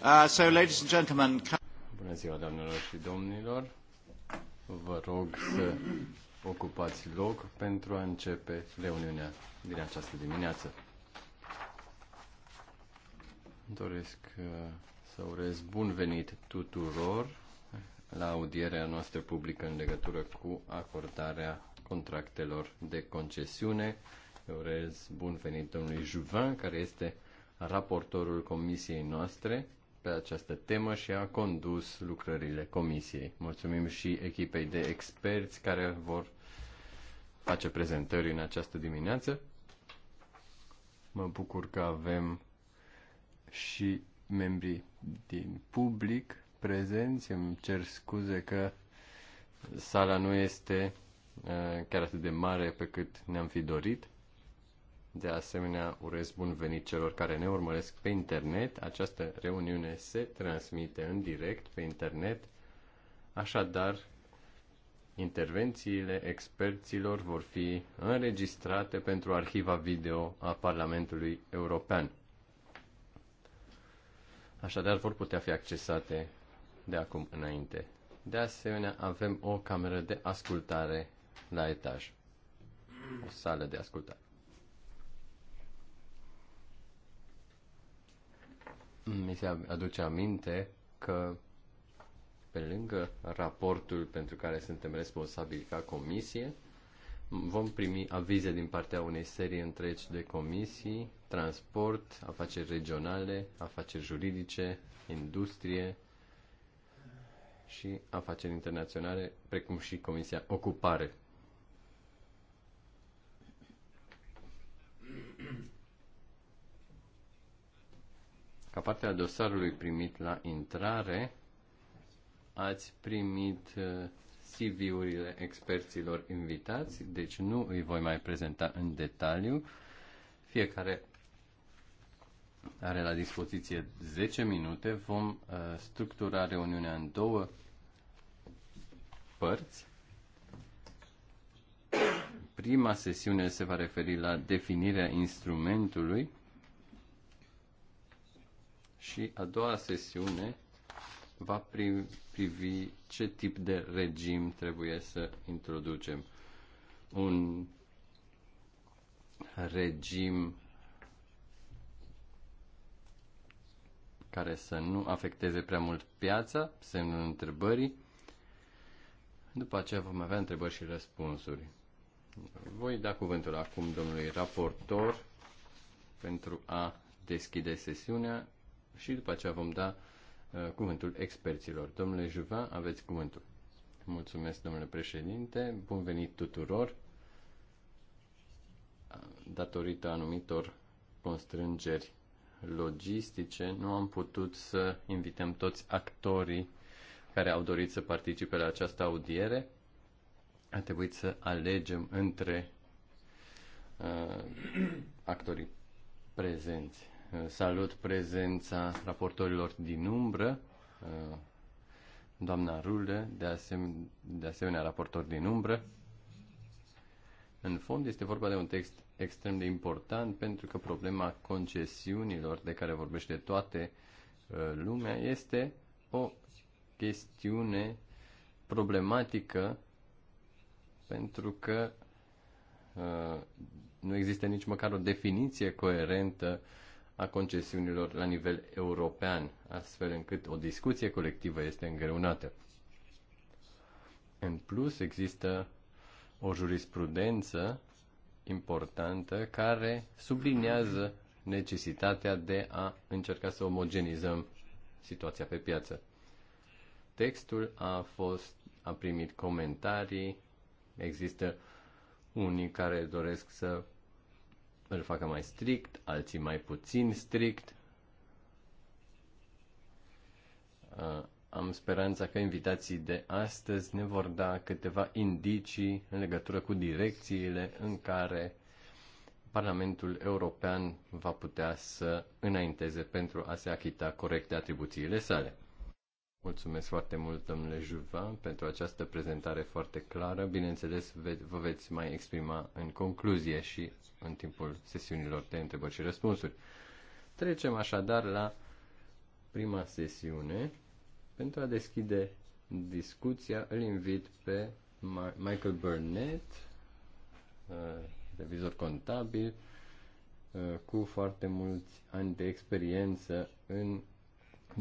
Uh, so, ladies and gentlemen, Bună ziua, doamnelor și domnilor. Vă rog să ocupați loc pentru a începe reuniunea din această dimineață. Doresc uh, să urez bun venit tuturor la audierea noastră publică în legătură cu acordarea contractelor de concesiune. Urez bun venit domnului Juvin, care este raportorul comisiei noastre pe această temă și a condus lucrările comisiei. Mulțumim și echipei de experți care vor face prezentări în această dimineață. Mă bucur că avem și membrii din public prezenți. Îmi cer scuze că sala nu este uh, chiar atât de mare pe cât ne-am fi dorit. De asemenea, urez bun venit celor care ne urmăresc pe internet. Această reuniune se transmite în direct pe internet. Așadar, intervențiile experților vor fi înregistrate pentru arhiva video a Parlamentului European. Așadar, vor putea fi accesate de acum înainte. De asemenea, avem o cameră de ascultare la etaj. O sală de ascultare. mi se aduce aminte că pe lângă raportul pentru care suntem responsabili ca comisie, vom primi avize din partea unei serii întregi de comisii, transport, afaceri regionale, afaceri juridice, industrie și afaceri internaționale, precum și Comisia Ocupare. Ca parte a dosarului primit la intrare, ați primit uh, CV-urile experților invitați, deci nu îi voi mai prezenta în detaliu. Fiecare are la dispoziție 10 minute. Vom uh, structura reuniunea în două părți. Prima sesiune se va referi la definirea instrumentului și a doua sesiune va privi ce tip de regim trebuie să introducem. Un regim care să nu afecteze prea mult piața, semnul întrebării. După aceea vom avea întrebări și răspunsuri. Voi da cuvântul acum domnului raportor pentru a deschide sesiunea și după aceea vom da uh, cuvântul experților. Domnule Juva, aveți cuvântul. Mulțumesc, domnule președinte. Bun venit tuturor. Datorită anumitor constrângeri logistice, nu am putut să invităm toți actorii care au dorit să participe la această audiere. A trebuit să alegem între uh, actorii prezenți. Salut prezența raportorilor din umbră, doamna Rule, de, asem- de asemenea raportor din umbră. În fond este vorba de un text extrem de important pentru că problema concesiunilor de care vorbește toate uh, lumea este o chestiune problematică pentru că uh, nu există nici măcar o definiție coerentă uh, a concesiunilor la nivel european, astfel încât o discuție colectivă este îngreunată. În plus, există o jurisprudență importantă care subliniază necesitatea de a încerca să omogenizăm situația pe piață. Textul a fost a primit comentarii, există unii care doresc să îl facă mai strict, alții mai puțin strict. Uh, am speranța că invitații de astăzi ne vor da câteva indicii în legătură cu direcțiile în care Parlamentul European va putea să înainteze pentru a se achita corecte atribuțiile sale. Mulțumesc foarte mult, domnule Juva, pentru această prezentare foarte clară. Bineînțeles, vă veți mai exprima în concluzie și în timpul sesiunilor de întrebări și răspunsuri. Trecem așadar la prima sesiune. Pentru a deschide discuția, îl invit pe Michael Burnett, uh, revizor contabil, uh, cu foarte mulți ani de experiență în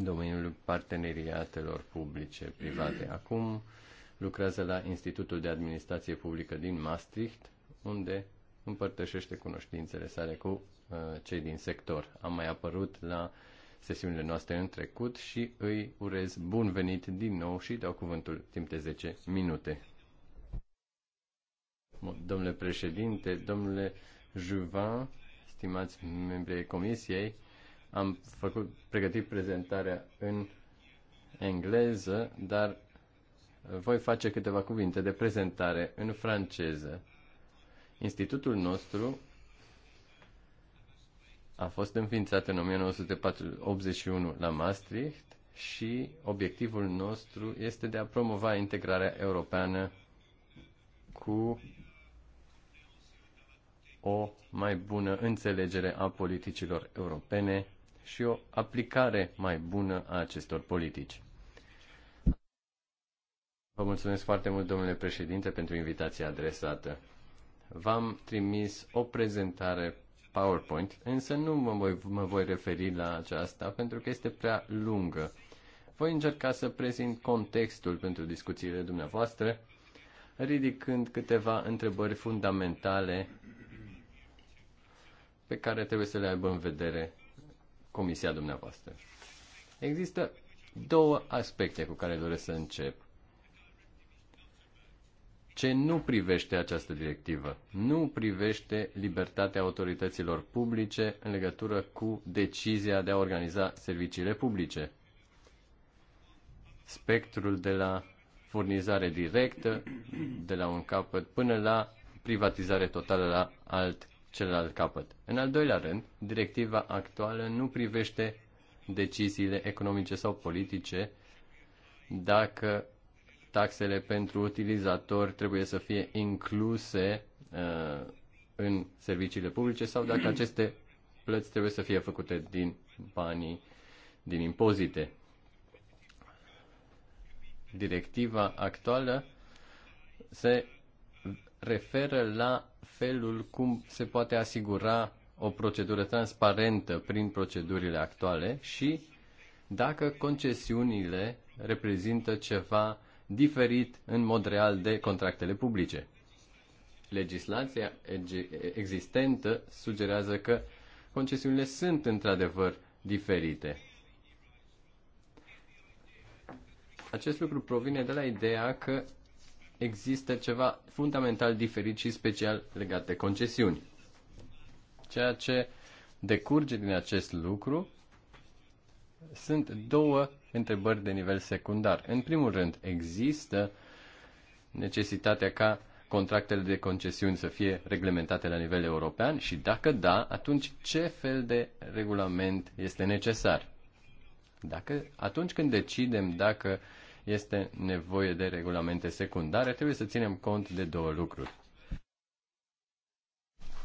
domeniul parteneriatelor publice-private. Acum lucrează la Institutul de Administrație Publică din Maastricht, unde împărtășește cunoștințele sale cu uh, cei din sector. Am mai apărut la sesiunile noastre în trecut și îi urez bun venit din nou și dau cuvântul timp de 10 minute. Domnule președinte, domnule Juvin, stimați membrii comisiei, am făcut, pregătit prezentarea în engleză, dar voi face câteva cuvinte de prezentare în franceză. Institutul nostru a fost înființat în 1981 la Maastricht și obiectivul nostru este de a promova integrarea europeană cu o mai bună înțelegere a politicilor europene și o aplicare mai bună a acestor politici. Vă mulțumesc foarte mult, domnule președinte, pentru invitația adresată. V-am trimis o prezentare PowerPoint, însă nu mă voi, mă voi referi la aceasta pentru că este prea lungă. Voi încerca să prezint contextul pentru discuțiile dumneavoastră, ridicând câteva întrebări fundamentale pe care trebuie să le aibă în vedere comisia dumneavoastră. Există două aspecte cu care doresc să încep. Ce nu privește această directivă? Nu privește libertatea autorităților publice în legătură cu decizia de a organiza serviciile publice. Spectrul de la furnizare directă de la un capăt până la privatizare totală la alt celălalt capăt. În al doilea rând, directiva actuală nu privește deciziile economice sau politice dacă taxele pentru utilizator trebuie să fie incluse uh, în serviciile publice sau dacă aceste plăți trebuie să fie făcute din banii din impozite. Directiva actuală se referă la felul cum se poate asigura o procedură transparentă prin procedurile actuale și dacă concesiunile reprezintă ceva diferit în mod real de contractele publice. Legislația existentă sugerează că concesiunile sunt într-adevăr diferite. Acest lucru provine de la ideea că există ceva fundamental diferit și special legat de concesiuni. Ceea ce decurge din acest lucru sunt două întrebări de nivel secundar. În primul rând, există necesitatea ca contractele de concesiuni să fie reglementate la nivel european și dacă da, atunci ce fel de regulament este necesar? Dacă atunci când decidem dacă uh, este nevoie de regulamente secundare, trebuie să ținem cont de două lucruri.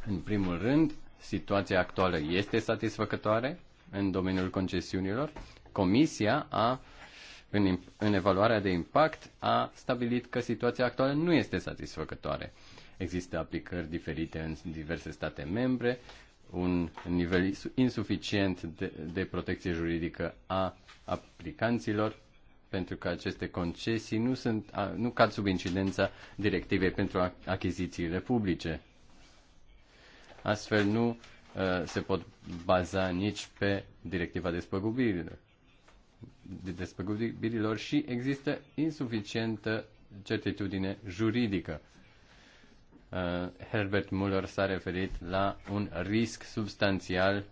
În primul rând, situația actuală este satisfăcătoare în domeniul concesiunilor. Comisia a în, în evaluarea de impact a stabilit că situația actuală nu este satisfăcătoare. Există aplicări diferite în diverse state membre, un nivel insuficient de, de protecție juridică a aplicanților pentru că aceste concesii nu, sunt, nu cad sub incidența directivei pentru achizițiile publice. Astfel nu uh, se pot baza nici pe directiva despăgubirilor, despăgubirilor și există insuficientă certitudine juridică. Uh, Herbert Muller s-a referit la un risc substanțial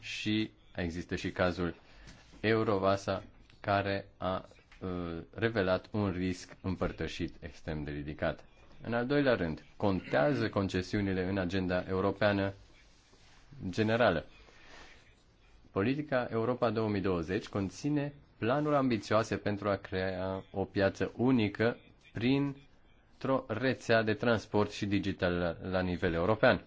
și există și cazul Eurovasa care a uh, revelat un risc împărtășit extrem de ridicat. În al doilea rând, contează concesiunile în agenda europeană generală. Politica Europa 2020 conține planuri ambițioase pentru a crea o piață unică prin o rețea de transport și digital la, la nivel european.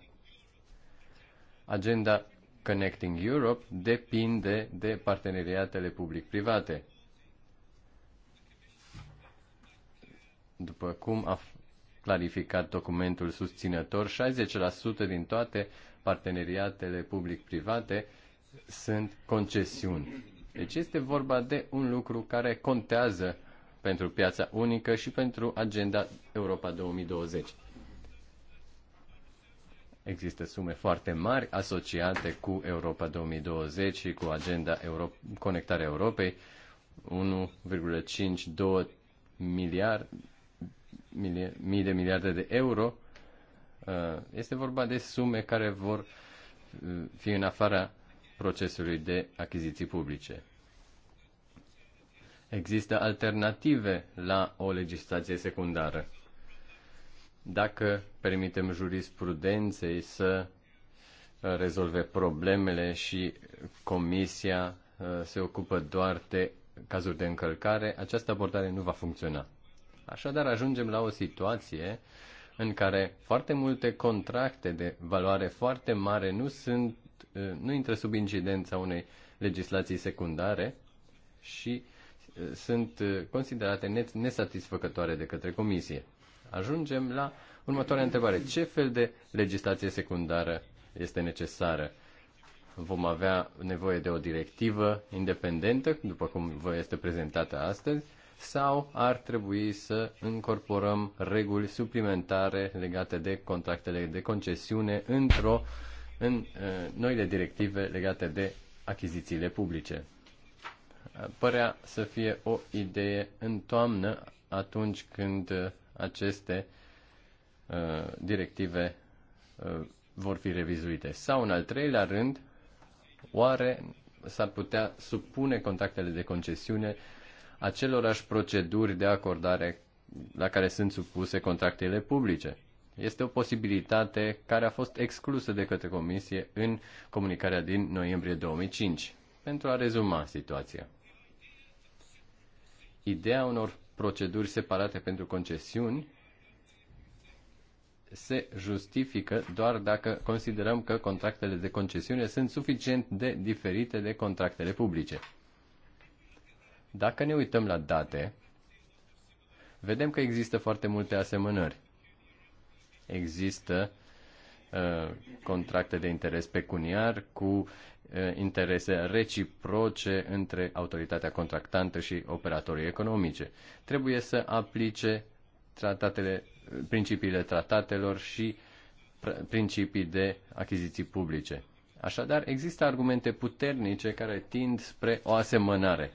Agenda Connecting Europe depinde de parteneriatele public-private. După cum a clarificat documentul susținător, 60% din toate parteneriatele public-private sunt concesiuni. Deci este vorba de un lucru care contează pentru piața unică și pentru agenda Europa 2020. Există sume foarte mari asociate cu Europa 2020 și cu agenda Euro- Conectarea Europei, 1,52 miliard, mii de miliarde de euro. Uh, este vorba de sume care vor uh, fi în afara procesului de achiziții publice. Există alternative la o legislație secundară dacă permitem jurisprudenței să uh, rezolve problemele și comisia uh, se ocupă doar de cazuri de încălcare, această abordare nu va funcționa. Așadar, ajungem la o situație în care foarte multe contracte de valoare foarte mare nu sunt uh, nu intră sub incidența unei legislații secundare și sunt considerate nesatisfăcătoare de către comisie. Ajungem la următoarea întrebare. Ce fel de legislație secundară este necesară? Vom avea nevoie de o directivă independentă, după cum vă este prezentată astăzi, sau ar trebui să incorporăm reguli suplimentare legate de contractele de concesiune într-o în uh, noile directive legate de achizițiile publice. Părea să fie o idee în toamnă atunci când uh, aceste uh, directive uh, vor fi revizuite. Sau, în al treilea rând, oare s-ar putea supune contractele de concesiune acelorași proceduri de acordare la care sunt supuse contractele publice? Este o posibilitate care a fost exclusă de către Comisie în comunicarea din noiembrie 2005. Pentru a rezuma situația. Ideea unor proceduri separate pentru concesiuni se justifică doar dacă considerăm că contractele de concesiune sunt suficient de diferite de contractele publice. Dacă ne uităm la date, vedem că există foarte multe asemănări. Există Uh, contracte de interes pecuniar cu uh, interese reciproce între autoritatea contractantă și operatorii economice. Trebuie să aplice tratatele, principiile tratatelor și principii de achiziții publice. Așadar, există argumente puternice care tind spre o asemănare.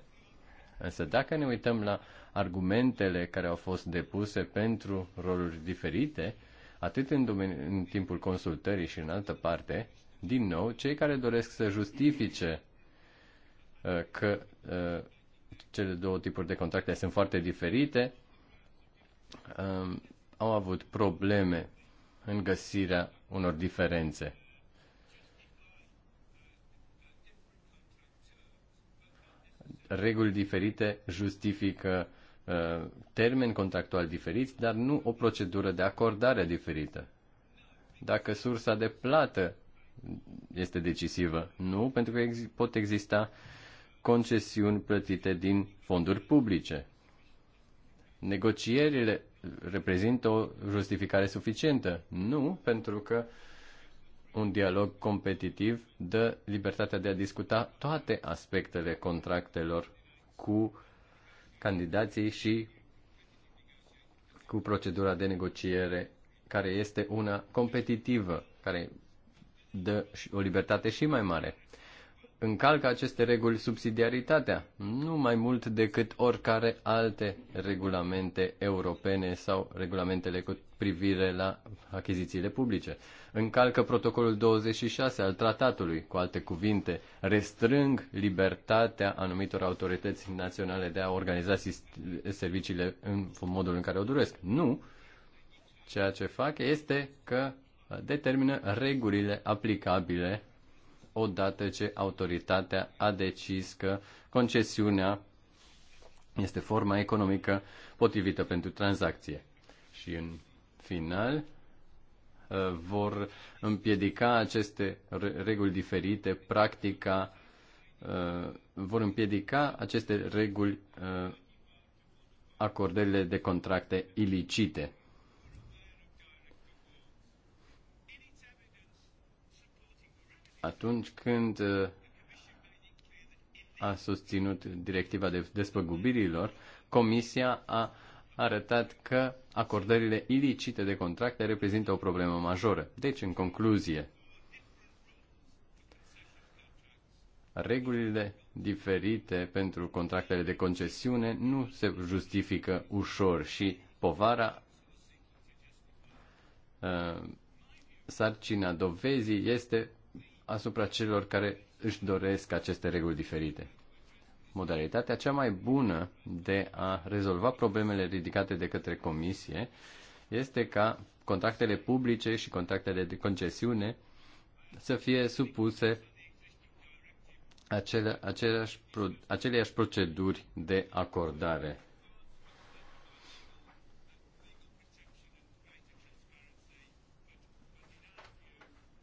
Însă dacă ne uităm la argumentele care au fost depuse pentru roluri diferite, atât în, în timpul consultării și în altă parte, din nou, cei care doresc să justifice uh, că uh, cele două tipuri de contracte sunt foarte diferite, uh, au avut probleme în găsirea unor diferențe. Reguli diferite justifică Uh, termeni contractuali diferiți, dar nu o procedură de acordare diferită. Dacă sursa de plată este decisivă, nu, pentru că pot exista concesiuni plătite din fonduri publice. Negocierile reprezintă o justificare suficientă? Nu, pentru că un dialog competitiv dă libertatea de a discuta toate aspectele contractelor cu candidații și cu procedura de negociere care este una competitivă, care dă o libertate și mai mare. Încalcă aceste reguli subsidiaritatea, nu mai mult decât oricare alte regulamente europene sau regulamentele cu privire la achizițiile publice. Încalcă protocolul 26 al tratatului, cu alte cuvinte, restrâng libertatea anumitor autorități naționale de a organiza serviciile în modul în care o doresc. Nu. Ceea ce fac este că determină regulile aplicabile odată ce autoritatea a decis că concesiunea este forma economică potrivită pentru tranzacție. Și în final uh, uh, vor împiedica aceste reguli diferite, practica, vor împiedica aceste reguli acordările de contracte ilicite. Atunci când uh, a susținut directiva de despăgubirilor, Comisia a arătat că acordările ilicite de contracte reprezintă o problemă majoră. Deci, în concluzie, regulile diferite pentru contractele de concesiune nu se justifică ușor și povara ă, sarcina dovezii este asupra celor care își doresc aceste reguli diferite modalitatea cea mai bună de a rezolva problemele ridicate de către comisie este ca contractele publice și contractele de concesiune să fie supuse acele, aceleași, aceleași proceduri de acordare.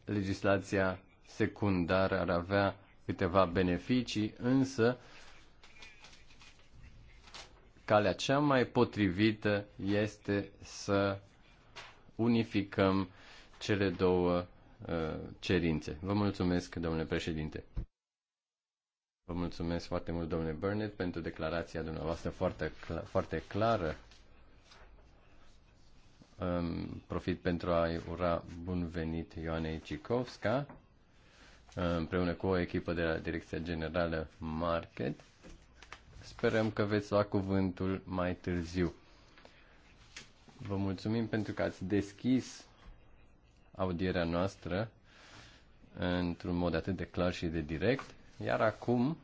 Legislația secundară ar avea câteva beneficii, însă calea cea mai potrivită este să unificăm cele două uh, cerințe. Vă mulțumesc, domnule președinte. Vă mulțumesc foarte mult, domnule Burnett, pentru declarația dumneavoastră foarte, foarte clară. Um, profit pentru a-i ura bun venit Ioanei Cicovska, uh, împreună cu o echipă de la Direcția Generală Market. Sperăm că veți lua cuvântul mai târziu. Vă mulțumim pentru că ați deschis audierea noastră într-un mod atât de clar și de direct. Iar acum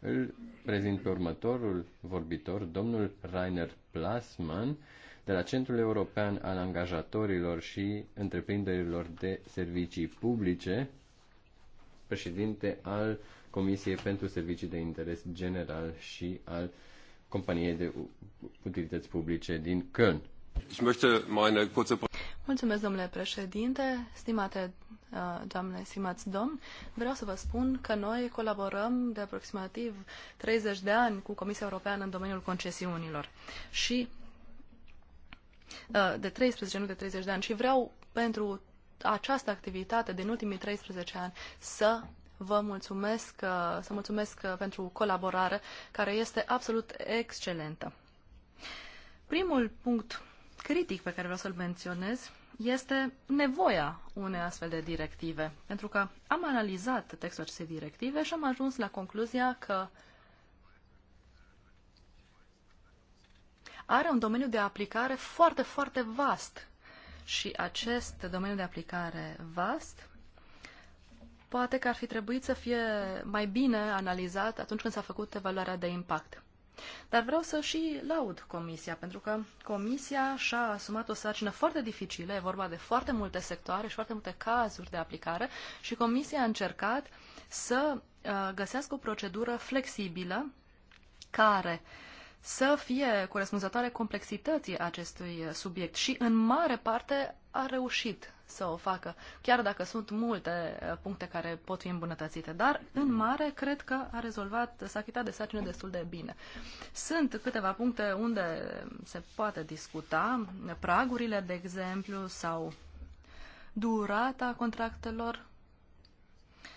îl prezint pe următorul vorbitor, domnul Rainer Plasman, de la Centrul European al Angajatorilor și Întreprinderilor de Servicii Publice, președinte al Comisiei pentru Servicii de Interes General și al Companiei de Utilități Publice din Köln. Ich möchte meine kurze... Mulțumesc, domnule președinte, stimate uh, doamne, stimați domni. Vreau să vă spun că noi colaborăm de aproximativ 30 de ani cu Comisia Europeană în domeniul concesiunilor și uh, de 13, nu de 30 de ani și vreau pentru această activitate din ultimii 13 ani să vă mulțumesc, uh, să mulțumesc uh, pentru colaborare, care este absolut excelentă. Primul punct critic pe care vreau să-l menționez este nevoia unei astfel de directive. Pentru că am analizat textul acestei directive și am ajuns la concluzia că are un domeniu de aplicare foarte, foarte vast. Și acest domeniu de aplicare vast poate că ar fi trebuit să fie mai bine analizat atunci când s-a făcut evaluarea de impact. Dar vreau să și laud Comisia, pentru că Comisia și-a asumat o sarcină foarte dificilă, e vorba de foarte multe sectoare și foarte multe cazuri de aplicare și Comisia a încercat să uh, găsească o procedură flexibilă care să fie corespunzătoare complexității acestui subiect și în mare parte a reușit să o facă, chiar dacă sunt multe uh, puncte care pot fi îmbunătățite. Dar, în mare, cred că a rezolvat, s-a chitat de sarcină destul de bine. Sunt câteva puncte unde se poate discuta, pragurile, de exemplu, sau durata contractelor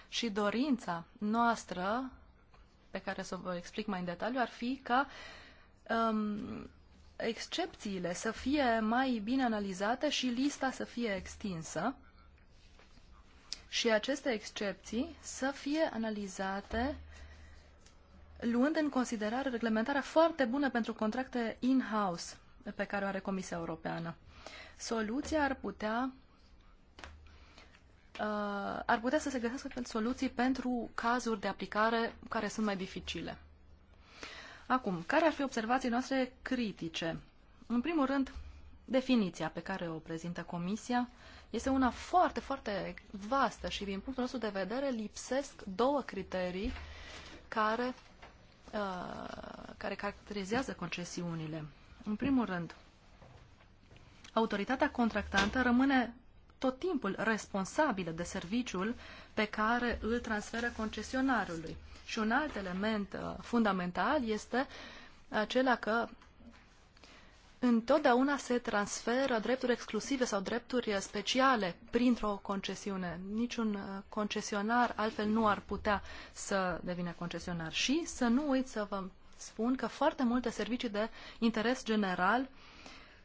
și dorința noastră, pe care să vă explic mai în detaliu, ar fi ca um, excepțiile să fie mai bine analizate și lista să fie extinsă și aceste excepții să fie analizate luând în considerare reglementarea foarte bună pentru contracte in-house pe care o are Comisia Europeană. Soluția ar putea uh, ar putea să se găsească soluții pentru cazuri de aplicare care sunt mai dificile. Acum, care ar fi observații noastre critice? În primul rând, definiția pe care o prezintă Comisia este una foarte, foarte vastă și, din punctul nostru de vedere, lipsesc două criterii care, uh, care caracterizează concesiunile. În primul rând, autoritatea contractantă rămâne tot timpul responsabilă de serviciul pe care îl transferă concesionarului. Și un alt element uh, fundamental este acela că întotdeauna se transferă drepturi exclusive sau drepturi uh, speciale printr-o concesiune. Niciun uh, concesionar altfel nu ar putea să devină concesionar. Și să nu uit să vă spun că foarte multe servicii de interes general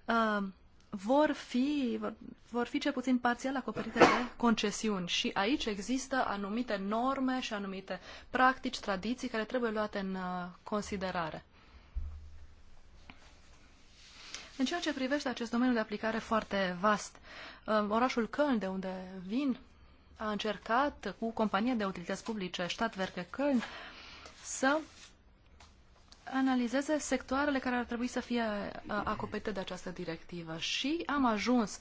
uh, vor fi, vor, vor fi cel puțin parțial acoperite de concesiuni și aici există anumite norme și anumite practici, tradiții care trebuie luate în uh, considerare. În ceea ce privește acest domeniu de aplicare foarte vast, um, orașul Köln, de unde vin, a încercat cu compania de utilități publice Stadtwerke Köln să analizeze sectoarele care ar trebui să fie uh, acoperite de această directivă și am ajuns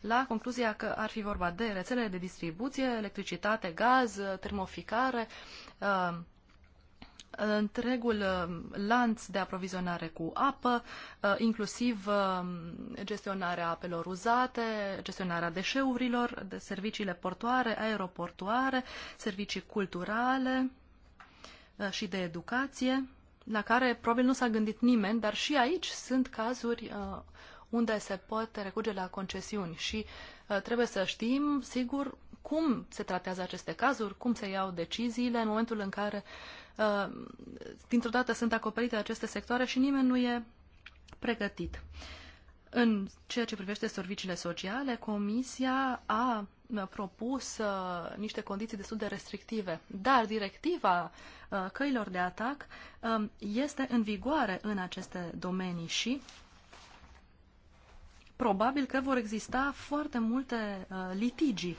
la concluzia că ar fi vorba de rețelele de distribuție, electricitate, gaz, uh, termoficare, uh, întregul lanț de aprovizionare cu apă, inclusiv gestionarea apelor uzate, gestionarea deșeurilor, de serviciile portoare, aeroportoare, servicii culturale și de educație la care probabil nu s-a gândit nimeni, dar și aici sunt cazuri uh, unde se pot recurge la concesiuni și uh, trebuie să știm, sigur, cum se tratează aceste cazuri, cum se iau deciziile în momentul în care uh, dintr-o dată sunt acoperite aceste sectoare și nimeni nu e pregătit. În ceea ce privește serviciile sociale, Comisia a propus uh, niște condiții destul de restrictive, dar directiva uh, căilor de atac uh, este în vigoare în aceste domenii și probabil că vor exista foarte multe uh, litigii,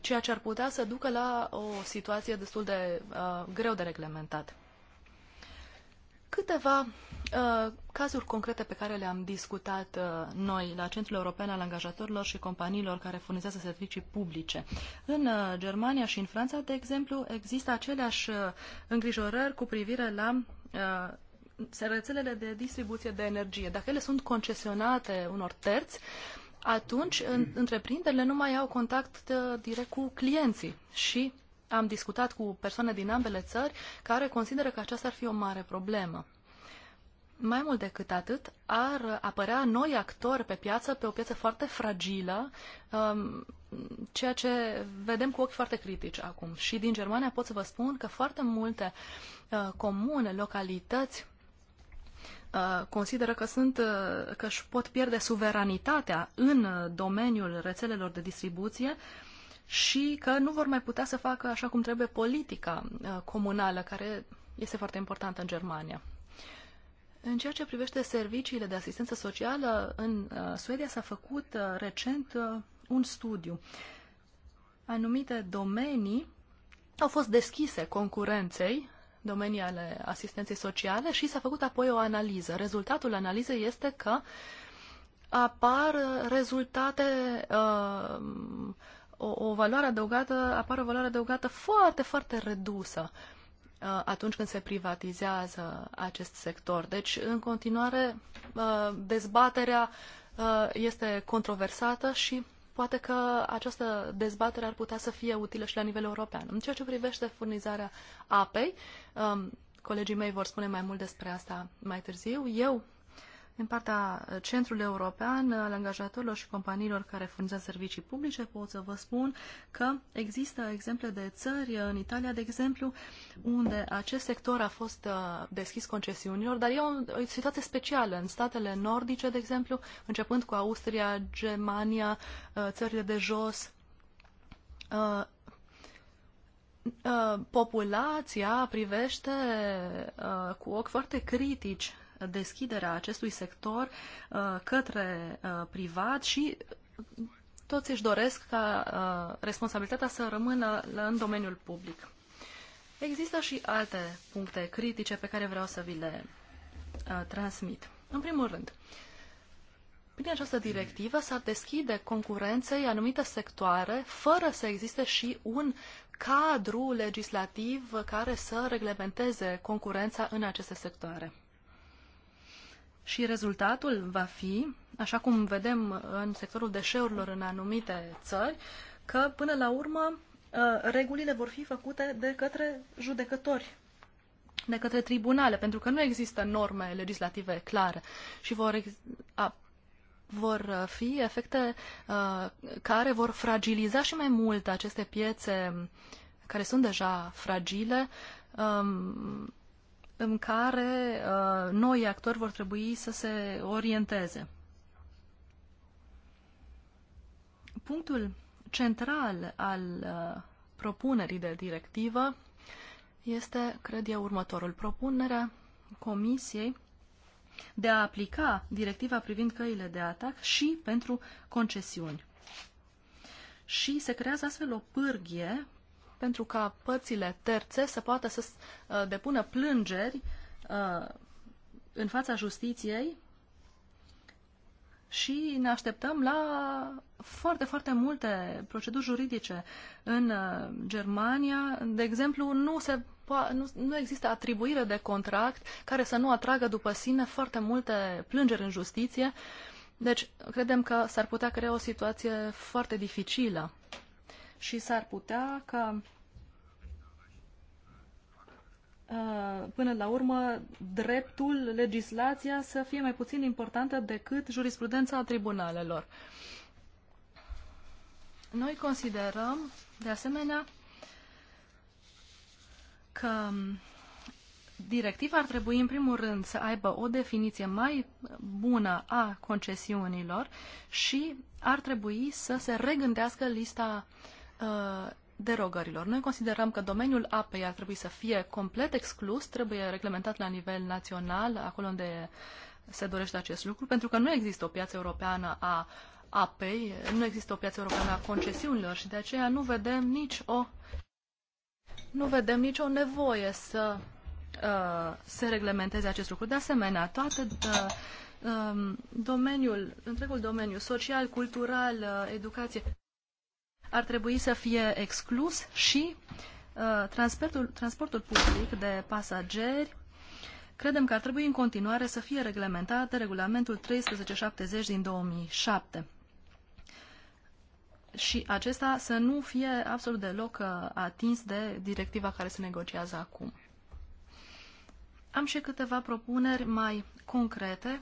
ceea ce ar putea să ducă la o situație destul de uh, greu de reglementat. Câteva uh, cazuri concrete pe care le-am discutat uh, noi la Centrul European al Angajatorilor și companiilor care furnizează servicii publice. În uh, Germania și în Franța, de exemplu, există aceleași uh, îngrijorări cu privire la uh, rețelele de distribuție de energie. Dacă ele sunt concesionate unor terți, atunci întreprinderile nu mai au contact uh, direct cu clienții și am discutat cu persoane din ambele țări care consideră că aceasta ar fi o mare problemă. Mai mult decât atât, ar apărea noi actori pe piață, pe o piață foarte fragilă, um, ceea ce vedem cu ochi foarte critici acum. Și din Germania pot să vă spun că foarte multe uh, comune, localități, uh, consideră că sunt, uh, că își pot pierde suveranitatea în domeniul rețelelor de distribuție și că nu vor mai putea să facă așa cum trebuie politica uh, comunală, care este foarte importantă în Germania. În ceea ce privește serviciile de asistență socială, în uh, Suedia s-a făcut uh, recent un studiu. Anumite domenii au fost deschise concurenței, domenii ale asistenței sociale și s-a făcut apoi o analiză. Rezultatul analizei este că apar rezultate uh, o, o valoare adăugată, apare o valoare adăugată foarte, foarte redusă uh, atunci când se privatizează acest sector. Deci, în continuare, uh, dezbaterea uh, este controversată și poate că această dezbatere ar putea să fie utilă și la nivel european. În ceea ce privește furnizarea apei, um, colegii mei vor spune mai mult despre asta mai târziu. Eu din partea Centrului European al angajatorilor și companiilor care furnizează servicii publice, pot să vă spun că există exemple de țări, în Italia, de exemplu, unde acest sector a fost uh, deschis concesiunilor, dar e o, o situație specială. În statele nordice, de exemplu, începând cu Austria, Germania, uh, țările de jos, uh, populația privește cu ochi foarte critici deschiderea acestui sector uh, către uh, privat și toți își doresc ca uh, responsabilitatea să rămână în domeniul public. Există și alte puncte critice pe care vreau să vi le transmit. În primul rând, prin această directivă s-ar deschide concurenței anumite sectoare fără să existe și un cadru legislativ care să reglementeze concurența în aceste sectoare și rezultatul va fi, așa cum vedem în sectorul deșeurilor în anumite țări, că până la urmă ă, regulile vor fi făcute de către judecători de către tribunale, pentru că nu există norme legislative clare și vor, a, vor fi efecte a, ă, care vor fragiliza și mai mult aceste piețe care sunt deja fragile, ă, în care uh, noi actori vor trebui să se orienteze. Punctul central al uh, propunerii de directivă este, cred eu, următorul. Propunerea Comisiei de a aplica directiva privind căile de atac și pentru concesiuni. Și se creează astfel o pârghie pentru ca părțile terțe să poată să uh, depună plângeri uh, în fața justiției și ne așteptăm la foarte, foarte multe proceduri juridice în uh, Germania. De exemplu, nu, se nu, nu există atribuire de contract care să nu atragă după sine foarte multe plângeri în justiție. Deci, credem că s-ar putea crea o situație foarte dificilă și s-ar putea ca uh, până la urmă dreptul, legislația să fie mai puțin importantă decât jurisprudența tribunalelor. Noi considerăm, de asemenea, că directiva ar trebui, în primul rând, să aibă o definiție mai bună a concesiunilor și ar trebui să se regândească lista uh, Uh, derogărilor. Noi considerăm că domeniul apei ar trebui să fie complet exclus, trebuie reglementat la nivel național, acolo unde se dorește acest lucru, pentru că nu există o piață europeană a apei, nu există o piață europeană a concesiunilor și de aceea nu vedem nici o, nu vedem nicio nevoie să uh, se reglementeze acest lucru. De asemenea, toate uh, um, domeniul, întregul domeniu social, cultural, uh, educație, ar trebui să fie exclus și uh, transportul, transportul public de pasageri Credem că ar trebui în continuare să fie reglementat de regulamentul 1370 din 2007 și acesta să nu fie absolut deloc uh, atins de directiva care se negociază acum. Am și câteva propuneri mai concrete,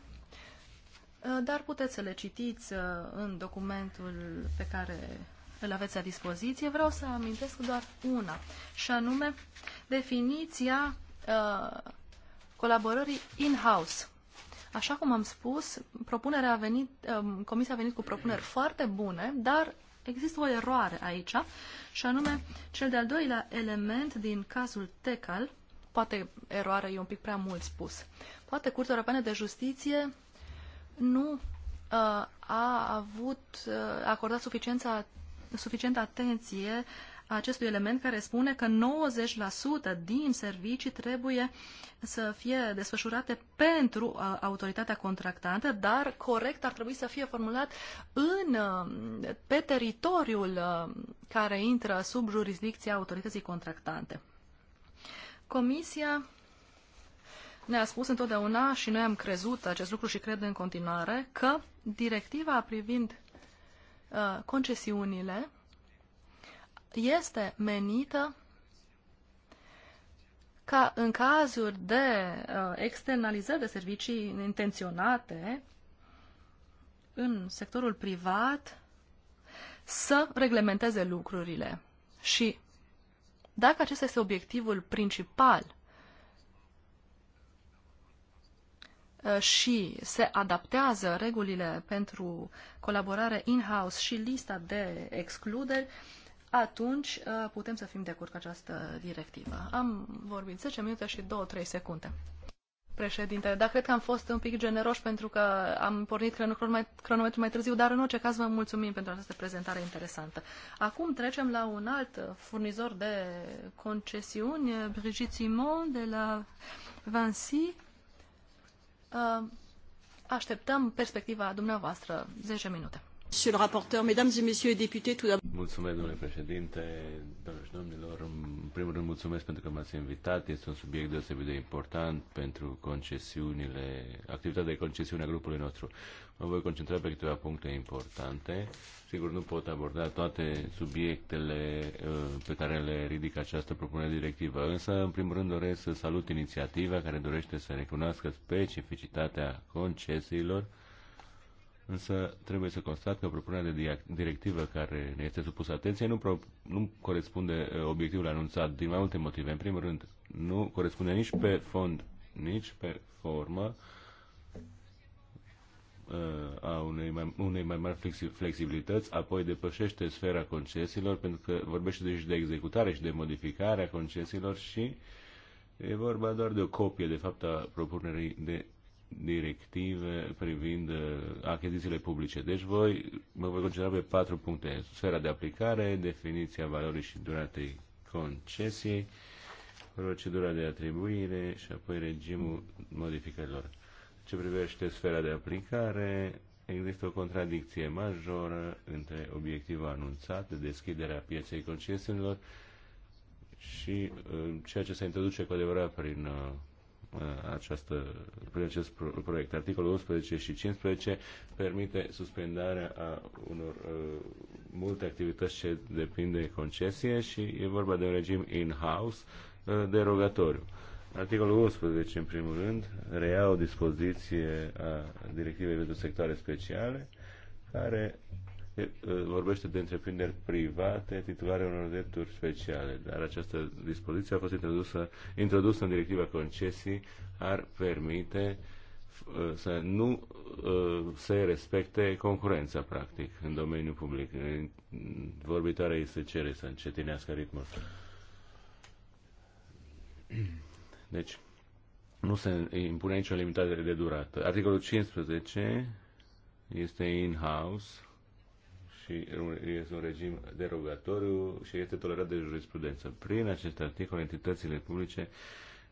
uh, dar puteți să le citiți în documentul pe care îl aveți la dispoziție, vreau să amintesc doar una, și anume definiția uh, colaborării in-house. Așa cum am spus, propunerea a venit, uh, Comisia a venit cu propuneri foarte bune, dar există o eroare aici, și anume cel de-al doilea element din cazul TECAL, poate eroarea e un pic prea mult spus, poate Curtea Europeană de Justiție nu uh, a avut, a uh, acordat suficiența suficientă atenție acestui element care spune că 90% din servicii trebuie să fie desfășurate pentru uh, autoritatea contractantă, dar corect ar trebui să fie formulat în, uh, pe teritoriul uh, care intră sub jurisdicția autorității contractante. Comisia ne-a spus întotdeauna și noi am crezut acest lucru și cred în continuare că directiva privind Uh, concesiunile este menită ca în cazuri de uh, externalizări de servicii intenționate în sectorul privat să reglementeze lucrurile. Și dacă acesta este obiectivul principal Uh, și se adaptează regulile pentru colaborare in-house și lista de excluderi, atunci uh, putem să fim de acord cu această directivă. Am vorbit 10 minute și 2-3 secunde. Președinte, dar cred că am fost un pic generoși pentru că am pornit cronometrul mai târziu, dar în orice caz vă mulțumim pentru această prezentare interesantă. Acum trecem la un alt furnizor de concesiuni, Brigitte Simon de la Vinci Uh, așteptăm perspectiva dumneavoastră 10 minute. Monsieur le rapporteur, mesdames et messieurs les députés, tout d'abord. Mulțumesc, domnule președinte, doamne și domnilor. În primul rând, mulțumesc pentru că m-ați invitat. Este un subiect deosebit de important pentru concesiunile, activitatea de concesiune a grupului nostru. Mă voi concentra pe câteva puncte importante. Sigur, nu pot aborda toate subiectele uh, pe care le ridică această propunere directivă, însă, în primul rând, doresc să salut inițiativa care dorește să recunoască specificitatea concesiilor însă trebuie să constat că propunerea de directivă care ne este supusă atenție nu, pro, nu corespunde uh, obiectivul anunțat din mai multe motive. În primul rând, nu corespunde nici pe fond, nici pe formă uh, a unei mai, unei mai mari flexibilități, apoi depășește sfera concesiilor, pentru că vorbește deci de executare și de modificare a concesiilor și e vorba doar de o copie, de fapt, a propunerii de directive privind uh, achizițiile publice. Deci voi mă voi concentra pe patru puncte. Sfera de aplicare, definiția valorii și duratei concesiei, procedura de atribuire și apoi regimul modificărilor. Ce privește sfera de aplicare, există o contradicție majoră între obiectivul anunțat de deschiderea pieței concesiunilor și uh, ceea ce se introduce cu adevărat prin uh, Uh, această, prin acest proiect. Articolul 11 și 15 permite suspendarea a unor uh, multe activități ce depind de concesie și e vorba de un regim in-house uh, derogatoriu. Articolul 11, în primul rând, rea o dispoziție a directivei pentru sectoare speciale care vorbește de întreprinderi private titulare unor drepturi speciale, dar această dispoziție a fost introdusă, introdusă în directiva concesii, ar permite să nu se respecte concurența, practic, în domeniul public. Vorbitoarea ei se cere să încetinească ritmul. Deci, nu se impune nicio limitare de durată. Articolul 15 este in-house și este un regim derogatoriu și este tolerat de jurisprudență. Prin acest articol, entitățile publice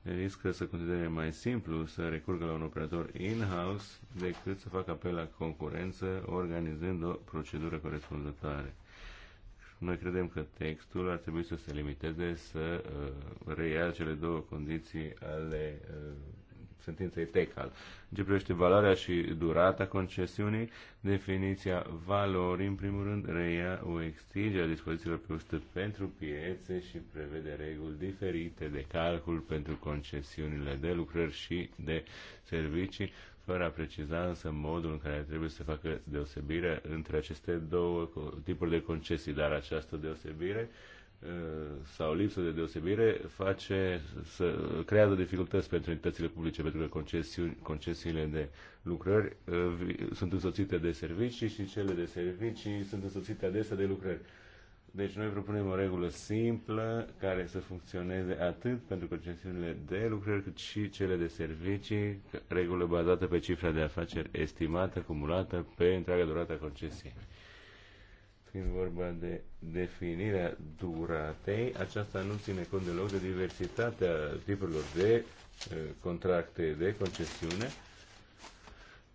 riscă să considere mai simplu să recurgă la un operator in-house decât să facă apel la concurență organizând o procedură corespunzătoare. Noi credem că textul ar trebui să se limiteze să uh, reia cele două condiții ale uh, sentinței TECAL. În ce privește valoarea și durata concesiunii, definiția valorii, în primul rând, reia o extindere a dispozițiilor prevăzute pentru piețe și prevede reguli diferite de calcul pentru concesiunile de lucrări și de servicii, fără a preciza însă modul în care trebuie să facă deosebire între aceste două tipuri de concesii, dar această deosebire sau lipsă de deosebire face să creează dificultăți pentru entitățile publice, pentru că concesiile de lucrări uh, sunt însoțite de servicii și cele de servicii sunt însoțite adesea de lucrări. Deci noi propunem o regulă simplă care să funcționeze atât pentru concesiunile de lucrări cât și cele de servicii, regulă bazată pe cifra de afaceri estimată, acumulată pe întreaga durată a concesiei fiind vorba de definirea duratei, aceasta nu ține cont deloc de diversitatea tipurilor de uh, contracte de concesiune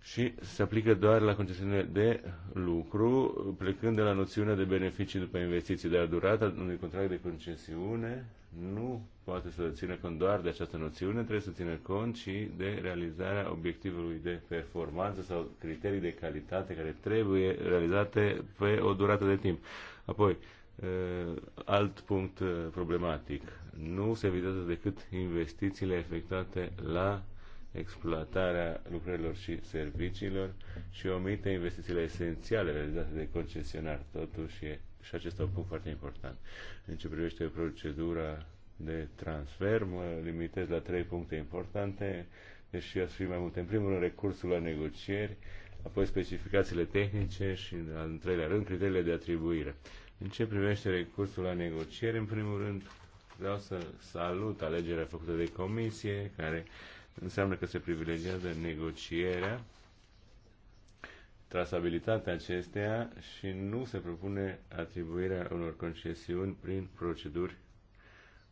și se aplică doar la concesiune de lucru, plecând de la noțiunea de beneficii după investiții, dar durata unui contract de concesiune nu poate să țină cont doar de această noțiune, trebuie să țină cont și de realizarea obiectivului de performanță sau criterii de calitate care trebuie realizate pe o durată de timp. Apoi, alt punct problematic, nu se vizează decât investițiile efectuate la exploatarea lucrărilor și serviciilor și omite investițiile esențiale realizate de concesionar. Totuși, e, și acesta e un punct foarte important. În ce privește procedura de transfer, mă limitez la trei puncte importante, deși aș fi mai multe. În primul rând, recursul la negocieri, apoi specificațiile tehnice și, în treilea rând, criteriile de atribuire. În ce privește recursul la negocieri, în primul rând, vreau să salut alegerea făcută de comisie, care înseamnă că se privilegiază negocierea, trasabilitatea acesteia și nu se propune atribuirea unor concesiuni prin proceduri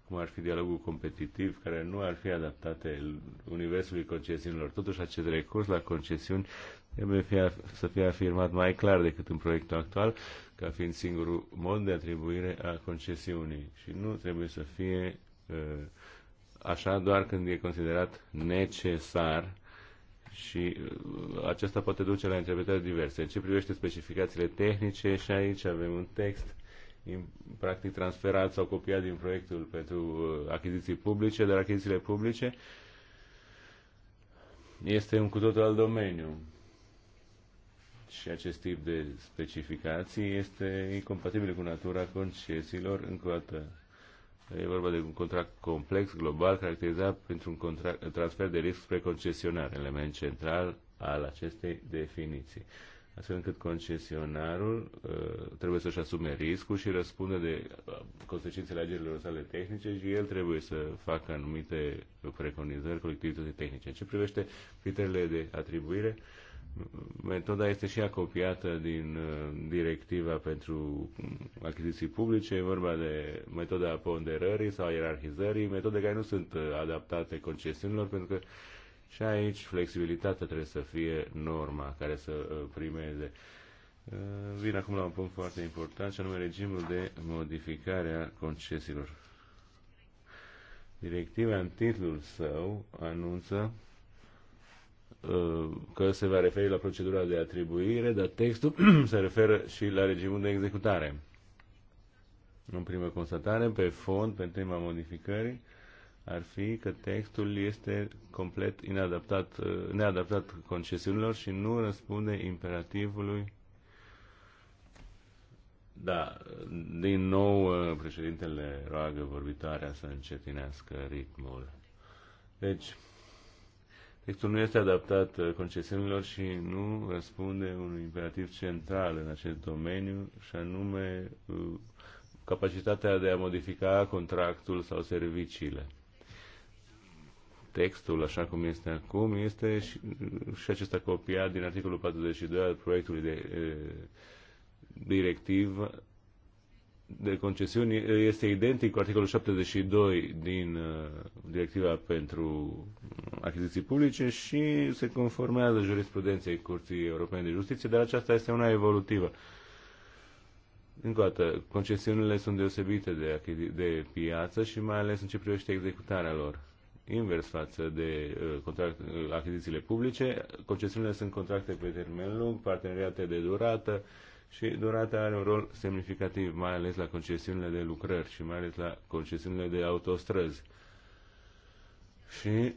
cum ar fi dialogul competitiv, care nu ar fi adaptate universului concesiunilor. Totuși, acest recurs la concesiuni trebuie fi, să fie afirmat mai clar decât în proiectul actual, ca fiind singurul mod de atribuire a concesiunii și nu trebuie să fie uh, așa doar când e considerat necesar și uh, acesta poate duce la interpretări diverse. În ce privește specificațiile tehnice, și aici avem un text practic transferat sau copiat din proiectul pentru uh, achiziții publice, dar achizițiile publice este un cu totul alt domeniu. Și acest tip de specificații este incompatibil cu natura concesiilor, încă o dată E vorba de un contract complex, global, caracterizat pentru un transfer de risc spre concesionar, element central al acestei definiții. Astfel încât concesionarul uh, trebuie să-și asume riscul și răspunde de uh, consecințele agerilor sale tehnice și el trebuie să facă anumite preconizări colectivității tehnice. În ce privește criteriile de atribuire, uh, Metoda este și ea copiată din uh, directiva pentru achiziții publice, e vorba de metoda ponderării sau ierarhizării, metode care nu sunt uh, adaptate concesiunilor, pentru că și aici flexibilitatea trebuie să fie norma care să uh, primeze. Vin acum la un punct foarte important, și anume regimul de modificare a concesiilor. Directiva în titlul său anunță Uh, că se va referi la procedura de atribuire, dar textul se referă și la regimul de executare. În primă constatare, pe fond, pe tema modificării, ar fi că textul este complet inadaptat, uh, neadaptat concesiunilor și nu răspunde imperativului da, din nou uh, președintele roagă vorbitoarea să încetinească ritmul. Deci, Textul nu este adaptat uh, concesiunilor și nu răspunde unui imperativ central în acest domeniu, și anume uh, capacitatea de a modifica contractul sau serviciile. Textul, așa cum este acum, este și, uh, și acesta copiat din articolul 42 al proiectului de e, directivă de concesiuni este identic cu articolul 72 din uh, Directiva pentru Achiziții Publice și se conformează jurisprudenței Curții Europene de Justiție, dar aceasta este una evolutivă. Încă o dată, concesiunile sunt deosebite de, de piață și mai ales în ce privește executarea lor. Invers față de uh, contract, uh, achizițiile publice, concesiunile sunt contracte pe termen lung, parteneriate de durată, uh, și durata are un rol semnificativ, mai ales la concesiunile de lucrări și mai ales la concesiunile de autostrăzi. Și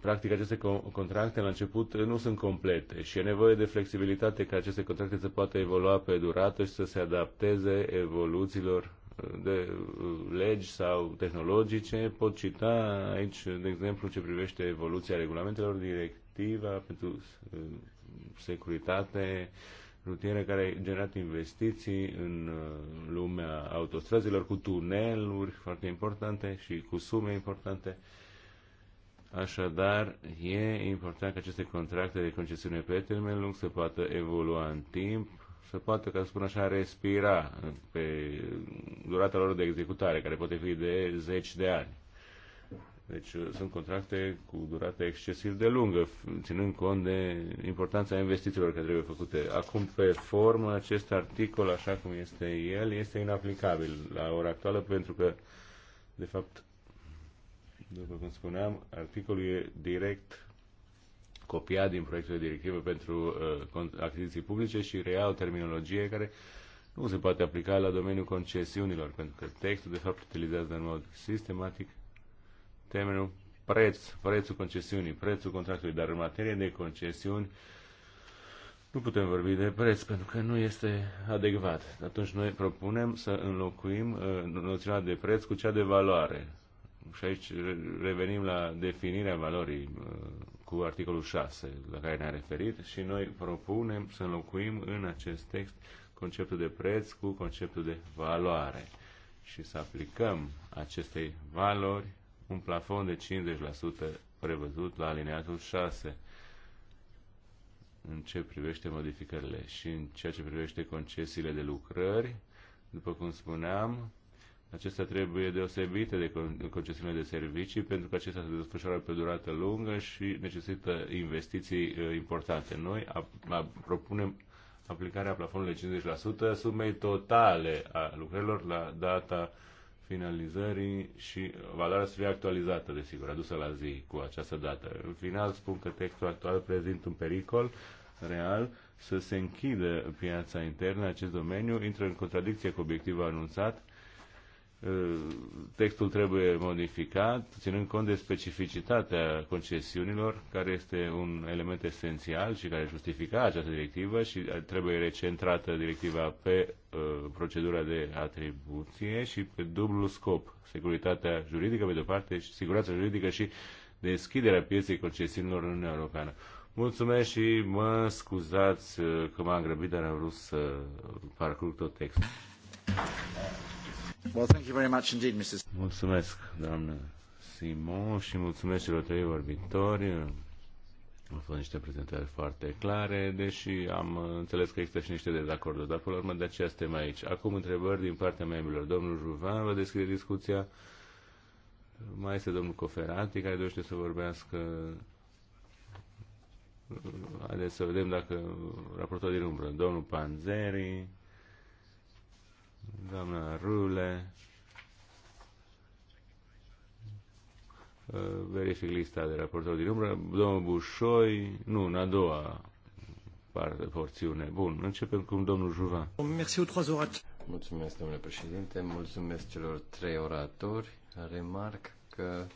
practic aceste contracte la început nu sunt complete și e nevoie de flexibilitate ca aceste contracte să poată evolua pe durată și să se adapteze evoluțiilor uh, de uh, legi sau tehnologice. Pot cita aici, de exemplu, ce privește evoluția regulamentelor, directiva pentru uh, securitate, rutiere care a generat investiții uh, în lumea autostrăzilor cu tuneluri foarte importante și cu sume importante. Așadar, e important ca aceste contracte de concesiune pe termen lung să poată evolua în timp, să poată, ca să spun așa, respira pe durata lor de executare, care poate fi de zeci de ani. Deci uh, sunt contracte cu durată excesiv de lungă, ținând cont de importanța investițiilor care trebuie făcute. Acum, pe formă, acest articol, așa cum este el, este inaplicabil la ora actuală, pentru că, de fapt, după cum spuneam, articolul e direct copiat din proiectul de directivă pentru uh, achiziții publice și reia o terminologie care nu se poate aplica la domeniul concesiunilor, pentru că textul, de fapt, utilizează în mod sistematic termenul preț, prețul concesiunii, prețul contractului, dar în materie de concesiuni nu putem vorbi de preț pentru că nu este adecvat. Atunci noi propunem să înlocuim uh, noțiunea de preț cu cea de valoare. Și aici revenim la definirea valorii uh, cu articolul 6 la care ne-a referit și noi propunem să înlocuim în acest text conceptul de preț cu conceptul de valoare și să aplicăm acestei valori un plafon de 50% prevăzut la alineatul 6 în ce privește modificările și în ceea ce privește concesiile de lucrări, după cum spuneam, acestea trebuie deosebite de concesiunile de servicii pentru că acestea se desfășoară pe durată lungă și necesită investiții uh, importante. Noi propunem aplicarea plafonului 50% sumei totale a lucrărilor la data finalizării și valoarea să fie actualizată, desigur, adusă la zi cu această dată. În final spun că textul actual prezintă un pericol real să se închidă piața internă acest domeniu, intră în contradicție cu obiectivul anunțat textul trebuie modificat, ținând cont de specificitatea concesiunilor, care este un element esențial și care justifica această directivă și trebuie recentrată directiva pe uh, procedura de atribuție și pe dublu scop, securitatea juridică pe de-o parte și siguranța juridică și deschiderea pieței concesiunilor în Uniunea Europeană. Mulțumesc și mă scuzați uh, că m-am grăbit, dar am vrut să parcurg tot textul. Mulțumesc, doamnă Simon, și mulțumesc celor trei vorbitori. Au fost niște prezentări foarte clare, deși am înțeles că există și niște dezacorduri, dar până la urmă de aceea suntem aici. Acum întrebări din partea membrilor. Domnul Juvan va deschide discuția. Mai este domnul Coferati care dorește să vorbească. Haideți să vedem dacă raportul din umbră. Domnul Panzeri, doamna Rule. Uh, verific lista de raportori din umbră. Domnul Bușoi, nu, în a doua parte, porțiune. Bun, începem cu domnul Juva. Mulțumesc, domnule președinte, mulțumesc celor trei oratori. Remarc că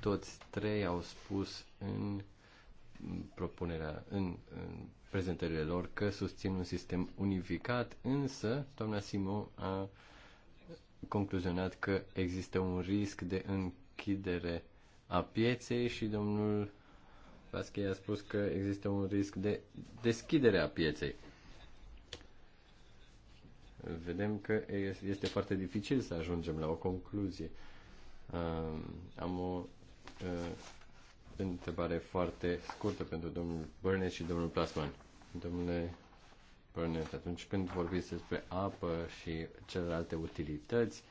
toți trei au spus în propunerea, în, în prezentările lor că susțin un sistem unificat, însă doamna Simo a concluzionat că există un risc de închidere a pieței și domnul Vaschei a spus că există un risc de deschidere a pieței. Vedem că este foarte dificil să ajungem la o concluzie. Am o întrebare foarte scurtă pentru domnul Burnett și domnul Plasman. Domnule Burnett, atunci când vorbiți despre apă și celelalte utilități,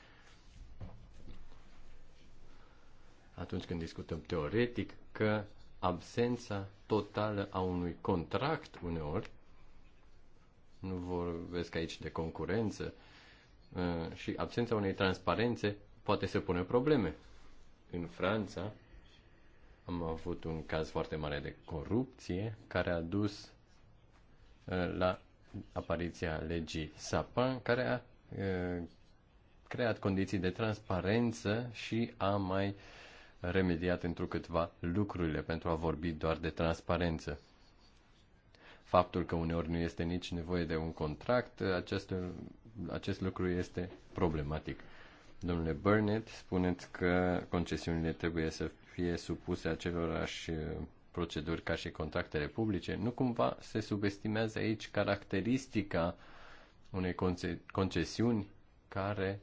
atunci când discutăm teoretic că absența totală a unui contract uneori, nu vorbesc aici de concurență, uh, și absența unei transparențe poate să pune probleme. În Franța, am avut un caz foarte mare de corupție care a dus uh, la apariția legii Sapin, care a uh, creat condiții de transparență și a mai remediat întrucâtva lucrurile pentru a vorbi doar de transparență. Faptul că uneori nu este nici nevoie de un contract, uh, acest, acest lucru este problematic. Domnule Burnett, spuneți că concesiunile trebuie să fie supuse acelorași uh, proceduri ca și contractele publice, nu cumva se subestimează aici caracteristica unei concesiuni care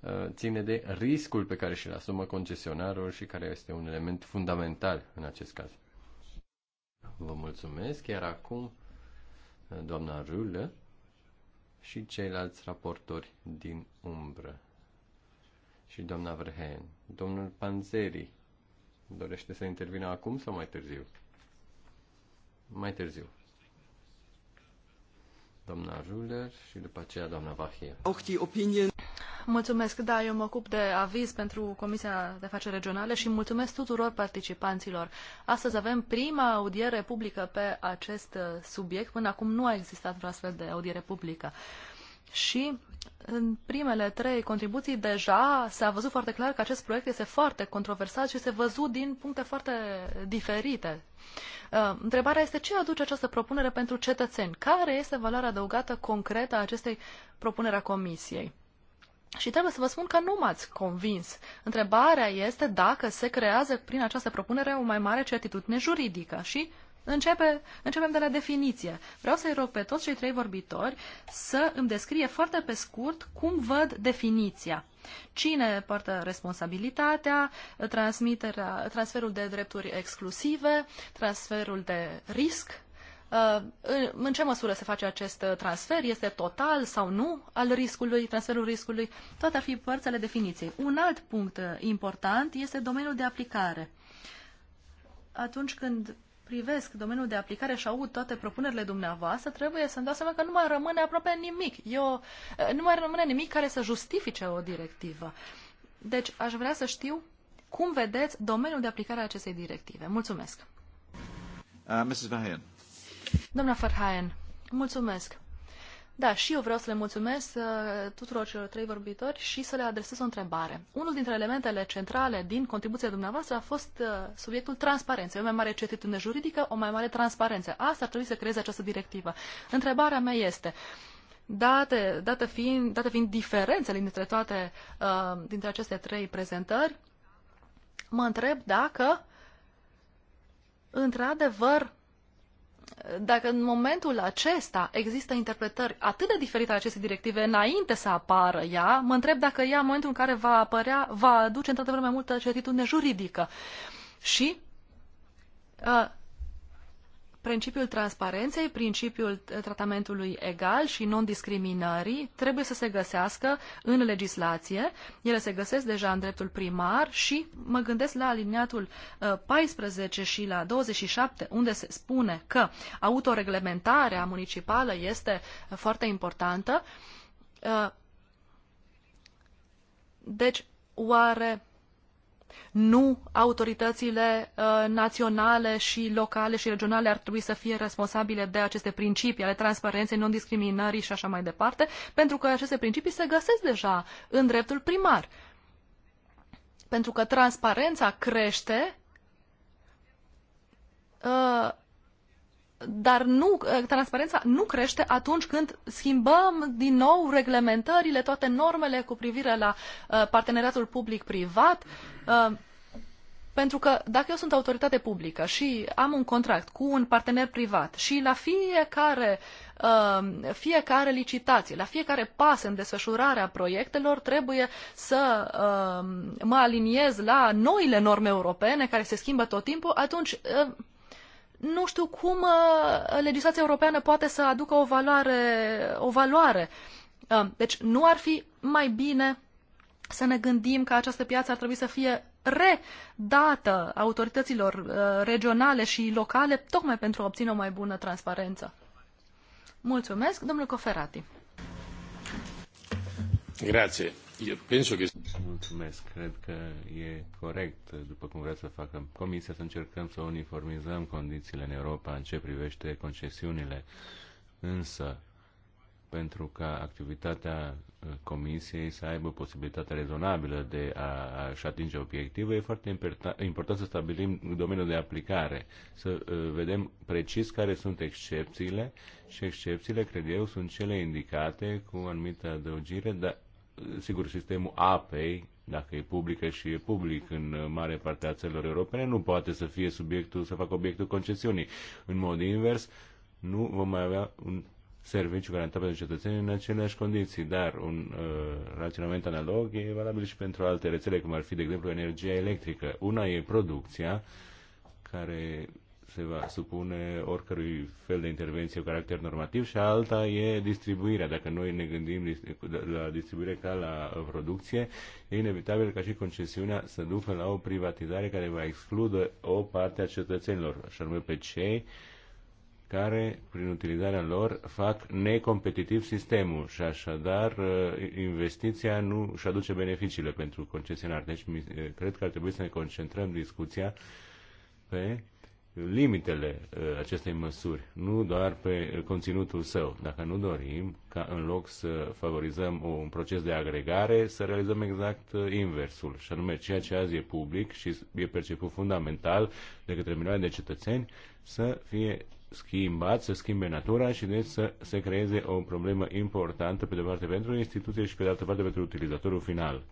uh, ține de riscul pe care și-l asumă concesionarul și care este un element fundamental în acest caz. Vă mulțumesc, iar acum uh, doamna Rulă și ceilalți raportori din umbră și doamna Verheyen, domnul Panzeri Dorește să intervină acum sau mai târziu? Mai târziu. Doamna Ruler și după aceea doamna Vahie. Mulțumesc, da, eu mă ocup de aviz pentru Comisia de Afaceri Regionale și mulțumesc tuturor participanților. Astăzi avem prima audiere publică pe acest subiect. Până acum nu a existat o astfel de audiere publică. Și în primele trei contribuții deja s-a văzut foarte clar că acest proiect este foarte controversat și se văzut din puncte foarte diferite. Uh, întrebarea este ce aduce această propunere pentru cetățeni? Care este valoarea adăugată concretă a acestei propuneri a Comisiei? Și trebuie să vă spun că nu m-ați convins. Întrebarea este dacă se creează prin această propunere o mai mare certitudine juridică și Începe, începem de la definiție. Vreau să-i rog pe toți cei trei vorbitori să îmi descrie foarte pe scurt cum văd definiția. Cine poartă responsabilitatea, transmiterea, transferul de drepturi exclusive, transferul de risc, uh, în ce măsură se face acest transfer, este total sau nu al riscului, transferul riscului, toate ar fi părțile definiției. Un alt punct uh, important este domeniul de aplicare. Atunci când privesc domeniul de aplicare și aud toate propunerile dumneavoastră, trebuie să-mi dau seama că nu mai rămâne aproape nimic. Eu, nu mai rămâne nimic care să justifice o directivă. Deci aș vrea să știu cum vedeți domeniul de aplicare a acestei directive. Mulțumesc. Uh, Mrs. Verheyen. Doamna Verheyen, mulțumesc. Da, și eu vreau să le mulțumesc uh, tuturor celor trei vorbitori și să le adresez o întrebare. Unul dintre elementele centrale din contribuția dumneavoastră a fost uh, subiectul transparenței. O mai mare certitudine juridică, o mai mare transparență. Asta ar trebui să creeze această directivă. Întrebarea mea este, date, date, fiind, date fiind diferențele dintre toate, uh, dintre aceste trei prezentări, mă întreb dacă, într-adevăr, dacă în momentul acesta există interpretări atât de diferite ale acestei directive înainte să apară ea, mă întreb dacă ea, în momentul în care va apărea, va aduce într-adevăr mai multă certitudine juridică. Și uh, principiul transparenței, principiul tratamentului egal și non-discriminării trebuie să se găsească în legislație. Ele se găsesc deja în dreptul primar și mă gândesc la aliniatul 14 uh, și la 27, unde se spune că autoreglementarea municipală este uh, foarte importantă. Uh, deci, oare nu autoritățile uh, naționale și locale și regionale ar trebui să fie responsabile de aceste principii ale transparenței, non-discriminării și așa mai departe, pentru că aceste principii se găsesc deja în dreptul primar. Pentru că transparența crește uh, dar nu, eh, transparența nu crește atunci când schimbăm din nou reglementările, toate normele cu privire la uh, parteneriatul public-privat. Uh, pentru că dacă eu sunt autoritate publică și am un contract cu un partener privat și la fiecare, uh, fiecare licitație, la fiecare pas în desfășurarea proiectelor, trebuie să uh, mă aliniez la noile norme europene care se schimbă tot timpul, atunci uh, nu știu cum uh, legislația europeană poate să aducă o valoare. O valoare. Uh, deci nu ar fi mai bine să ne gândim că această piață ar trebui să fie redată autorităților uh, regionale și locale, tocmai pentru a obține o mai bună transparență. Mulțumesc, domnul Coferati. Grazie. Io penso che... Mulțumesc, cred că e corect, după cum vrea să facă Comisia, să încercăm să uniformizăm condițiile în Europa în ce privește concesiunile. Însă, pentru ca activitatea uh, Comisiei să aibă posibilitatea rezonabilă de a-și atinge obiective, e foarte important, important să stabilim domeniul de aplicare, să uh, vedem precis care sunt excepțiile și excepțiile, cred eu, sunt cele indicate cu anumită adăugire, dar sigur, sistemul apei, dacă e publică și e public în mare parte a țărilor europene, nu poate să fie subiectul, să facă obiectul concesiunii. În mod invers, nu vom mai avea un serviciu garantat pentru cetățenii în aceleași condiții, dar un uh, raționament analog e valabil și pentru alte rețele, cum ar fi, de exemplu, energia electrică. Una e producția, care se va supune oricărui fel de intervenție cu caracter normativ și alta e distribuirea. Dacă noi ne gândim la distribuire ca la producție, e inevitabil ca și concesiunea să ducă la o privatizare care va exclude o parte a cetățenilor, și anume pe cei care, prin utilizarea lor, fac necompetitiv sistemul și așadar uh, investiția nu își aduce beneficiile pentru concesionar. Deci uh, cred că ar trebui să ne concentrăm discuția pe limitele uh, acestei măsuri, nu doar pe conținutul său. Dacă nu dorim ca în loc să favorizăm un proces de agregare, să realizăm exact uh, inversul, și anume ceea ce azi e public și e perceput fundamental de către milioane de cetățeni să fie schimbat, să schimbe natura și deci să se creeze o problemă importantă pe de parte pentru instituție și pe de altă parte pentru utilizatorul final.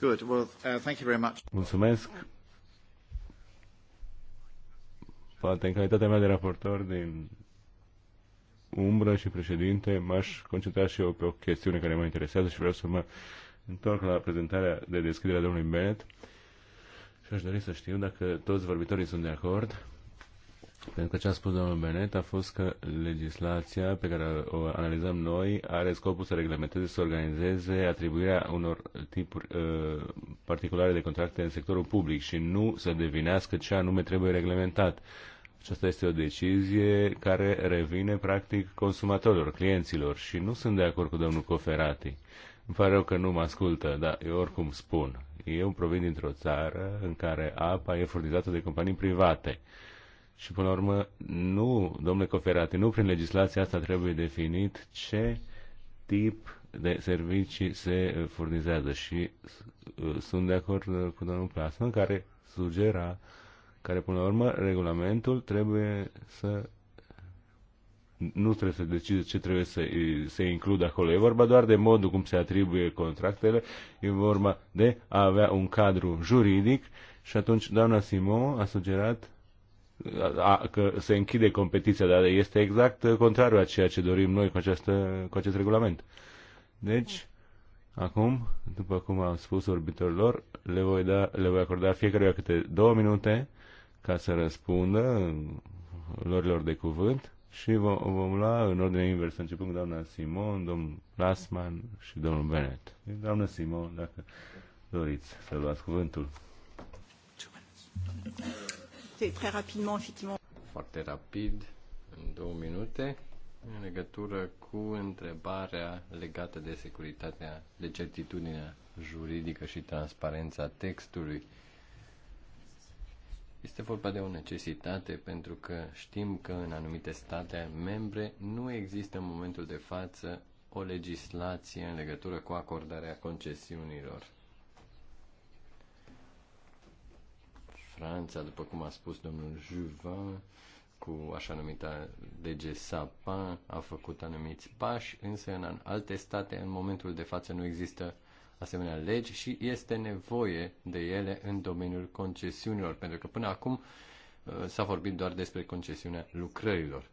Good. Well, uh, thank you very much. Mulțumesc poate în calitatea mea de raportor din umbră și președinte, m-aș concentra și eu pe o chestiune care mă interesează și vreau să mă întorc la prezentarea de deschidere a domnului Bennett și aș dori să știu dacă toți vorbitorii sunt de acord pentru că ce a spus domnul Benet a fost că legislația pe care o analizăm noi are scopul să reglementeze, să organizeze atribuirea unor tipuri uh, particulare de contracte în sectorul public și nu să devinească ce anume trebuie reglementat. Aceasta este o decizie care revine practic consumatorilor, clienților și nu sunt de acord cu domnul Coferati. Îmi pare rău că nu mă ascultă, dar eu oricum spun. Eu provin dintr-o țară în care apa e furnizată de companii private. Și până la urmă, nu, domnule Coferati, nu prin legislația asta trebuie definit ce tip de servicii se furnizează. Și uh, sunt de acord uh, cu domnul Plasman care sugera uh, care până la urmă regulamentul trebuie să nu trebuie să decide ce trebuie să se includă acolo. E vorba doar de modul cum se atribuie contractele, e vorba de a avea un cadru juridic și atunci doamna Simon a sugerat că se închide competiția, dar este exact contrariu a ceea ce dorim noi cu, această, cu acest regulament. Deci, acum, după cum am spus orbitorilor, le voi, da, le voi acorda fiecare câte două minute ca să răspundă lorilor de cuvânt și vom, vom lua în ordine inversă, începând cu doamna Simon, domnul Lasman și domnul Bennett. Doamna Simon, dacă doriți să luați cuvântul. Foarte rapid, în două minute, în legătură cu întrebarea legată de securitatea, de certitudinea juridică și transparența textului. Uh, este vorba de o necesitate pentru că știm că în anumite state membre nu există în momentul de față o legislație în legătură cu acordarea concesiunilor. Franța, după cum a spus domnul Juvin, cu așa numita lege Sapin, a făcut anumiți pași, însă în alte state, în momentul de față, nu există uh, asemenea legi și este nevoie de ele în domeniul concesiunilor, pentru că până acum uh, s-a vorbit doar despre concesiunea lucrărilor.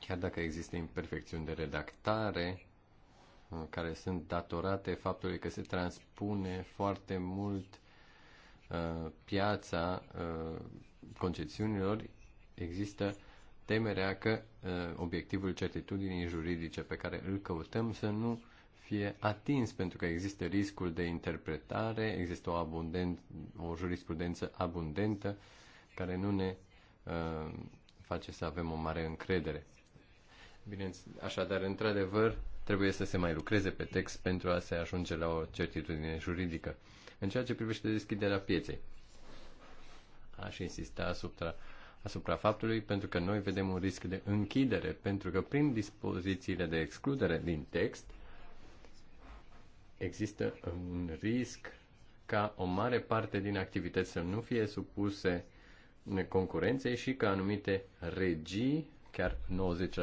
Chiar dacă există imperfecțiuni de redactare, uh, care sunt datorate faptului că se transpune foarte mult uh, piața concesiunilor, există temerea că obiectivul certitudinii juridice pe care îl căutăm să nu fie atins, pentru că există riscul de interpretare, există o, abundent, o jurisprudență abundentă care nu ne uh, face să avem o mare încredere. Bine, așadar, într-adevăr, trebuie să se mai lucreze pe text pentru a se ajunge la o certitudine juridică. În ceea ce privește deschiderea pieței, aș insista asupra, asupra faptului pentru că noi vedem un risc de închidere, pentru că prin dispozițiile de excludere din text, există un risc ca o mare parte din activități să nu fie supuse concurenței și ca anumite regii, chiar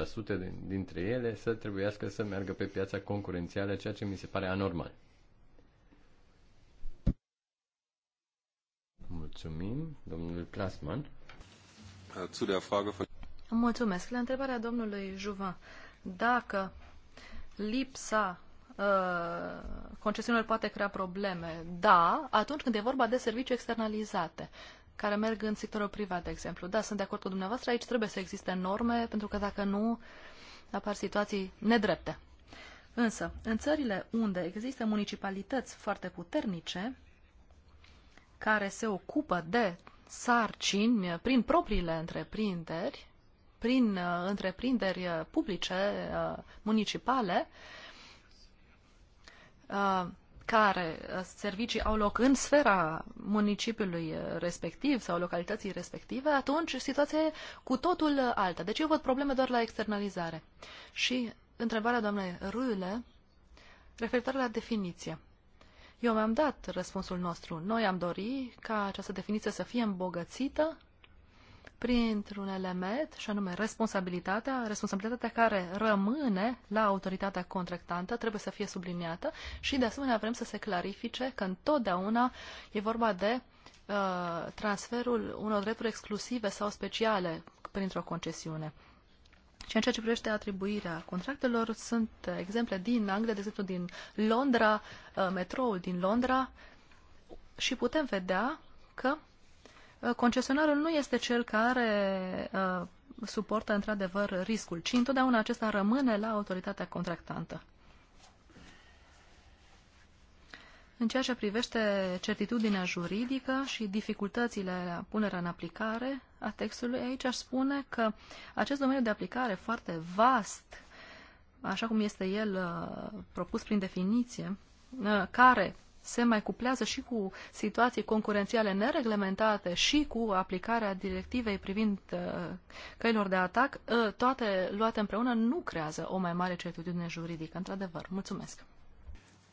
90% dintre ele, să trebuiască să meargă pe piața concurențială, ceea ce mi se pare anormal. Mulțumim, domnul Plasman. Mulțumesc. La întrebarea domnului Juvan, dacă lipsa Uh, concesiunile poate crea probleme. Da, atunci când e vorba de servicii externalizate, care merg în sectorul privat, de exemplu. Da, sunt de acord cu dumneavoastră, aici trebuie să existe norme, pentru că dacă nu, apar situații nedrepte. Însă, în țările unde există municipalități foarte puternice, care se ocupă de sarcini prin propriile întreprinderi, prin uh, întreprinderi uh, publice, municipale, uh, Uh, care uh, servicii au loc în sfera municipiului uh, respectiv sau localității respective, atunci situația e cu totul alta. Deci eu văd probleme doar la externalizare. Și întrebarea doamnei Ruile, referitoare la definiție. Eu mi-am dat răspunsul nostru. Noi am dori ca această definiție să fie îmbogățită printr-un element, și anume responsabilitatea, responsabilitatea care rămâne la autoritatea contractantă, trebuie să fie subliniată și, de asemenea, vrem să se clarifice că întotdeauna e vorba de uh, transferul unor drepturi exclusive sau speciale printr-o concesiune. Și în ceea ce privește atribuirea contractelor, sunt exemple din Anglia, de exemplu din Londra, uh, metroul din Londra, și putem vedea că concesionarul nu este cel care uh, suportă într-adevăr riscul, ci întotdeauna acesta rămâne la autoritatea contractantă. În ceea ce privește certitudinea juridică și dificultățile la punerea în aplicare a textului, aici aș spune că acest domeniu de aplicare foarte vast, așa cum este el uh, propus prin definiție, uh, care se mai cuplează și cu situații concurențiale nereglementate și cu aplicarea directivei privind uh, căilor de atac, uh, toate luate împreună nu creează o mai mare certitudine juridică, într-adevăr. Mulțumesc.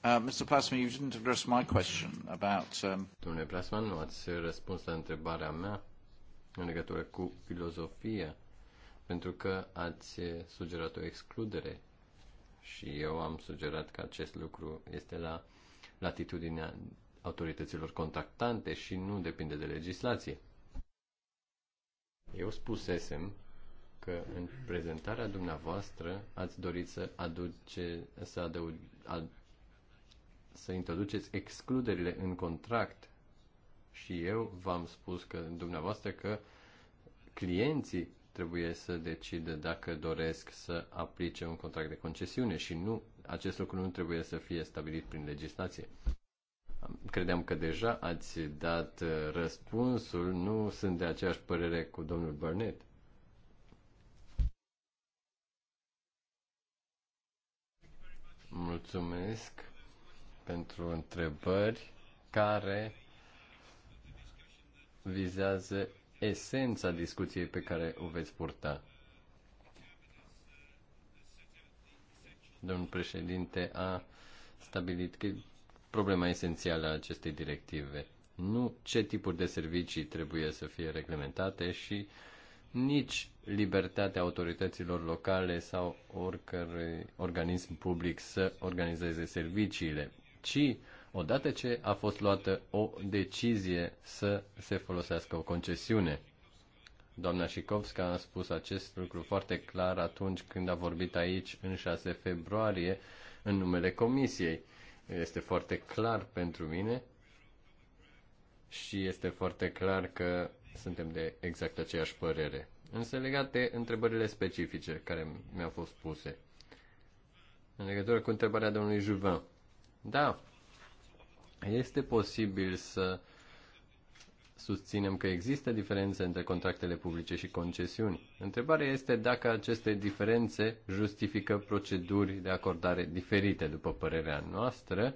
Uh, Mr. you didn't address my question about... Um, Domnule Plasman, nu ați răspuns la întrebarea mea în legătură cu filozofia, pentru că ați sugerat o excludere și eu am sugerat că acest lucru este la latitudinea autorităților contactante și nu depinde de legislație. Eu spusesem că în prezentarea dumneavoastră ați dorit să aduce, să, adăug, ad, să introduceți excluderile în contract și eu v-am spus că dumneavoastră că clienții trebuie să decidă dacă doresc să aplice un contract de concesiune și nu acest lucru nu trebuie să fie stabilit prin legislație. Credeam că deja ați dat uh, răspunsul, nu sunt de aceeași părere cu domnul Burnett. Mulțumesc pentru întrebări care vizează esența discuției pe care o veți purta. domnul președinte a stabilit că problema esențială a acestei directive. Nu ce tipuri de servicii trebuie să fie reglementate și nici libertatea autorităților locale sau oricărui organism public să organizeze serviciile, ci odată ce a fost luată o decizie să se folosească o concesiune. Doamna Șicovska a spus acest lucru foarte clar atunci când a vorbit aici în 6 februarie în numele comisiei. Este foarte clar pentru mine și este foarte clar că suntem de exact aceeași părere. Însă legate întrebările specifice care mi-au fost puse. În legătură cu întrebarea domnului Juvin. Da, este posibil să uh, susținem că există diferențe între contractele publice și concesiuni. Întrebarea este dacă aceste diferențe justifică proceduri de acordare diferite, după părerea noastră.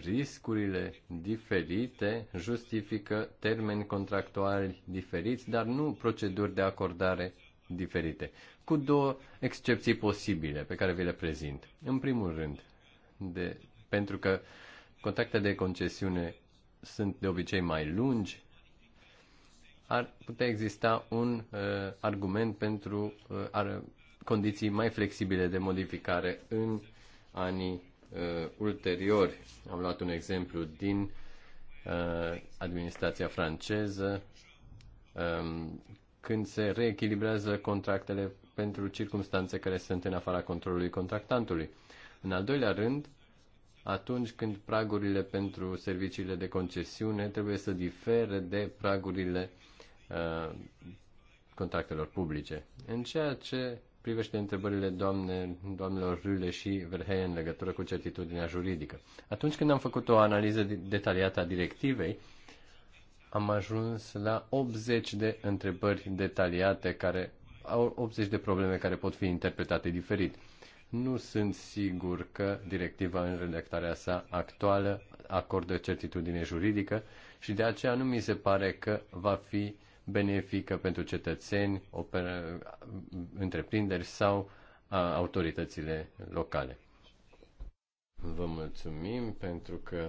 Riscurile diferite justifică termeni contractuali diferiți, dar nu proceduri de acordare diferite, cu două excepții posibile pe care vi le prezint. În primul rând, de, pentru că contractele de concesiune sunt de obicei mai lungi, ar putea exista un uh, argument pentru uh, ar, condiții mai flexibile de modificare în anii uh, ulteriori. Am luat un exemplu din uh, administrația franceză, um, când se reechilibrează contractele pentru circumstanțe care sunt în afara controlului contractantului. În al doilea rând, atunci când pragurile pentru serviciile de concesiune trebuie să difere de pragurile uh, contractelor publice. În ceea ce privește întrebările doamne, doamnelor Rule și Verhey în legătură cu certitudinea juridică. Atunci când am făcut o analiză detaliată a directivei, am ajuns la 80 de întrebări detaliate care au 80 de probleme care pot fi interpretate diferit nu sunt sigur că directiva în redactarea sa actuală acordă certitudine juridică și de aceea nu mi se pare că va fi benefică pentru cetățeni, întreprinderi sau a autoritățile locale. Vă mulțumim pentru că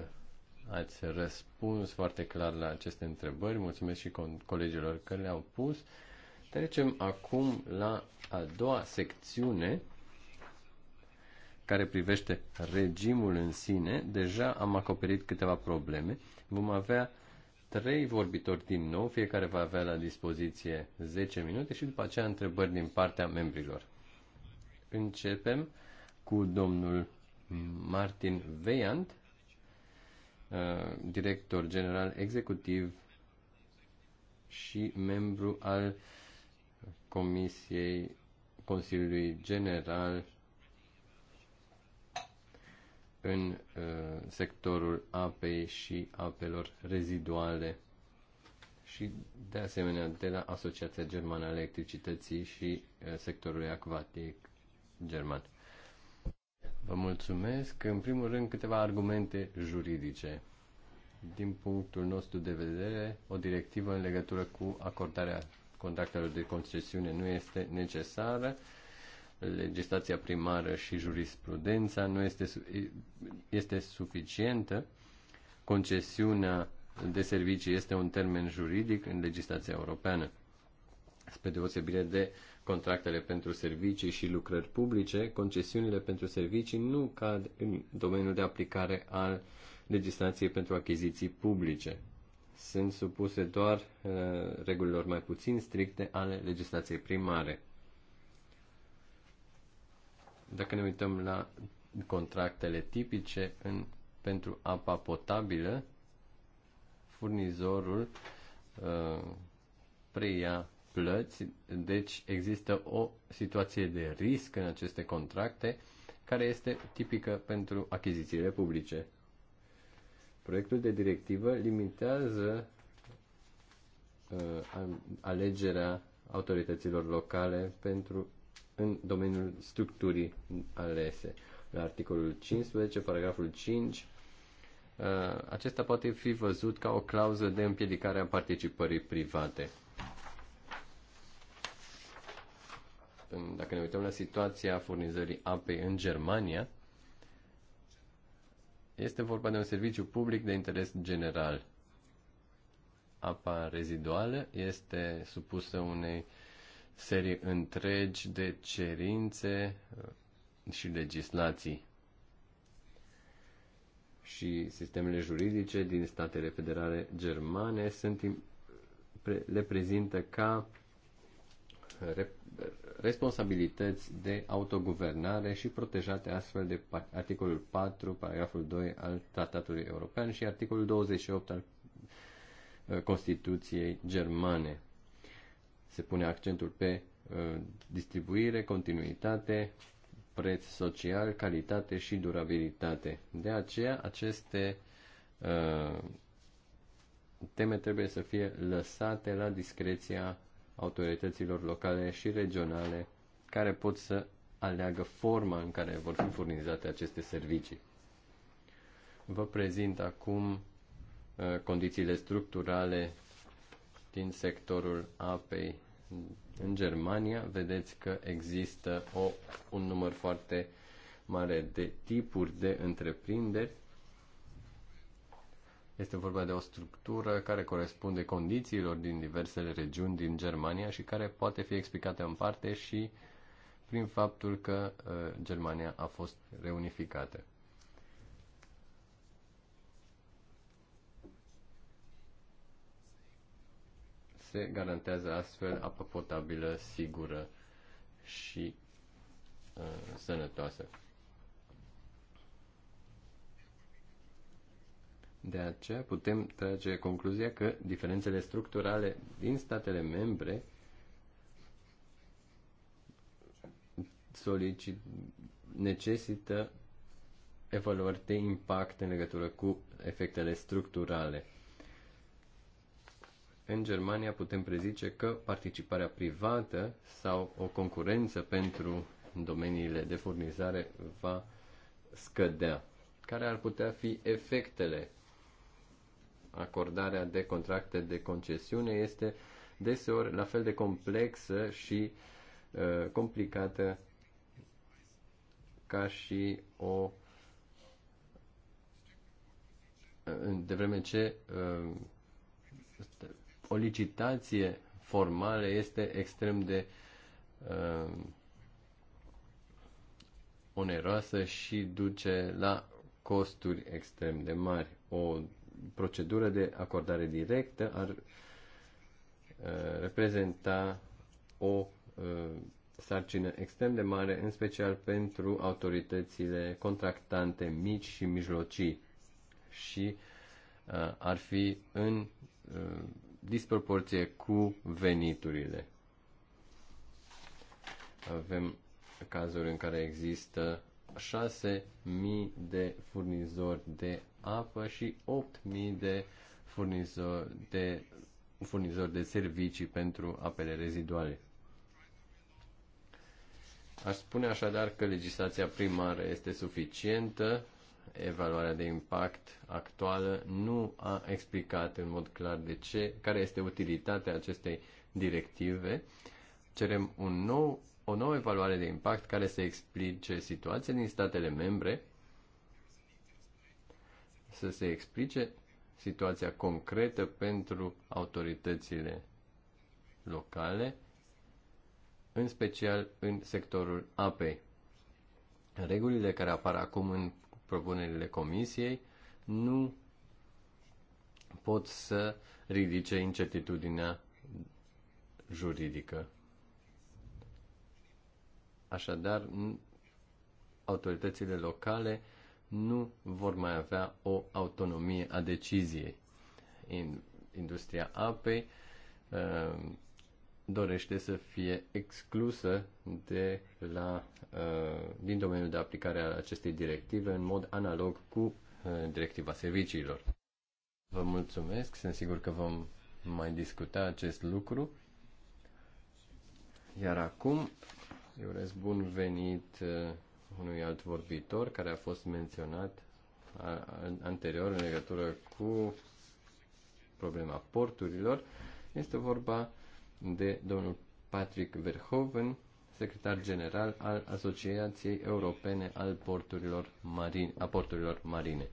ați răspuns foarte clar la aceste întrebări. Mulțumesc și colegilor că le-au pus. Trecem acum la a doua secțiune care privește regimul în sine, deja am acoperit câteva probleme. Vom avea trei vorbitori din nou, fiecare va avea la dispoziție 10 minute și după aceea întrebări din partea membrilor. Începem cu domnul Martin Veiant, uh, director general executiv și membru al Comisiei Consiliului General în uh, sectorul apei și apelor reziduale și de asemenea de la Asociația Germană a Electricității și uh, sectorului acvatic german. Vă mulțumesc. În primul rând, câteva argumente juridice. Din punctul nostru de vedere, o directivă în legătură cu acordarea contractelor de concesiune nu este necesară legislația primară și jurisprudența nu este, este suficientă. Concesiunea de servicii este un termen juridic în legislația europeană. Spre deosebire de contractele pentru servicii și lucrări publice, concesiunile pentru servicii nu cad în domeniul de aplicare al legislației pentru achiziții publice. Sunt supuse doar uh, regulilor mai puțin stricte ale legislației primare. Dacă ne uităm la contractele tipice în, pentru apa potabilă, furnizorul uh, preia plăți, deci există o situație de risc în aceste contracte care este tipică pentru achizițiile publice. Proiectul de directivă limitează uh, alegerea autorităților locale pentru în domeniul structurii alese. La articolul 15, paragraful 5, uh, acesta poate fi văzut ca o clauză de împiedicare a participării private. Dacă ne uităm la situația furnizării apei în Germania, este vorba de un serviciu public de interes general. Apa reziduală este supusă unei uh, serii întregi de cerințe uh, și legislații și sistemele juridice din statele federale germane sunt, le prezintă ca uh, responsabilități de autoguvernare și protejate astfel de articolul 4, paragraful 2 al Tratatului European și articolul 28 al uh, Constituției Germane. Se pune accentul pe uh, distribuire, continuitate, preț social, calitate și durabilitate. De aceea, aceste uh, teme trebuie să fie lăsate la discreția autorităților locale și regionale care pot să aleagă forma în care vor fi furnizate aceste servicii. Vă prezint acum uh, condițiile structurale din sectorul apei în Germania vedeți că există o, un număr foarte mare de tipuri de întreprinderi. Este vorba de o structură care corespunde condițiilor din diversele regiuni din Germania și care poate fi explicată în parte și prin faptul că uh, Germania a fost reunificată. se garantează astfel apă potabilă, sigură și uh, sănătoasă. De aceea putem trage concluzia că diferențele structurale din statele membre solicit, necesită evaluări de impact în legătură cu efectele structurale în Germania putem prezice că participarea privată sau o concurență pentru domeniile de furnizare va scădea. Care ar putea fi efectele? Acordarea de contracte de concesiune este deseori la fel de complexă și uh, complicată ca și o uh, de vreme ce uh, o licitație formală este extrem de uh, oneroasă și duce la costuri extrem de mari. O procedură de acordare directă ar uh, reprezenta o uh, sarcină extrem de mare, în special pentru autoritățile contractante mici și mijlocii și uh, ar fi în uh, disproporție cu veniturile. Avem cazuri în care există 6.000 de furnizori de apă și 8.000 de furnizori de, furnizori de servicii pentru apele reziduale. Aș spune așadar că legislația primară este suficientă evaluarea de impact actuală nu a explicat în mod clar de ce, care este utilitatea acestei directive. Cerem un nou, o nouă evaluare de impact care să explice situația din statele membre, să se explice situația concretă pentru autoritățile locale, în special în sectorul apei. Regulile care apar acum în propunerile comisiei nu pot să ridice incertitudinea juridică. Așadar, autoritățile locale nu vor mai avea o autonomie a deciziei. Industria apei uh, dorește să fie exclusă de la, uh, din domeniul de aplicare al acestei directive în mod analog cu uh, directiva serviciilor. Vă mulțumesc, sunt sigur că vom mai discuta acest lucru. Iar acum eu urez bun venit uh, unui alt vorbitor care a fost menționat anterior în legătură cu problema porturilor. Este vorba de domnul Patrick Verhoeven, secretar general al Asociației Europene al Porturilor Marine, a Porturilor Marine.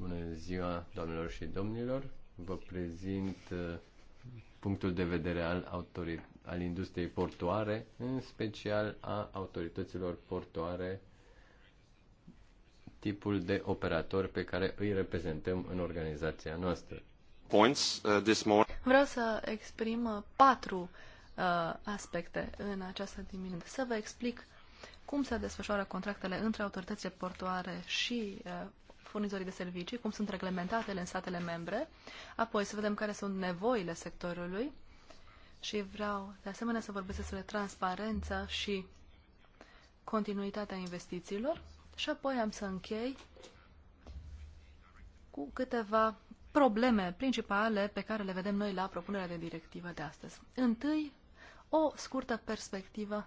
Bună ziua, doamnelor și domnilor! Vă prezint uh, punctul de vedere al, al industriei portoare, în special a autorităților portoare, tipul de operator pe care îi reprezentăm în organizația noastră points uh, this morning. Vreau să exprim uh, patru uh, aspecte în această dimineață. Să vă explic cum se desfășoară contractele între autoritățile portoare și uh, furnizorii de servicii, cum sunt reglementate în statele membre, apoi să vedem care sunt nevoile sectorului și vreau de asemenea să vorbesc despre transparență și continuitatea investițiilor și apoi am să închei cu câteva probleme principale pe care le vedem noi la propunerea de directivă de astăzi. Întâi, o scurtă perspectivă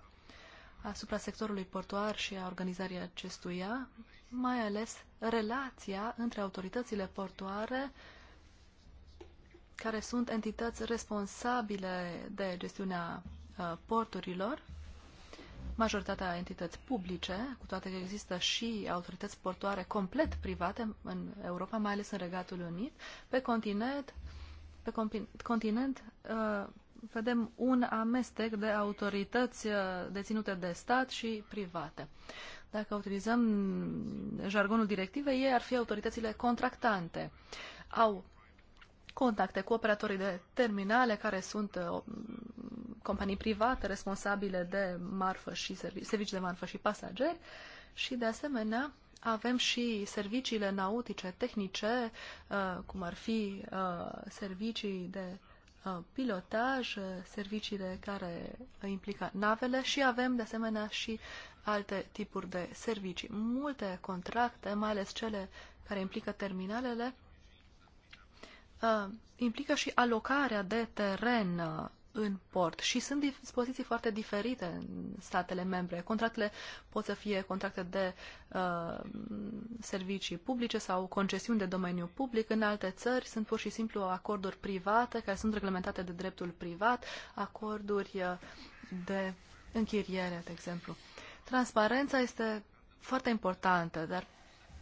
asupra sectorului portuar și a organizării acestuia, mai ales relația între autoritățile portoare, care sunt entități responsabile de gestiunea uh, porturilor majoritatea entități publice, cu toate că există și autorități portoare complet private în Europa, mai ales în Regatul Unit. Pe continent, pe continent uh, vedem un amestec de autorități uh, deținute de stat și private. Dacă utilizăm jargonul directivei, ei ar fi autoritățile contractante. Au contacte cu operatorii de terminale care sunt uh, companii private responsabile de marfă și servici, servicii de marfă și pasageri și, de asemenea, avem și serviciile nautice tehnice, uh, cum ar fi uh, servicii de uh, pilotaj, serviciile care implică navele și avem, de asemenea, și alte tipuri de servicii. Multe contracte, mai ales cele care implică terminalele, implică și alocarea de teren în port și sunt dispoziții foarte diferite în statele membre. Contractele pot să fie contracte de uh, servicii publice sau concesiuni de domeniu public. În alte țări sunt pur și simplu acorduri private care sunt reglementate de dreptul privat, acorduri uh, de închiriere, de exemplu. Transparența este foarte importantă, dar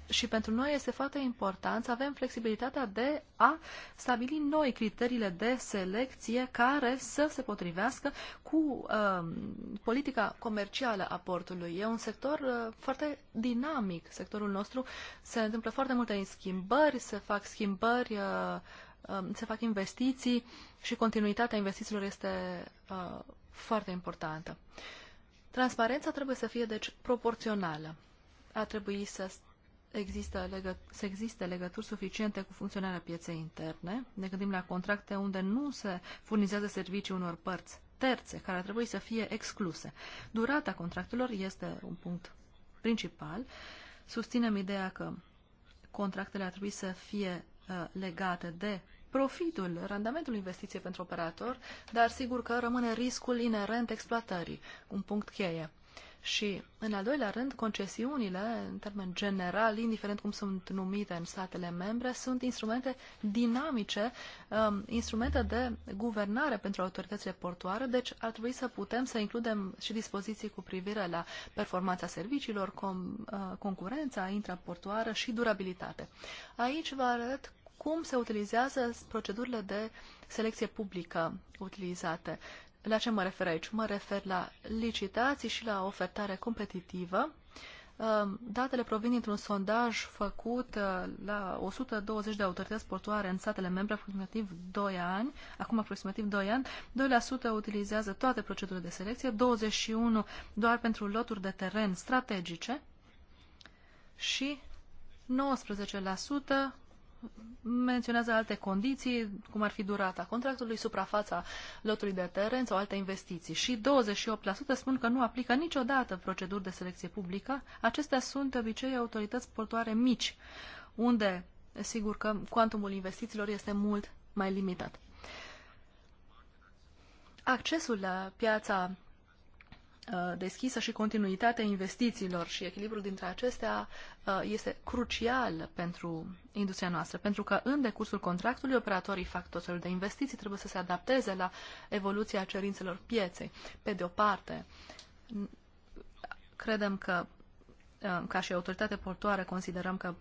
și pentru noi este foarte important să avem flexibilitatea de a stabili noi criteriile de selecție care să se potrivească cu uh, politica comercială a portului. E un sector uh, foarte dinamic, sectorul nostru. Se întâmplă foarte multe schimbări, se fac schimbări, uh, um, se fac investiții și continuitatea investițiilor este uh, foarte importantă. Transparența trebuie să fie, deci, proporțională. A trebui să există legă, să existe legături suficiente cu funcționarea pieței interne. Ne gândim la contracte unde nu se furnizează servicii unor părți terțe care ar trebui să fie excluse. Durata contractelor este un punct principal. Susținem ideea că contractele ar trebui să fie uh, legate de profitul, randamentul investiției pentru operator, dar sigur că rămâne riscul inerent exploatării, un punct cheie. Și, în al doilea rând, concesiunile, în termen general, indiferent cum sunt numite în statele membre, sunt instrumente dinamice, um, instrumente de guvernare pentru autoritățile portoare, deci ar trebui să putem să includem și dispoziții cu privire la performanța serviciilor, com, uh, concurența intraportoară și durabilitate. Aici vă arăt cum se utilizează procedurile de selecție publică utilizate. La ce mă refer aici? Mă refer la licitații și la ofertare competitivă. Um, datele provin dintr-un sondaj făcut uh, la 120 de autorități portoare în statele membre aproximativ 2 ani, acum aproximativ 2 ani. 2% utilizează toate procedurile de selecție, 21% doar pentru loturi de teren strategice și 19% menționează alte condiții, cum ar fi durata contractului, suprafața lotului de teren sau alte investiții. Și 28% spun că nu aplică niciodată proceduri de selecție publică. Acestea sunt de obicei autorități portoare mici, unde, sigur că cuantumul investițiilor este mult mai limitat. Accesul la piața Uh, deschisă și continuitatea investițiilor și echilibrul dintre acestea uh, este crucial pentru industria noastră, pentru că în decursul contractului operatorii fac tot felul de investiții, trebuie să se adapteze la evoluția cerințelor pieței. Pe de o parte, credem că uh, ca și autoritate portoare considerăm că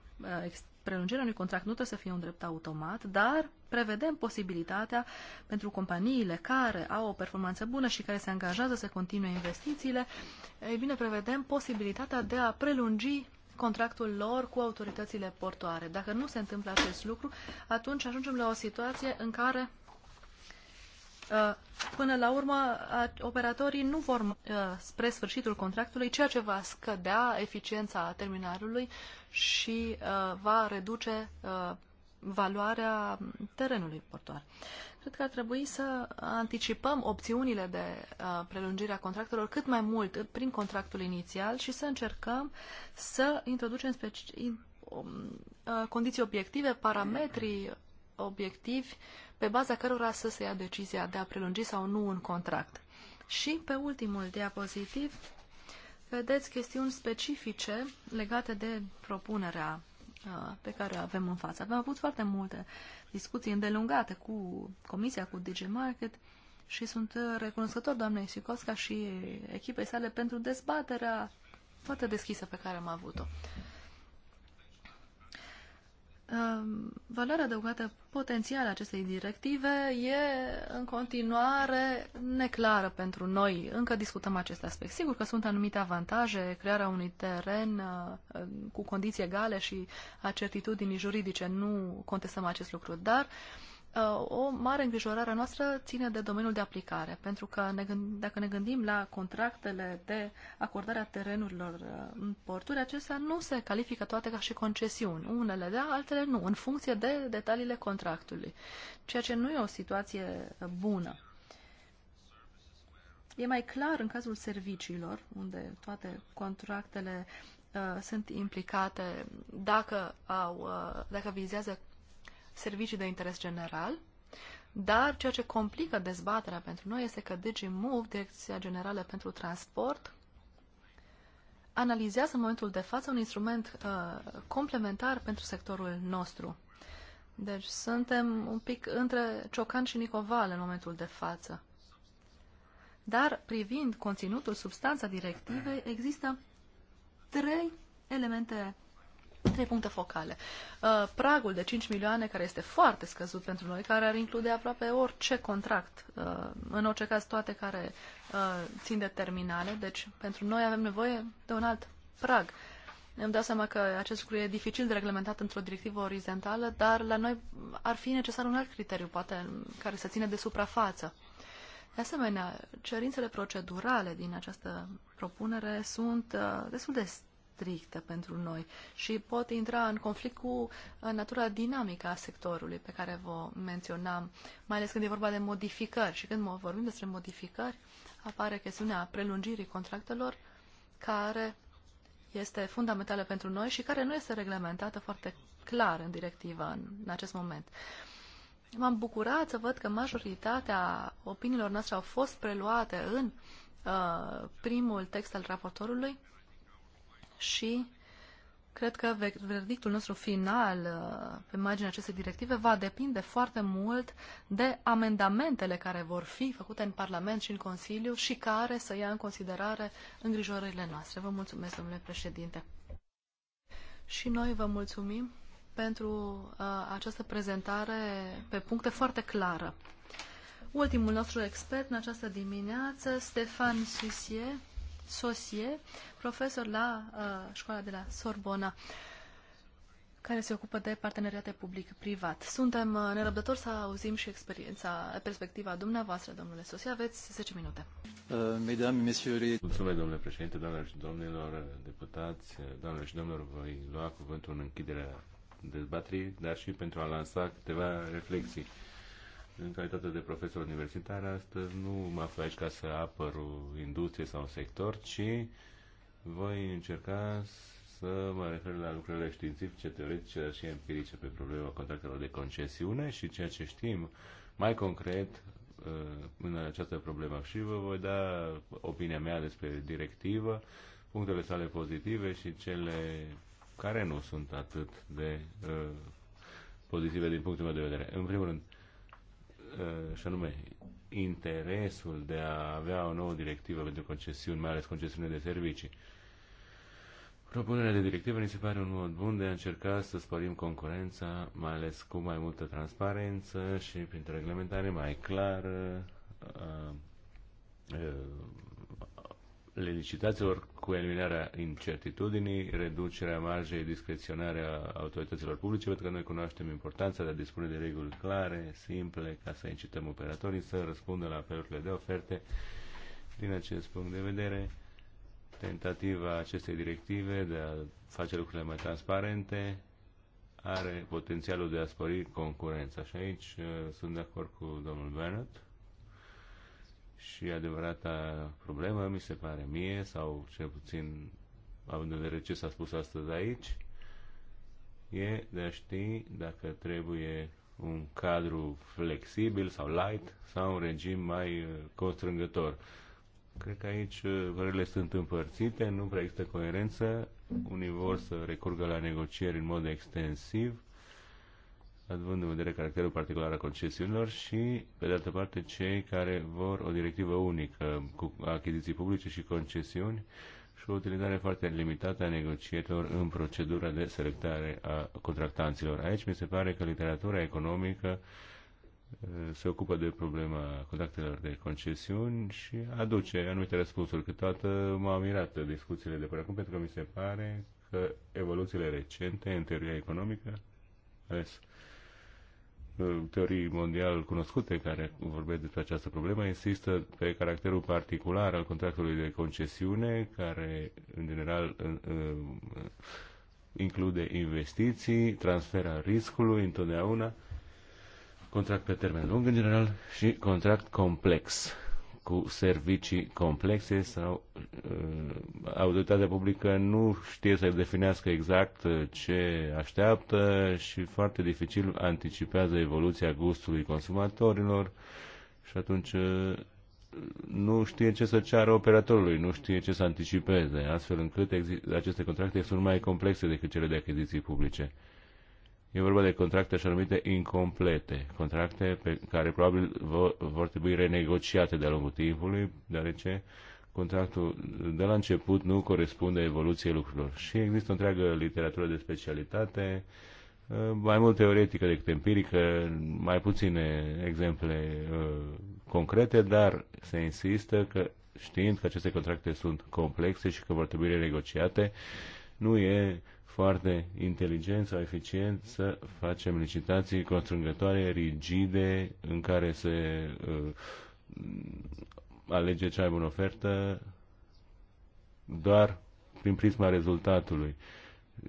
prelungirea unui contract nu trebuie să fie un drept automat, dar prevedem posibilitatea pentru companiile care au o performanță bună și care se angajează să continue investițiile, ei bine, prevedem posibilitatea de a prelungi contractul lor cu autoritățile portoare. Dacă nu se întâmplă acest lucru, atunci ajungem la o situație în care Uh, până la urmă, operatorii nu vor uh, spre sfârșitul contractului, ceea ce va scădea eficiența terminalului și uh, va reduce valoarea terenului portuar. Cred că ar trebui să anticipăm opțiunile de prelungire a contractelor cât mai mult prin contractul inițial și să încercăm să introducem um, condiții obiective, parametrii obiectivi pe baza cărora să se ia decizia de a prelungi sau nu un contract. Și pe ultimul diapozitiv vedeți chestiuni specifice legate de propunerea uh, pe care o avem în față. Avem avut foarte multe discuții îndelungate cu Comisia, cu DigiMarket și sunt uh, recunoscător doamnei Sicosca și echipei sale pentru dezbaterea foarte deschisă pe care am avut-o valoarea adăugată potențială a acestei directive e în continuare neclară pentru noi. Încă discutăm acest aspect. Sigur că sunt anumite avantaje, crearea unui teren uh, cu condiții egale și a certitudinii juridice, nu contestăm acest lucru, dar uh, Uh, o mare îngrijorare a noastră ține de domeniul de aplicare, pentru că ne gând, dacă ne gândim la contractele de acordare a terenurilor uh, în porturi, acestea nu se califică toate ca și concesiuni. Unele da, altele nu, în funcție de detaliile contractului, ceea ce nu e o situație bună. E mai clar în cazul serviciilor, unde toate contractele uh, sunt implicate dacă, au, uh, dacă vizează servicii de interes general, dar ceea ce complică dezbaterea pentru noi este că DigiMove, Direcția Generală pentru Transport, analizează în momentul de față un instrument uh, complementar pentru sectorul nostru. Deci suntem un pic între Ciocan și Nicoval în momentul de față. Dar privind conținutul, substanța directivei, există trei elemente Trei puncte focale. Uh, pragul de 5 milioane, care este foarte scăzut pentru noi, care ar include aproape orice contract, uh, în orice caz toate care uh, țin de terminale, deci pentru noi avem nevoie de un alt prag. Îmi dau seama că acest lucru e dificil de reglementat într-o directivă orizontală, dar la noi ar fi necesar un alt criteriu, poate, care să ține de suprafață. De asemenea, cerințele procedurale din această propunere sunt destul de strictă pentru noi și pot intra în conflict cu uh, natura dinamică a sectorului pe care vă menționam, mai ales când e vorba de modificări. Și când vorbim despre modificări, apare chestiunea prelungirii contractelor care este fundamentală pentru noi și care nu este reglementată foarte clar în directiva în acest moment. M-am bucurat să văd că majoritatea opiniilor noastre au fost preluate în uh, primul text al raportorului și cred că verdictul nostru final uh, pe marginea acestei directive va depinde foarte mult de amendamentele care vor fi făcute în Parlament și în Consiliu și care să ia în considerare îngrijorările noastre. Vă mulțumesc, domnule președinte. Și noi vă mulțumim pentru uh, această prezentare pe puncte foarte clară. Ultimul nostru expert în această dimineață, Stefan Susier, Sosie, profesor la uh, școala de la Sorbona, care se ocupă de parteneriate public-privat. Suntem uh, nerăbdători să auzim și experiența, perspectiva dumneavoastră, domnule Sosie. Aveți 10 minute. Uh, mesdames, messieurs... Mulțumesc, domnule președinte, doamnelor și domnilor deputați, doamnelor și domnilor, voi lua cuvântul în închiderea dezbatrii, dar și pentru a lansa câteva reflexii. În calitate de profesor universitar, astăzi nu mă aflu aici ca să apăr o industrie sau un sector, ci voi încerca să mă refer la lucrurile științifice, teoretice, dar și empirice pe problema contractelor de concesiune și ceea ce știm mai concret uh, în această problemă și vă voi da opinia mea despre directivă, punctele sale pozitive și cele care nu sunt atât de uh, pozitive din punctul meu de vedere. În primul rând, Uh, și anume interesul de a avea o nouă directivă pentru concesiuni, mai ales concesiune de servicii. Propunerea de directivă mi se pare un mod bun de a încerca să sporim concurența, mai ales cu mai multă transparență și printr-o reglementare mai clară uh, uh, licitațiilor cu eliminarea incertitudinii, reducerea marjei discreționare a autorităților publice, pentru că noi cunoaștem importanța de a dispune de reguli clare, simple, ca să incităm operatorii să răspundă la apelurile de oferte. Din acest punct de vedere, tentativa acestei directive de a face lucrurile mai transparente are potențialul de a spori concurența. Și aici uh, sunt de acord cu domnul Bennett și adevărata problemă, mi se pare mie, sau cel puțin având în vedere ce s-a spus astăzi aici, e de a ști dacă trebuie un cadru flexibil sau light sau un regim mai uh, constrângător. Cred că aici vrele uh, sunt împărțite, nu prea există coerență, unii vor să recurgă la negocieri în mod extensiv, având în vedere caracterul particular al concesiunilor și, pe de altă parte, cei care vor o directivă unică cu achiziții publice și concesiuni și o utilizare foarte limitată a negocierilor în procedura de selectare a contractanților. Aici mi se pare că literatura economică eh, se ocupă de problema contractelor de concesiuni și aduce anumite răspunsuri. Câteodată m-au mirat discuțiile de până acum pentru că mi se pare că evoluțiile recente în teoria economică, ales Uh, teorii mondial cunoscute care vorbesc despre această problemă insistă pe caracterul particular al contractului de concesiune, care în general uh, uh, include investiții, transfera riscului întotdeauna, contract pe termen lung în general și contract complex cu servicii complexe sau uh, autoritatea publică nu știe să definească exact uh, ce așteaptă și foarte dificil anticipează evoluția gustului consumatorilor și atunci uh, nu știe ce să ceară operatorului, nu știe ce să anticipeze, astfel încât aceste contracte sunt mai complexe decât cele de achiziții publice. E vorba de contracte așa numite incomplete, contracte pe care probabil vor trebui renegociate de-a lungul timpului, deoarece contractul de la început nu corespunde evoluției lucrurilor. Și există o întreagă literatură de specialitate, mai mult teoretică decât empirică, mai puține exemple uh, concrete, dar se insistă că știind că aceste contracte sunt complexe și că vor trebui renegociate, nu e foarte inteligent sau eficient să facem licitații constrângătoare, rigide, în care se uh, alege cea mai bună ofertă doar prin prisma rezultatului.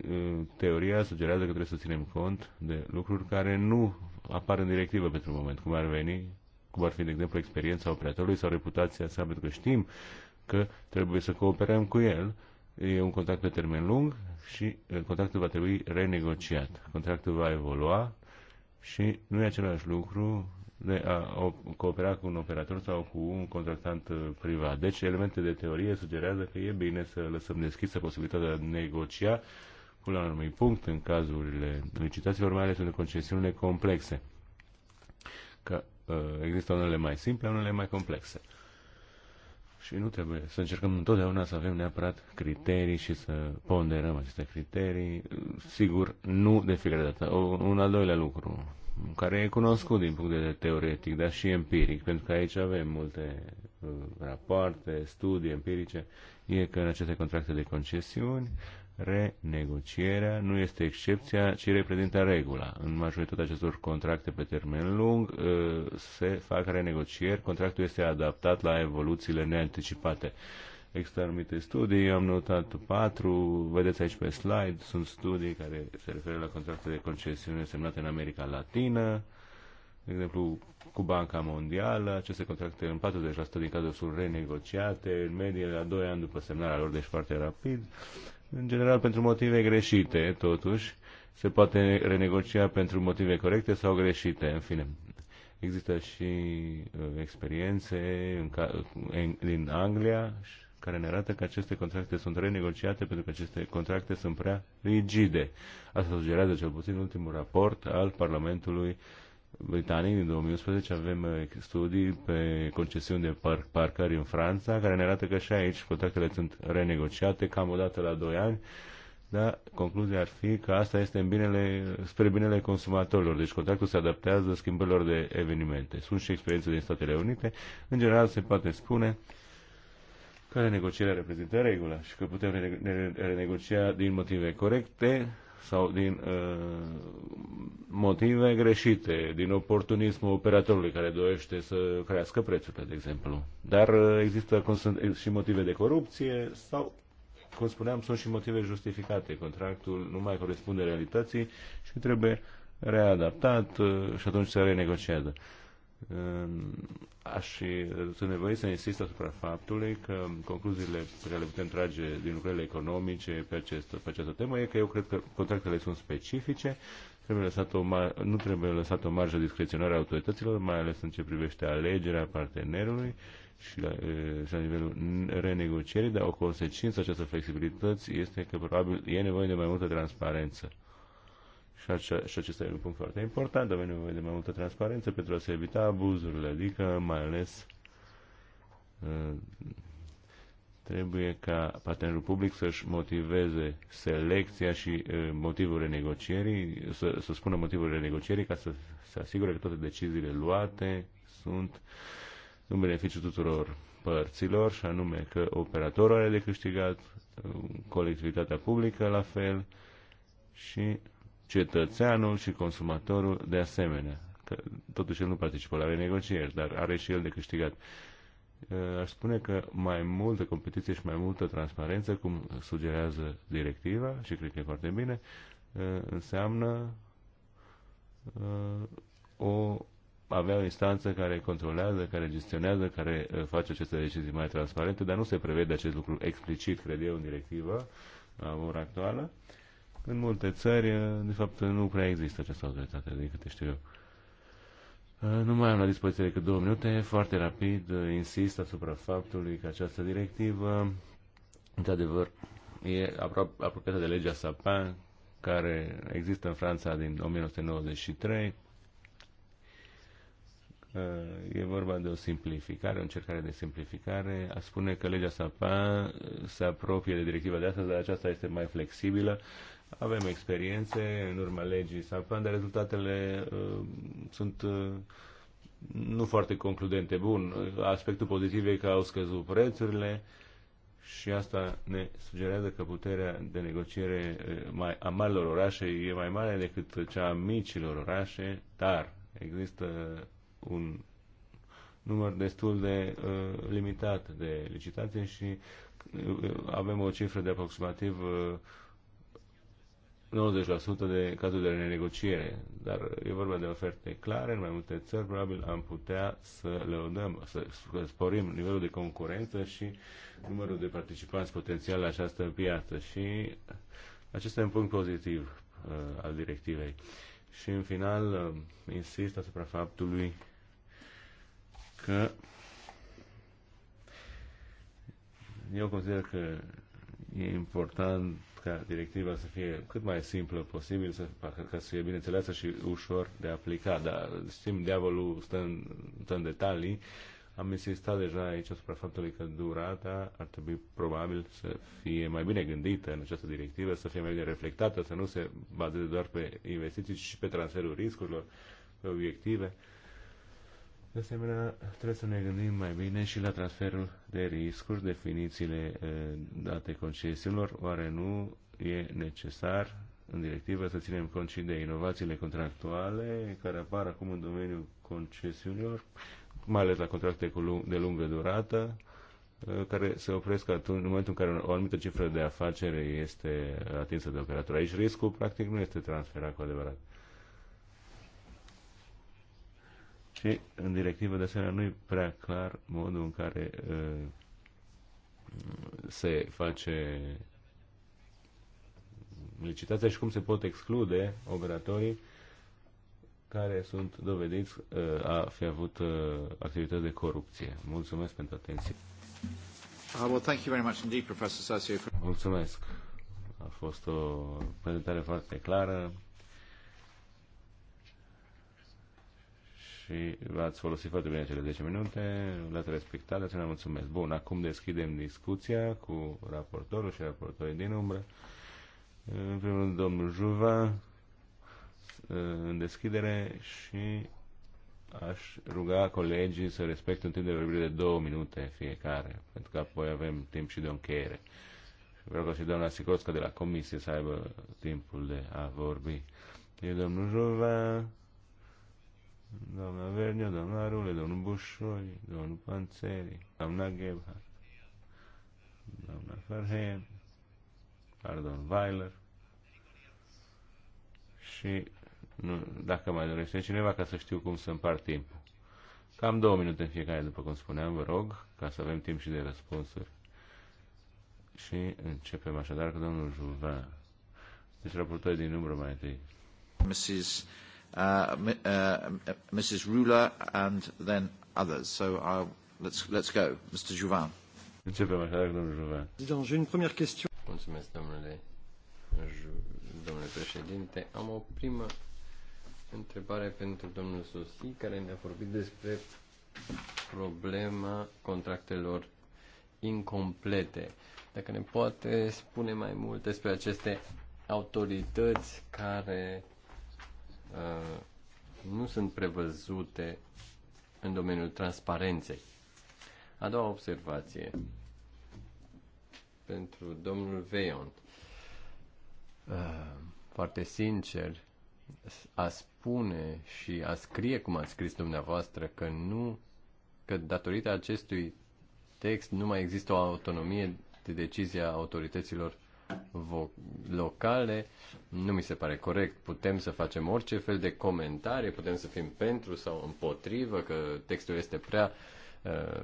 Uh, teoria sugerează că trebuie să ținem cont de lucruri care nu apar în directivă pentru moment, cum ar veni, cum ar fi, de exemplu, experiența operatorului sau reputația sa, pentru că știm că trebuie să cooperăm cu el. E un contact pe termen lung, și eh, contractul va trebui renegociat. Contractul va evolua și nu e același lucru de a coopera cu un operator sau cu un contractant eh, privat. Deci elemente de teorie sugerează că e bine să lăsăm deschisă posibilitatea de a negocia până la un anumit punct în cazurile licitațiilor, mai ales în concesiunile complexe. Că uh, există unele mai simple, unele mai complexe. Și nu trebuie să încercăm întotdeauna să avem neapărat criterii și să ponderăm aceste criterii. Sigur, nu de fiecare dată. O, un al doilea lucru, care e cunoscut din punct de vedere teoretic, dar și empiric, pentru că aici avem multe uh, rapoarte, studii empirice, e că în aceste contracte de concesiuni renegocierea nu este excepția, ci reprezintă regula. În majoritatea acestor contracte pe termen lung uh, se fac renegocieri, contractul este adaptat la evoluțiile neanticipate. Există anumite studii, am notat patru, vedeți aici pe slide, sunt studii care se referă la contracte de concesiune semnate în America Latină, de exemplu, cu Banca Mondială, aceste contracte în 40% din cazuri sunt renegociate, în medie la 2 ani după semnarea lor, deci foarte rapid. Uh, în general pentru motive greșite, totuși. Se poate renegocia pentru motive corecte sau greșite, în fine. Există și uh, experiențe în ca, în, din Anglia care ne arată că aceste contracte sunt renegociate pentru că aceste contracte sunt prea rigide. Asta sugerează cel puțin ultimul raport al Parlamentului uh, britanic din 2011 avem uh, studii pe concesiuni de par- parcări în Franța, care ne arată că și aici contractele sunt renegociate cam o dată la 2 ani, dar concluzia ar fi că asta este în binele, spre binele consumatorilor, deci contractul se adaptează schimbărilor de evenimente. Sunt și experiențe din Statele Unite. În general se poate spune că renegocierea reprezintă regula și că putem renegocia din motive corecte sau din uh, motive greșite, din oportunismul operatorului care dorește să crească prețurile, de exemplu. Dar uh, există cum sunt, și motive de corupție sau, cum spuneam, sunt și motive justificate. Contractul nu mai corespunde realității și trebuie readaptat uh, și atunci se renegociază. Uh, Aș și sunt nevoie să insist asupra faptului că concluziile pe care le putem trage din lucrările economice pe, acest, pe această temă e că eu cred că contractele sunt specifice, trebuie lăsat o mar- nu trebuie lăsat o marjă discreționare a autorităților, mai ales în ce privește alegerea partenerului și la, și la nivelul renegocierii, dar o consecință a această flexibilități este că probabil e nevoie de mai multă transparență și, ace- și acesta e un punct foarte important, avem nevoie de mai multă transparență pentru a se evita abuzurile, adică mai ales uh, trebuie ca partenerul public să-și motiveze selecția și uh, motivul negocierii, să, să spună motivul negocierii ca să se asigure că toate deciziile luate sunt în beneficiu tuturor părților, și anume că operatorul are de câștigat, uh, colectivitatea publică la fel și cetățeanul și consumatorul de asemenea. Că, totuși el nu participă la renegocieri, dar are și el de câștigat. Eh, aș spune că mai multă competiție și mai multă transparență, cum sugerează directiva, și cred că e foarte bine, eh, înseamnă eh, o avea o instanță care controlează, care gestionează, care face aceste decizii mai transparente, dar nu se prevede acest lucru explicit, cred eu, în directiva la ora actuală. În multe țări, uh, de fapt, nu prea există această autoritate, din câte știu eu. Uh, nu mai am la dispoziție decât două minute. Foarte rapid uh, insist asupra faptului că această directivă, într-adevăr, e aproape, apropiată de legea Sapin, care există în Franța din 1993. E vorba de o simplificare, o încercare de simplificare. A spune că legea Sapin se apropie de directiva de astăzi, dar aceasta este mai flexibilă avem experiențe în urma legii Sarpan, dar rezultatele uh, sunt uh, nu foarte concludente. Bun, aspectul pozitiv e că au scăzut prețurile și asta ne sugerează că puterea de negociere uh, mai, a marilor orașe e mai mare decât cea a micilor orașe, dar există un număr destul de uh, limitat de licitații și uh, avem o cifră de aproximativ uh, 90% de cazuri de renegociere, dar e vorba de oferte clare în mai multe țări, probabil am putea să le odăm, să sporim nivelul de concurență și numărul de participanți potențial la această piață și acesta e un punct pozitiv uh, al directivei. Și în final uh, insist asupra faptului că eu consider că e important cartea, directiva să fie cât mai simplă posibil, să, ca să fie bineînțeleasă și ușor de aplicat. Dar știm, diavolul stă în, stă în detalii. Am insistat deja aici asupra faptului că durata ar trebui probabil să fie mai bine gândită în această directivă, să fie mai bine reflectată, să nu se bazeze doar pe investiții, ci și pe transferul riscurilor, pe obiective. Uh, de asemenea, trebuie să ne gândim mai bine și la transferul de riscuri, definițiile eh, date concesiilor. Oare nu e necesar în directivă să ținem cont și de inovațiile contractuale care apar acum în domeniul concesiunilor, mai ales la contracte de lungă durată, eh, care se opresc atunci, în momentul în care o anumită cifră de afacere este atinsă de operator. Aici riscul practic nu este transferat cu adevărat. Și în directivă de asemenea nu e prea clar modul în care uh, se face licitația și cum se pot exclude operatorii care sunt dovediți uh, a fi avut uh, activități de corupție. Mulțumesc pentru atenție. Uh, well, thank you very much indeed, Professor Mulțumesc. A fost o prezentare foarte clară. și v-ați folosit foarte bine cele 10 minute, le-ați respectat, de ați mulțumesc. Bun, acum deschidem discuția cu raportorul și raportorii din umbră. În primul rând, domnul Juva, în deschidere și aș ruga colegii să respecte un timp de vorbire de două minute fiecare, pentru că apoi avem timp și de o încheiere. Și vreau ca și doamna Sicosca de la comisie să aibă timpul de a vorbi. E domnul Juva, doamna Vernia, doamna Rule, domnul Bușoi, domnul Panțeri, doamna Gebhardt, doamna Farhen, pardon, Weiler și nu, dacă mai dorește cineva ca să știu cum să împart timpul. Cam două minute în fiecare, după cum spuneam, vă rog, ca să avem timp și de răspunsuri. Și începem așadar cu domnul Juvan. Deci raportul din număr mai întâi. Mrs. Uh, Mrs. Uh, Ruler, and then others. So I'll, let's, let's go. Mr. Juvin. Mulțumesc, domnule, domnule președinte. Am o primă întrebare pentru domnul Sosi, care ne-a vorbit despre problema contractelor incomplete. Dacă ne poate spune mai mult despre aceste autorități care Uh, nu sunt prevăzute în domeniul transparenței. A doua observație pentru domnul Veion. Uh, foarte sincer, a spune și a scrie cum a scris dumneavoastră că nu că datorită acestui text nu mai există o autonomie de decizie a autorităților locale. Nu mi se pare corect. Putem să facem orice fel de comentarii, putem să fim pentru sau împotrivă, că textul este prea uh,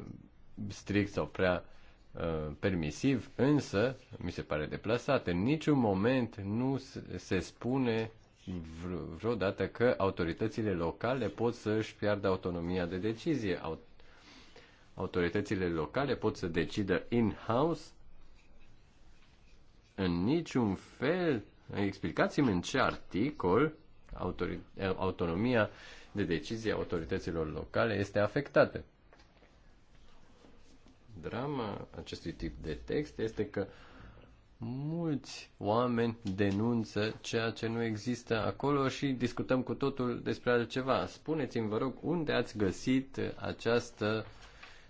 strict sau prea uh, permisiv, însă mi se pare deplasat. În niciun moment nu se spune vreodată că autoritățile locale pot să își piardă autonomia de decizie. Autoritățile locale pot să decidă in-house în niciun fel, explicați-mi în ce articol autori, autonomia de decizie a autorităților locale este afectată. Drama acestui tip de text este că mulți oameni denunță ceea ce nu există acolo și discutăm cu totul despre altceva. Spuneți-mi, vă rog, unde ați găsit această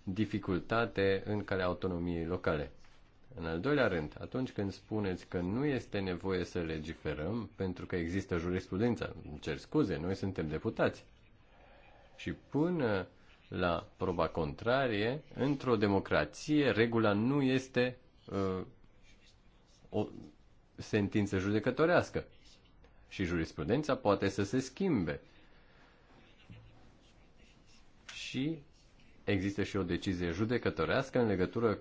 dificultate în calea autonomiei locale? În al doilea rând, atunci când spuneți că nu este nevoie să legiferăm pentru că există jurisprudență, îmi cer scuze, noi suntem deputați. Și până la proba contrarie, într-o democrație, regula nu este uh, o sentință judecătorească. Și jurisprudența poate să se schimbe. Și există și o decizie judecătorească în legătură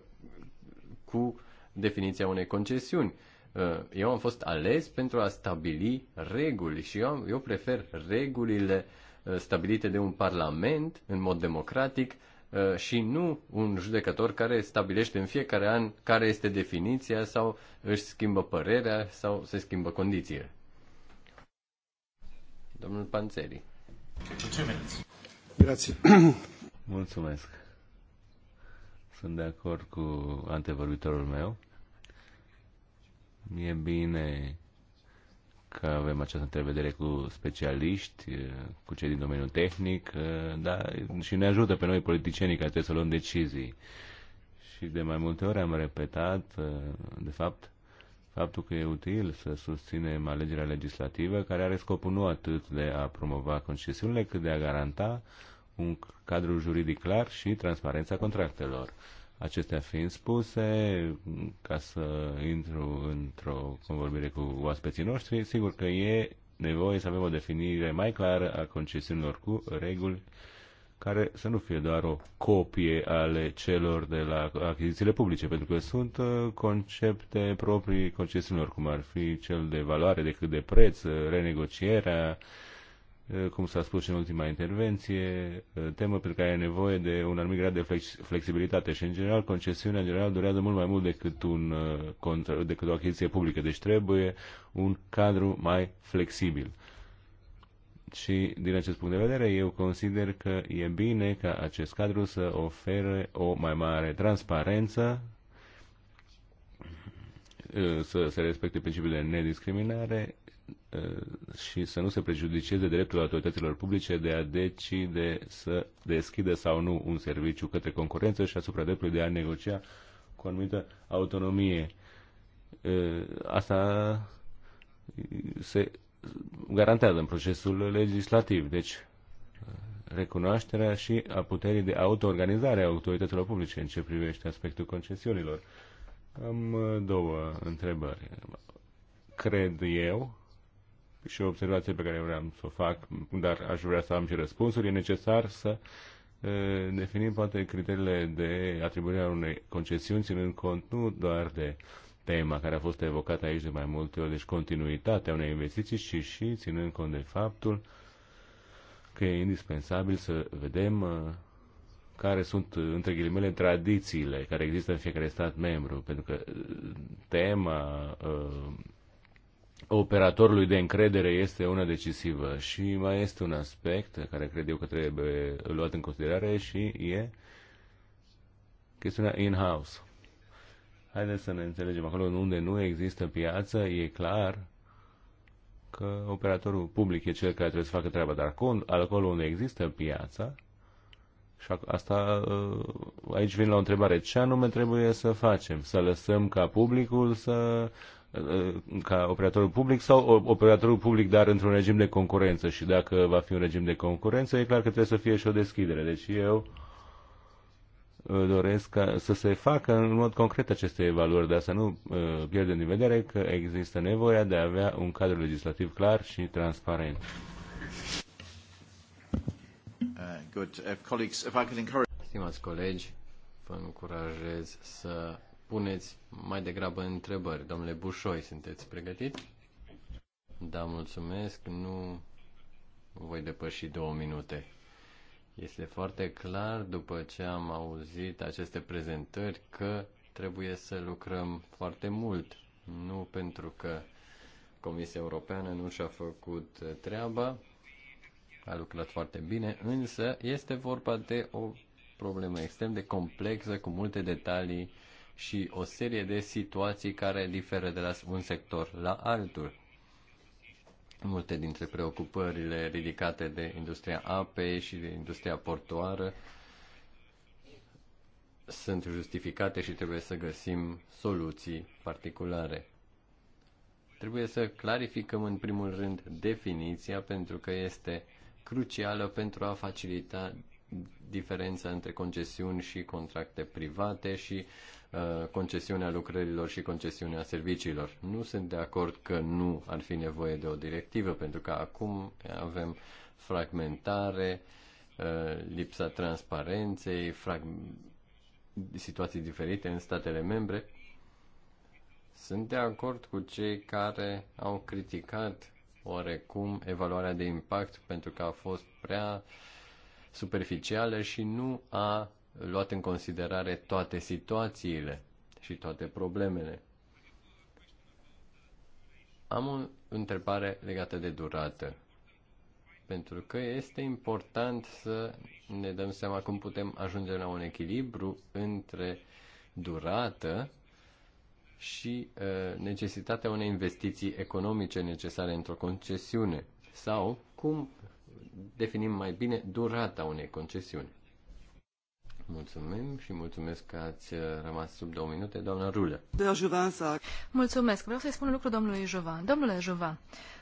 cu definiția unei concesiuni. Uh, eu am fost ales pentru a stabili reguli și eu, am, eu prefer regulile uh, stabilite de un parlament în mod democratic uh, și nu un judecător care stabilește în fiecare an care este definiția sau își schimbă părerea sau se schimbă condițiile. Domnul Panțeri. Mulțumesc. Mulțumesc. Sunt de acord cu antevorbitorul meu. E bine că avem această întrevedere cu specialiști, eh, cu cei din domeniul tehnic, eh, dar și ne ajută pe noi politicienii care trebuie să luăm decizii. Și de mai multe ori am repetat, eh, de fapt, faptul că e util să susținem alegerea legislativă care are scopul nu atât de a promova concesiunile, cât de a garanta uh, un cadru juridic clar și transparența contractelor. Acestea fiind spuse, ca să intru într-o convorbire cu oaspeții noștri, sigur că e nevoie să avem o definire mai clară a concesiunilor cu reguli care să nu fie doar o copie ale celor de la achizițiile publice, pentru că sunt uh, concepte proprii concesiunilor, cum ar fi cel de valoare, decât de preț, uh, renegocierea, Eh, cum s-a spus și în ultima intervenție, eh, temă pentru care e nevoie de un anumit grad de flexibilitate și, în general, concesiunea în general durează mult mai mult decât, un, eh, decât o achiziție publică, deci trebuie un cadru mai flexibil. Și, din acest punct de vedere, eu consider că e bine ca acest cadru să ofere o mai mare transparență să se respecte principiile de nediscriminare și să nu se prejudiceze dreptul autorităților publice de a decide să deschidă sau nu un serviciu către concurență și asupra dreptului de a negocia cu anumită autonomie. Asta se garantează în procesul legislativ, deci recunoașterea și a puterii de autoorganizare a autorităților publice în ce privește aspectul concesiunilor. Am două întrebări. Cred eu și o observație pe care vreau să o fac, dar aș vrea să am și răspunsuri. E necesar să definim poate criteriile de atribuire a unei concesiuni, ținând cont nu doar de tema care a fost evocată aici de mai multe ori, deci continuitatea unei investiții, și și ținând cont de faptul că e indispensabil să vedem care sunt, între ghilimele, tradițiile care există în fiecare stat membru, pentru că tema operatorului de încredere este una decisivă și mai este un aspect care cred eu că trebuie luat în considerare și e chestiunea in-house. Haideți să ne înțelegem acolo unde nu există piață, e clar că operatorul public e cel care trebuie să facă treaba, dar acolo unde există piața, și asta, uh, aici vin la o întrebare. Ce anume trebuie să facem? Să lăsăm ca publicul să Uh, ca operatorul public sau operatorul public, dar într-un regim de concurență. Și dacă va fi un regim de concurență, e clar că trebuie să fie și o deschidere. Deci eu uh, doresc ca să se facă în mod concret aceste evaluări, dar să nu uh, pierdem din vedere că există nevoia de a avea un cadru legislativ clar și transparent. Good. Colleagues, if I could encourage... Stimați colegi, vă încurajez să puneți mai degrabă întrebări. Domnule Bușoi, sunteți pregătit? Da, mulțumesc. Nu voi depăși două minute. Este foarte clar, după ce am auzit aceste prezentări, că trebuie să lucrăm foarte mult. Nu pentru că Comisia Europeană nu și-a făcut treaba, a lucrat foarte bine, însă este vorba de o problemă extrem de complexă, cu multe detalii și o serie de situații care diferă de la un sector la altul. Multe dintre preocupările ridicate de industria apei și de industria portoară sunt justificate și trebuie să găsim soluții particulare. Trebuie să clarificăm în primul rând definiția pentru că este crucială pentru a facilita diferența între concesiuni și contracte private și Uh, concesiunea lucrărilor și concesiunea serviciilor. Nu sunt de acord că nu ar fi nevoie de o directivă, pentru că acum avem fragmentare, uh, lipsa transparenței, frag... situații diferite în statele membre. Sunt de acord cu cei care au criticat oarecum evaluarea de impact pentru că a fost prea superficială și nu a luat în considerare toate situațiile și toate problemele. Am o întrebare legată de durată, pentru că este important să ne dăm seama cum putem ajunge la un echilibru între durată și uh, necesitatea unei investiții economice necesare într-o concesiune sau cum definim mai bine durata unei concesiuni. Mulțumim și mulțumesc că ați uh, rămas sub două minute, doamna Rulă. Da, mulțumesc. Vreau să-i spun un lucru domnului Jovan. Domnule Jovan,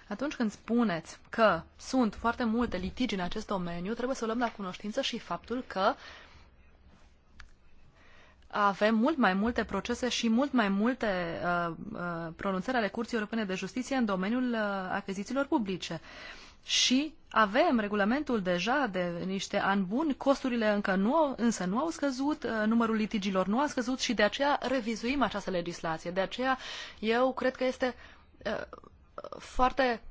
atunci când spuneți că sunt foarte multe litigi în acest domeniu, trebuie să luăm la cunoștință și faptul că avem mult mai multe procese și mult mai multe uh, uh, pronunțări ale Curții Europene de Justiție în domeniul uh, achizițiilor publice. Uh, și avem regulamentul deja de niște ani buni, costurile încă nu au, însă nu au scăzut, uh, numărul litigilor nu a scăzut și de aceea revizuim această legislație. De aceea eu cred că este uh, foarte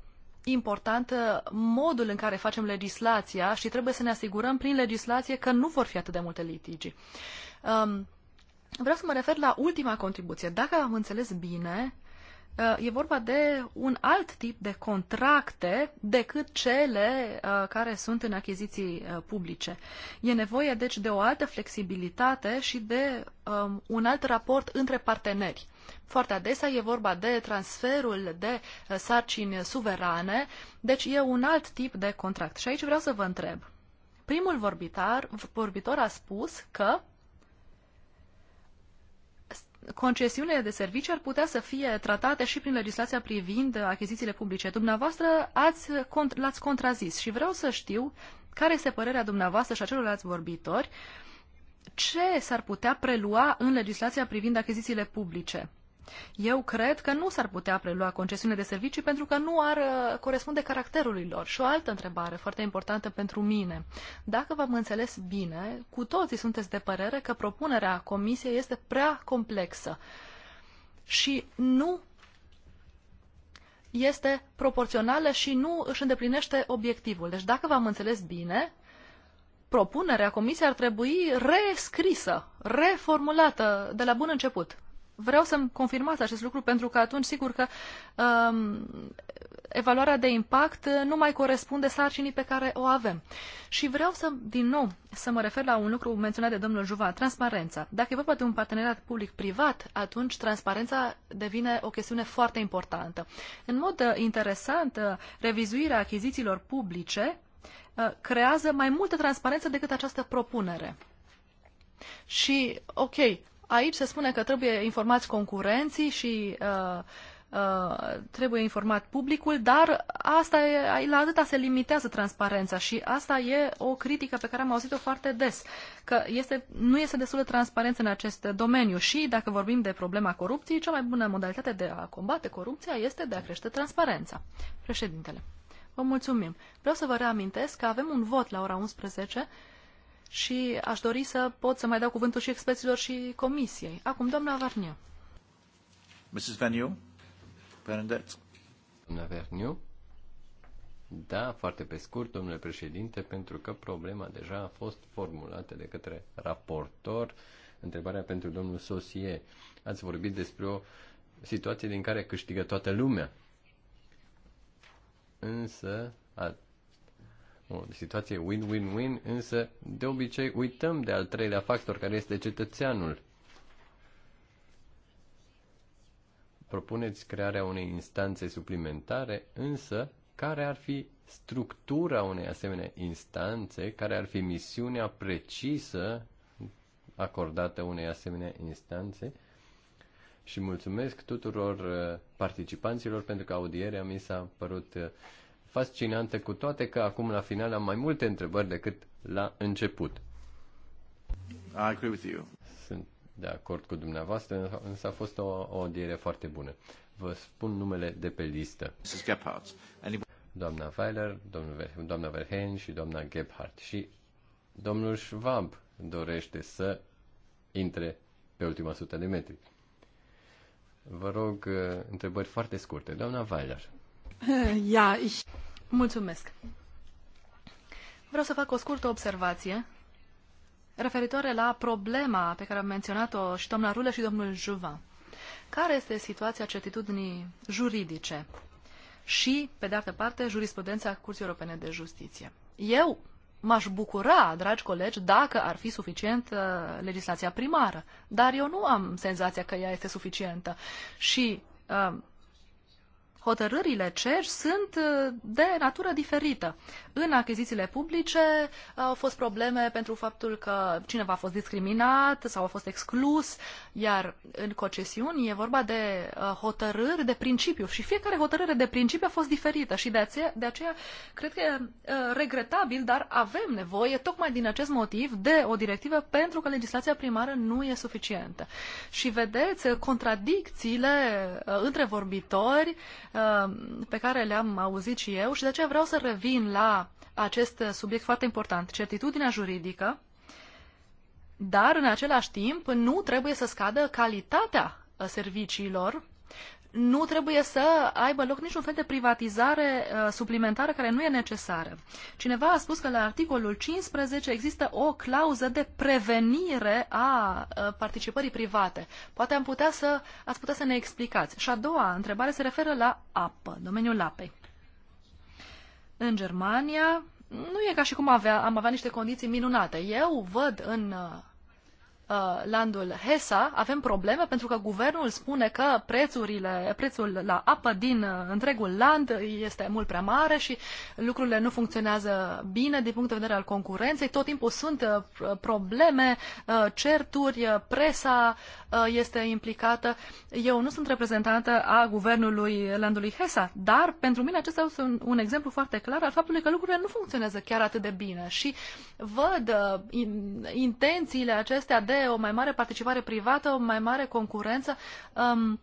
important uh, modul în care facem legislația și trebuie să ne asigurăm prin legislație că nu vor fi atât de multe litigi. Um, vreau să mă refer la ultima contribuție. Dacă am înțeles bine, uh, Uh, e vorba de un alt tip de contracte decât cele uh, care sunt în achiziții uh, publice. E nevoie, deci, de o altă flexibilitate și de um, un alt raport între parteneri. Foarte adesea e vorba de transferul de sarcini suverane, deci e un alt tip de contract. Și aici vreau să vă întreb. Primul vorbitar, vorbitor a spus că concesiunile de servicii ar putea să fie tratate și prin legislația privind achizițiile publice. Dumneavoastră ați, l-ați contrazis și vreau să știu care este părerea dumneavoastră și a celorlalți vorbitori ce s-ar putea prelua în legislația privind achizițiile publice. Eu cred că nu s-ar putea prelua concesiunea de servicii pentru că nu ar uh, corespunde caracterului lor. Și o altă întrebare foarte importantă pentru mine. Dacă v-am înțeles bine, cu toții sunteți de părere că propunerea comisiei este prea complexă și nu este proporțională și nu își îndeplinește obiectivul. Deci dacă v-am înțeles bine, propunerea comisiei ar trebui rescrisă, reformulată de la bun început vreau să-mi confirmați acest lucru pentru că atunci sigur că um, evaluarea de impact uh, nu mai corespunde sarcinii pe care o avem. Și vreau să, din nou, să mă refer la un lucru menționat de domnul Juva, transparența. Dacă e vorba de un parteneriat public-privat, atunci transparența devine o chestiune foarte importantă. În mod uh, interesant, uh, revizuirea achizițiilor publice creează mai multă transparență decât această propunere. Și, ok, Aici se spune că trebuie informați concurenții și uh, Uh, trebuie informat publicul, dar asta e, la atâta se limitează transparența și asta e o critică pe care am auzit-o foarte des, că este, nu este destul de transparență în acest domeniu și dacă vorbim de problema corupției, cea mai bună modalitate de a combate corupția este de a crește transparența. Președintele, vă mulțumim. Vreau să vă reamintesc că avem un vot la ora 11 și aș dori să pot să mai dau cuvântul și experților și comisiei. Acum, doamna Varniu. Mrs. Varniu, Bernadette? Doamna Varniu. Da, foarte pe scurt, domnule președinte, pentru că problema deja a fost formulată de către raportor. Întrebarea pentru domnul Sosie. Ați vorbit despre o situație din care câștigă toată lumea. Însă, o situație win-win-win, însă de obicei uităm de al treilea factor care este cetățeanul. Propuneți crearea unei instanțe suplimentare, însă care ar fi structura unei asemenea instanțe, care ar fi misiunea precisă acordată unei asemenea instanțe. Și mulțumesc tuturor uh, participanților pentru că audierea mi s-a părut uh, fascinante, cu toate că acum la final am mai multe întrebări decât la început. I agree with you. Sunt de acord cu dumneavoastră, însă a fost o, o audiere foarte bună. Vă spun numele de pe listă. Mrs. Gephardt. Doamna Weiler, domnul, doamna Verheyen și doamna Gebhardt. Și domnul Schwab dorește să intre pe ultima sută de metri. Vă rog uh, întrebări foarte scurte. Doamna Weiler. Vreau să fac o scurtă observație referitoare la problema pe care am menționat-o și doamna Rulă și domnul Juvan. Care este situația certitudinii juridice și, pe de altă parte, jurisprudența Curții Europene de Justiție? Eu m-aș bucura, dragi colegi, dacă ar fi suficient uh, legislația primară, dar eu nu am senzația că ea este suficientă. Și uh, hotărârile CER sunt uh, de natură diferită. În achizițiile publice uh, au fost probleme pentru faptul că cineva a fost discriminat sau a fost exclus, iar în concesiuni e vorba de uh, hotărâri de principiu și fiecare hotărâre de principiu a fost diferită și de aceea, de aceea cred că e regretabil, dar avem nevoie tocmai din acest motiv de o directivă pentru că legislația primară nu e suficientă. Și vedeți contradicțiile între vorbitori, Uh, pe care le-am auzit și eu și de aceea vreau să revin la acest subiect foarte important, certitudinea juridică, dar în același timp nu trebuie să scadă calitatea uh, serviciilor nu trebuie să aibă loc niciun fel de privatizare uh, suplimentară care nu e necesară. Cineva a spus că la articolul 15 există o clauză de prevenire a uh, participării private. Poate am putea să, ați putea să ne explicați. Și a doua întrebare se referă la apă, domeniul apei. În Germania nu e ca și cum avea, am avea niște condiții minunate. Eu văd în uh, Uh, landul Hesa avem probleme pentru că guvernul spune că prețurile, prețul la apă din uh, întregul land este mult prea mare și lucrurile nu funcționează bine din punct de vedere al concurenței. Tot timpul sunt uh, probleme, certuri, presa este implicată. Eu nu sunt reprezentantă a guvernului landului Hesa, dar pentru mine acesta este un, un exemplu foarte clar al faptului că lucrurile nu funcționează chiar atât de bine și văd in, intențiile acestea de o mai mare participare privată, o mai mare concurență, um,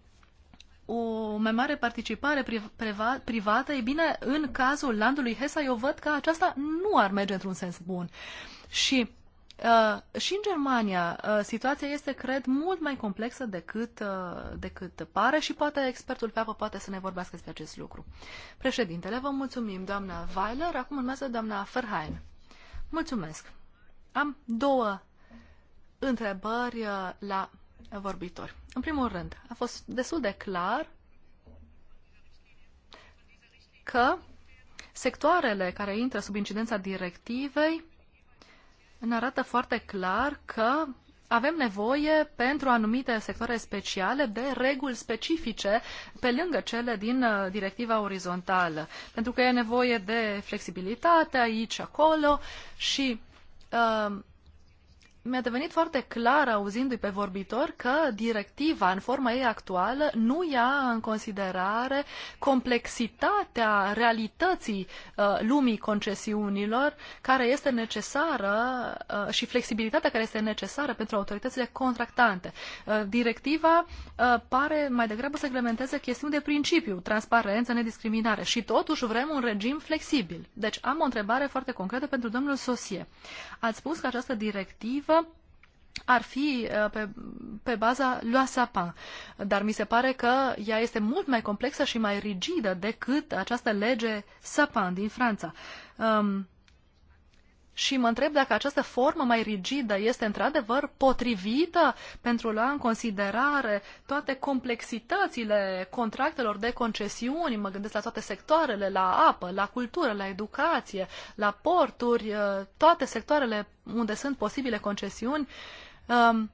o mai mare participare priva, privată, e bine, în cazul landului Hesa, eu văd că aceasta nu ar merge într-un sens bun. Și Uh, și în Germania uh, situația este, cred, mult mai complexă decât, uh, decât pare și poate expertul pe apă poate să ne vorbească despre acest lucru. Președintele, vă mulțumim, doamna Weiler. Acum urmează doamna Ferhain. Mulțumesc. Am două întrebări uh, la vorbitori. În primul rând, a fost destul de clar că sectoarele care intră sub incidența directivei ne arată foarte clar că avem nevoie pentru anumite sectoare speciale de reguli specifice pe lângă cele din uh, directiva orizontală, pentru că e nevoie de flexibilitate aici, acolo și uh, mi-a devenit foarte clar, auzindu-i pe vorbitor, că directiva, în forma ei actuală, nu ia în considerare complexitatea realității uh, lumii concesiunilor, care este necesară uh, și flexibilitatea care este necesară pentru autoritățile contractante. Uh, directiva uh, pare mai degrabă să reglementeze chestiuni de principiu, transparență, nediscriminare și totuși vrem un regim flexibil. Deci am o întrebare foarte concretă pentru domnul Sosie. Ați spus că această directivă ar fi uh, pe, pe baza lui Sapin. Dar mi se pare că ea este mult mai complexă și mai rigidă decât această lege Sapin din Franța. Um, și mă întreb dacă această formă mai rigidă este într-adevăr potrivită pentru a lua în considerare toate complexitățile contractelor de concesiuni, mă gândesc la toate sectoarele, la apă, la cultură, la educație, la porturi, uh, toate sectoarele unde sunt posibile concesiuni. Uh, Um,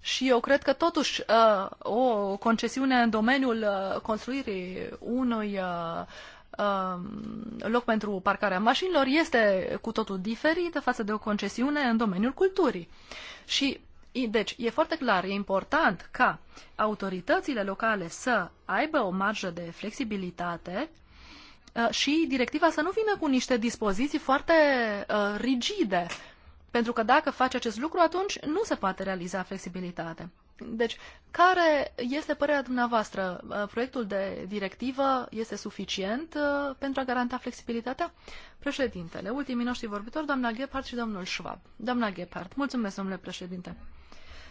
și eu cred că totuși uh, o concesiune în domeniul uh, construirii unui uh, um, loc pentru parcarea mașinilor este cu totul diferită față de o concesiune în domeniul culturii. Și deci, e foarte clar, e important ca autoritățile locale să aibă o marjă de flexibilitate uh, și directiva să nu vină cu niște dispoziții foarte uh, rigide pentru că dacă faci acest lucru, atunci nu se poate realiza flexibilitate. Deci, care este părerea dumneavoastră? Uh, proiectul de directivă este suficient uh, pentru a garanta flexibilitatea? Președintele, ultimii noștri vorbitori, doamna Gephardt și domnul Schwab. Doamna Gephardt, mulțumesc, domnule președinte.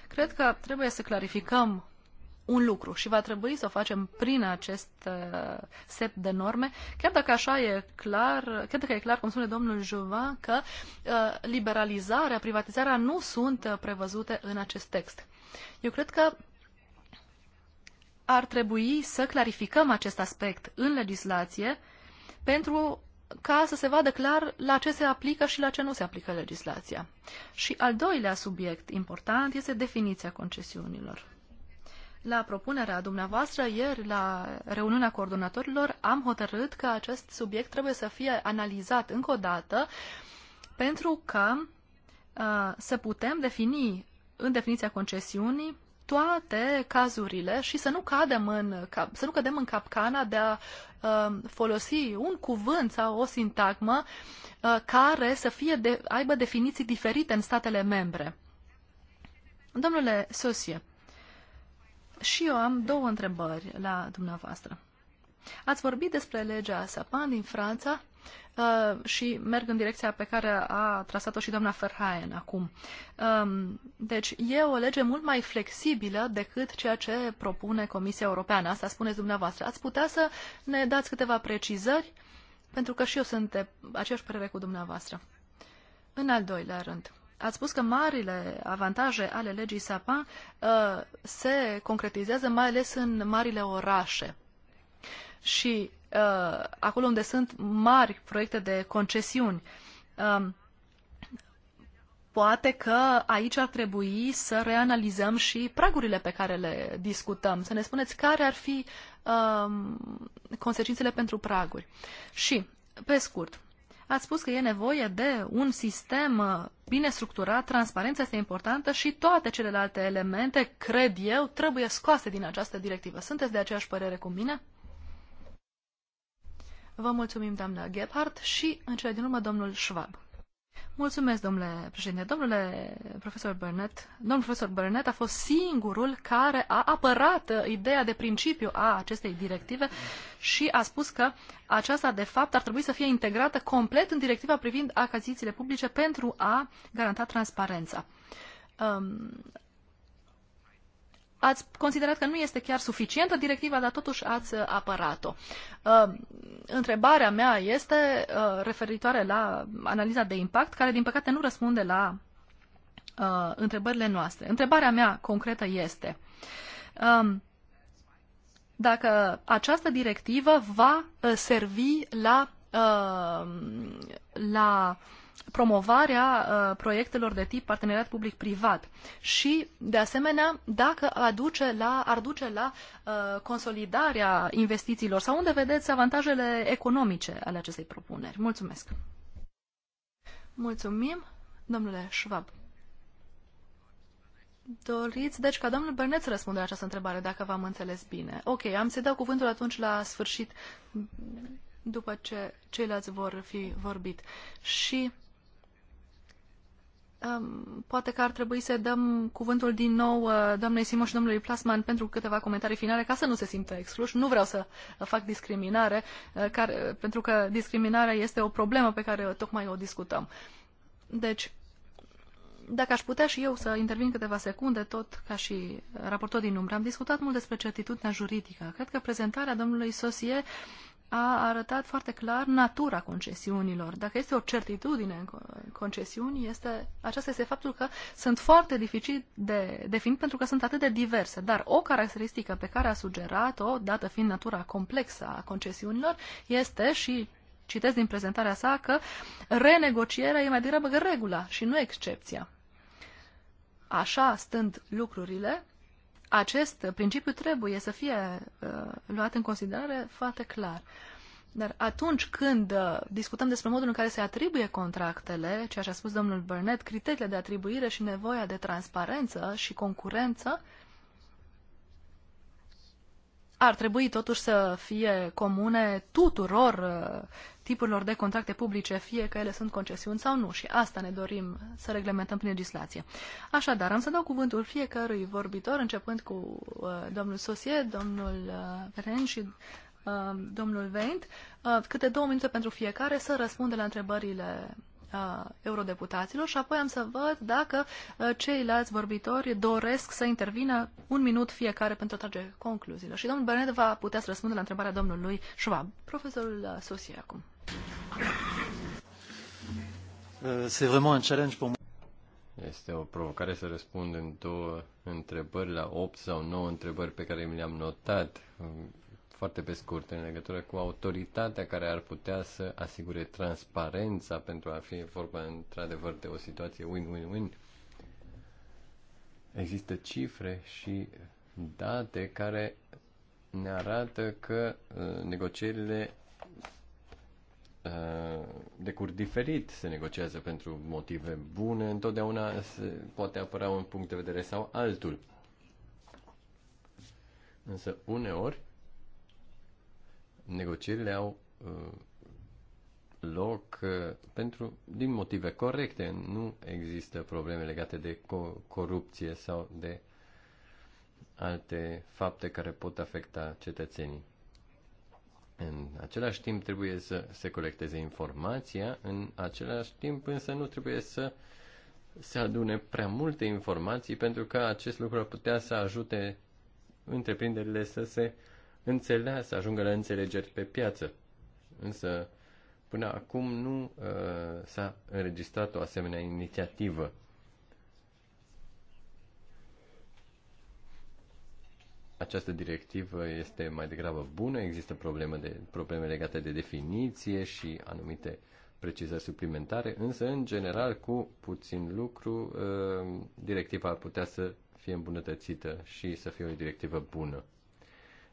Cred că trebuie să clarificăm un lucru și va trebui să o facem prin acest uh, set de norme, chiar dacă așa e clar, chiar dacă e clar, cum spune domnul Juva, că uh, liberalizarea, privatizarea nu sunt uh, prevăzute în acest text. Eu cred că ar trebui să clarificăm acest aspect în legislație pentru ca să se vadă clar la ce se aplică și la ce nu se aplică legislația. Și al doilea subiect important este definiția concesiunilor. La propunerea dumneavoastră, ieri, la reuniunea coordonatorilor, am hotărât că acest subiect trebuie să fie analizat încă o dată pentru ca uh, să putem defini în definiția concesiunii toate cazurile și să nu cadem în, să nu cădem în capcana de a uh, folosi un cuvânt sau o sintagmă uh, care să fie de, aibă definiții diferite în statele membre. Domnule Sosie, și eu am două întrebări la dumneavoastră. Ați vorbit despre legea Sapan din Franța uh, și merg în direcția pe care a trasat-o și doamna Ferhaen acum. Um, deci e o lege mult mai flexibilă decât ceea ce propune Comisia Europeană. Asta spuneți dumneavoastră. Ați putea să ne dați câteva precizări? Pentru că și eu sunt de aceeași părere cu dumneavoastră. În al doilea rând, Ați spus că marile avantaje ale legii SAPA uh, se concretizează mai ales în marile orașe. Și uh, acolo unde sunt mari proiecte de concesiuni, uh, poate că aici ar trebui să reanalizăm și pragurile pe care le discutăm, să ne spuneți care ar fi um, consecințele pentru praguri. Și, pe scurt, Ați spus că e nevoie de un sistem uh, bine structurat, transparența este importantă și toate celelalte elemente, cred eu, trebuie scoase din această directivă. Sunteți de aceeași părere cu mine? Vă mulțumim, doamna Gebhardt, și în cele din urmă, domnul Schwab. Mulțumesc, domnule președinte. Domnule profesor Burnett, domnul profesor Burnett a fost singurul care a apărat uh, ideea de principiu a acestei directive și a spus că aceasta, de fapt, ar trebui să fie integrată complet în directiva privind achizițiile publice pentru a garanta transparența. Um, ați considerat că nu este chiar suficientă directiva, dar totuși ați uh, apărat-o. Uh, întrebarea mea este uh, referitoare la analiza de impact, care din păcate nu răspunde la întrebările noastre. Întrebarea mea concretă este um, dacă această directivă va servi la la promovarea uh, proiectelor de tip parteneriat public-privat și, de asemenea, dacă aduce la, ar duce la uh, consolidarea investițiilor sau unde vedeți avantajele economice ale acestei propuneri. Mulțumesc! Mulțumim, domnule Schwab. Doriți, deci, ca domnul Berneț răspunde la această întrebare, dacă v-am înțeles bine. Ok, am să dau cuvântul atunci la sfârșit, după ce ceilalți vor fi vorbit. Și Poate că ar trebui să dăm cuvântul din nou uh, doamnei Simo și domnului Plasman pentru câteva comentarii finale, ca să nu se simtă excluși. Nu vreau să uh, fac discriminare, uh, care, pentru că discriminarea este o problemă pe care tocmai o discutăm. Deci, dacă aș putea și eu să intervin câteva secunde, tot ca și raportor din umbră, am discutat mult despre certitudinea juridică. Cred că prezentarea domnului Sosie a arătat foarte clar natura concesiunilor. Dacă este o certitudine în concesiuni, este, aceasta este faptul că sunt foarte dificil de definit pentru că sunt atât de diverse. Dar o caracteristică pe care a sugerat-o, dată fiind natura complexă a concesiunilor, este și citesc din prezentarea sa că renegocierea e mai degrabă regula și nu excepția. Așa stând lucrurile, acest principiu trebuie să fie uh, luat în considerare foarte clar. Dar atunci când uh, discutăm despre modul în care se atribuie contractele, ceea ce a spus domnul Burnett, criteriile de atribuire și nevoia de transparență și concurență, ar trebui totuși să fie comune tuturor uh, tipurilor de contracte publice, fie că ele sunt concesiuni sau nu. Și asta ne dorim să reglementăm prin legislație. Așadar, am să dau cuvântul fiecărui vorbitor, începând cu uh, domnul Sosie, domnul uh, Ren și uh, domnul Veint, uh, câte două minute pentru fiecare să răspundă la întrebările uh, eurodeputaților și apoi am să văd dacă uh, ceilalți vorbitori doresc să intervină un minut fiecare pentru a trage concluziile. Și domnul Bernet va putea să răspundă la întrebarea domnului Schwab. Profesorul uh, Sosie acum. Uh, c'est un Este o provocare să răspund în două întrebări la opt sau nouă întrebări pe care mi le-am notat foarte pe scurt în legătură cu autoritatea care ar putea să asigure transparența pentru a fi vorba într-adevăr de o situație win-win-win. Există cifre și date care ne arată că uh, negocierile uh, decur diferit, se negociază pentru motive bune, întotdeauna se poate apăra un punct de vedere sau altul. Însă uneori negocierile au uh, loc uh, pentru, din motive corecte. Nu există probleme legate de corupție sau de alte fapte care pot afecta cetățenii. În același timp trebuie să se colecteze informația, în același timp însă nu trebuie să se adune prea multe informații pentru că acest lucru ar putea să ajute întreprinderile să se uh, înțelea să ajungă la înțelegeri pe piață. Însă, până acum nu uh, s-a înregistrat o asemenea inițiativă. Această directivă este mai degrabă bună, există probleme, de, probleme legate de definiție și anumite precizări suplimentare, însă, în general, cu puțin lucru, uh, directiva ar putea să fie îmbunătățită și să fie o directivă bună.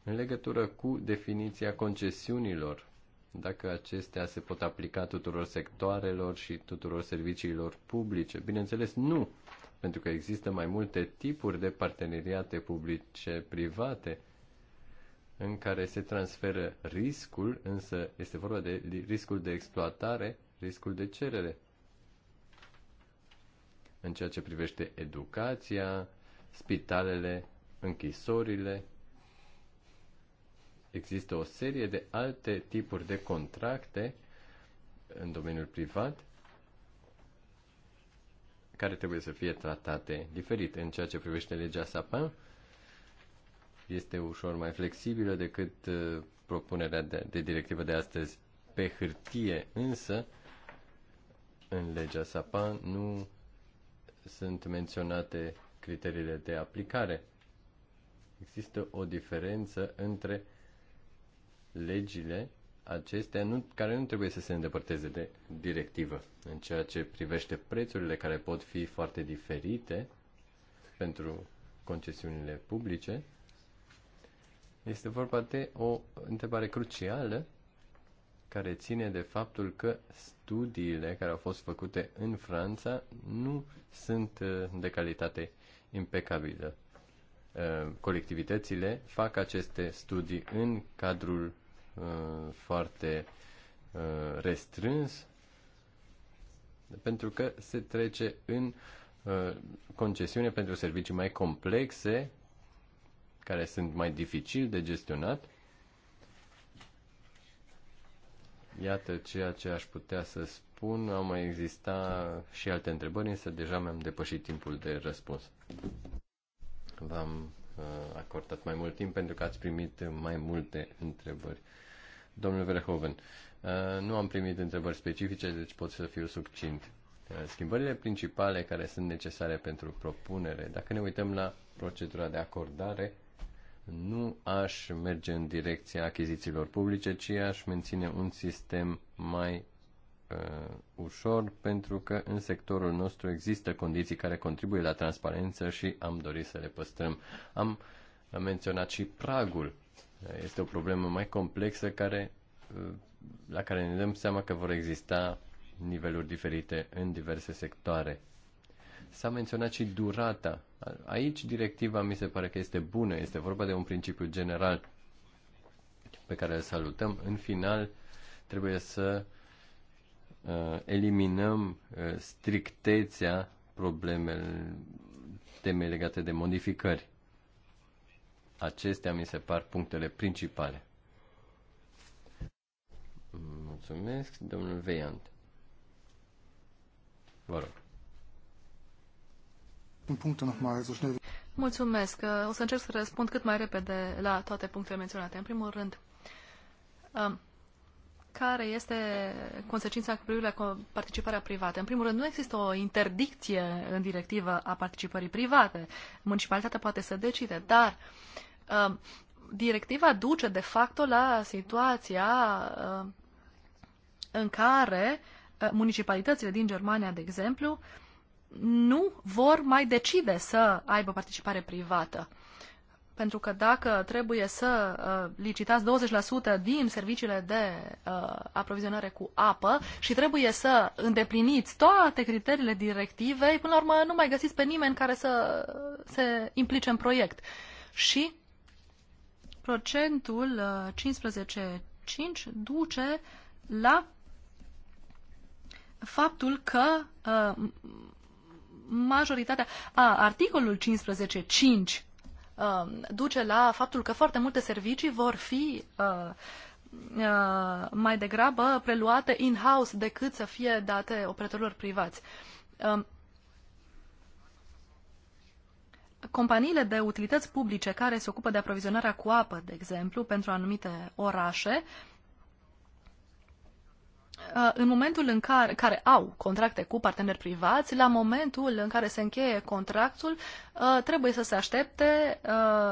În legătură cu definiția concesiunilor, dacă acestea se pot aplica tuturor sectoarelor și tuturor serviciilor publice, bineînțeles nu, pentru că există mai multe tipuri de parteneriate publice-private în care se transferă riscul, însă este vorba de riscul de exploatare, riscul de cerere. În ceea ce privește educația, spitalele, închisorile, există o serie de alte tipuri de contracte în domeniul privat care trebuie să fie tratate diferit. În ceea ce privește legea Sapin, este ușor mai flexibilă decât uh, propunerea de, de directivă de astăzi pe hârtie, însă în legea Sapin nu sunt menționate criteriile de aplicare. Există o diferență între legile acestea nu, care nu trebuie să se îndepărteze de directivă în ceea ce privește prețurile care pot fi foarte diferite pentru concesiunile publice. Este vorba de o întrebare crucială care ține de faptul că studiile care au fost făcute în Franța nu sunt uh, de calitate impecabilă. Uh, colectivitățile fac aceste studii în cadrul Uh, foarte uh, restrâns, pentru că se trece în uh, concesiune pentru servicii mai complexe, care sunt mai dificil de gestionat. Iată ceea ce aș putea să spun. Au mai exista și alte întrebări, însă deja mi-am depășit timpul de răspuns. V-am acordat mai mult timp pentru că ați primit mai multe întrebări. Domnule Verhoeven, uh, nu am primit întrebări specifice, deci pot să fiu succint. Uh, schimbările principale care sunt necesare pentru propunere, dacă ne uităm la procedura de acordare, nu aș merge în direcția achizițiilor publice, ci aș menține un sistem mai uh, ușor, pentru că în sectorul nostru există condiții care contribuie la transparență și am dorit să le păstrăm. Am menționat și pragul. Este o problemă mai complexă care, la care ne dăm seama că vor exista niveluri diferite în diverse sectoare. S-a menționat și durata. Aici directiva mi se pare că este bună, este vorba de un principiu general pe care îl salutăm. În final, trebuie să uh, eliminăm uh, strictețea problemelor teme legate de modificări. Acestea mi se par punctele principale. Mulțumesc, domnul Veiant. Vă rog. Mulțumesc. Uh, o să încerc să răspund cât mai repede la toate punctele menționate. În primul rând, um, care este consecința cu privire la participarea privată? În primul rând, nu există o interdicție în directivă a participării private. Municipalitatea poate să decide, dar uh, Um, directiva duce de fapt la situația um, în care uh, municipalitățile din Germania, de exemplu, nu vor mai decide să aibă participare privată. Pentru că dacă trebuie să uh, licitați 20% din serviciile de uh, aprovizionare cu apă și trebuie să îndepliniți toate criteriile directivei, până la urmă nu mai găsiți pe nimeni care să uh, se implice în proiect. Și procentul 15,5 uh, duce la faptul că uh, majoritatea... A, articolul 15.5 uh, duce la faptul că foarte multe servicii vor fi uh, uh, mai degrabă preluate in-house decât să fie date operatorilor privați. Uh, companiile de utilități publice care se ocupă de aprovizionarea cu apă, de exemplu, pentru anumite orașe, uh, în momentul în care, care au contracte cu parteneri privați, la momentul în care se încheie contractul, uh, trebuie să se aștepte uh,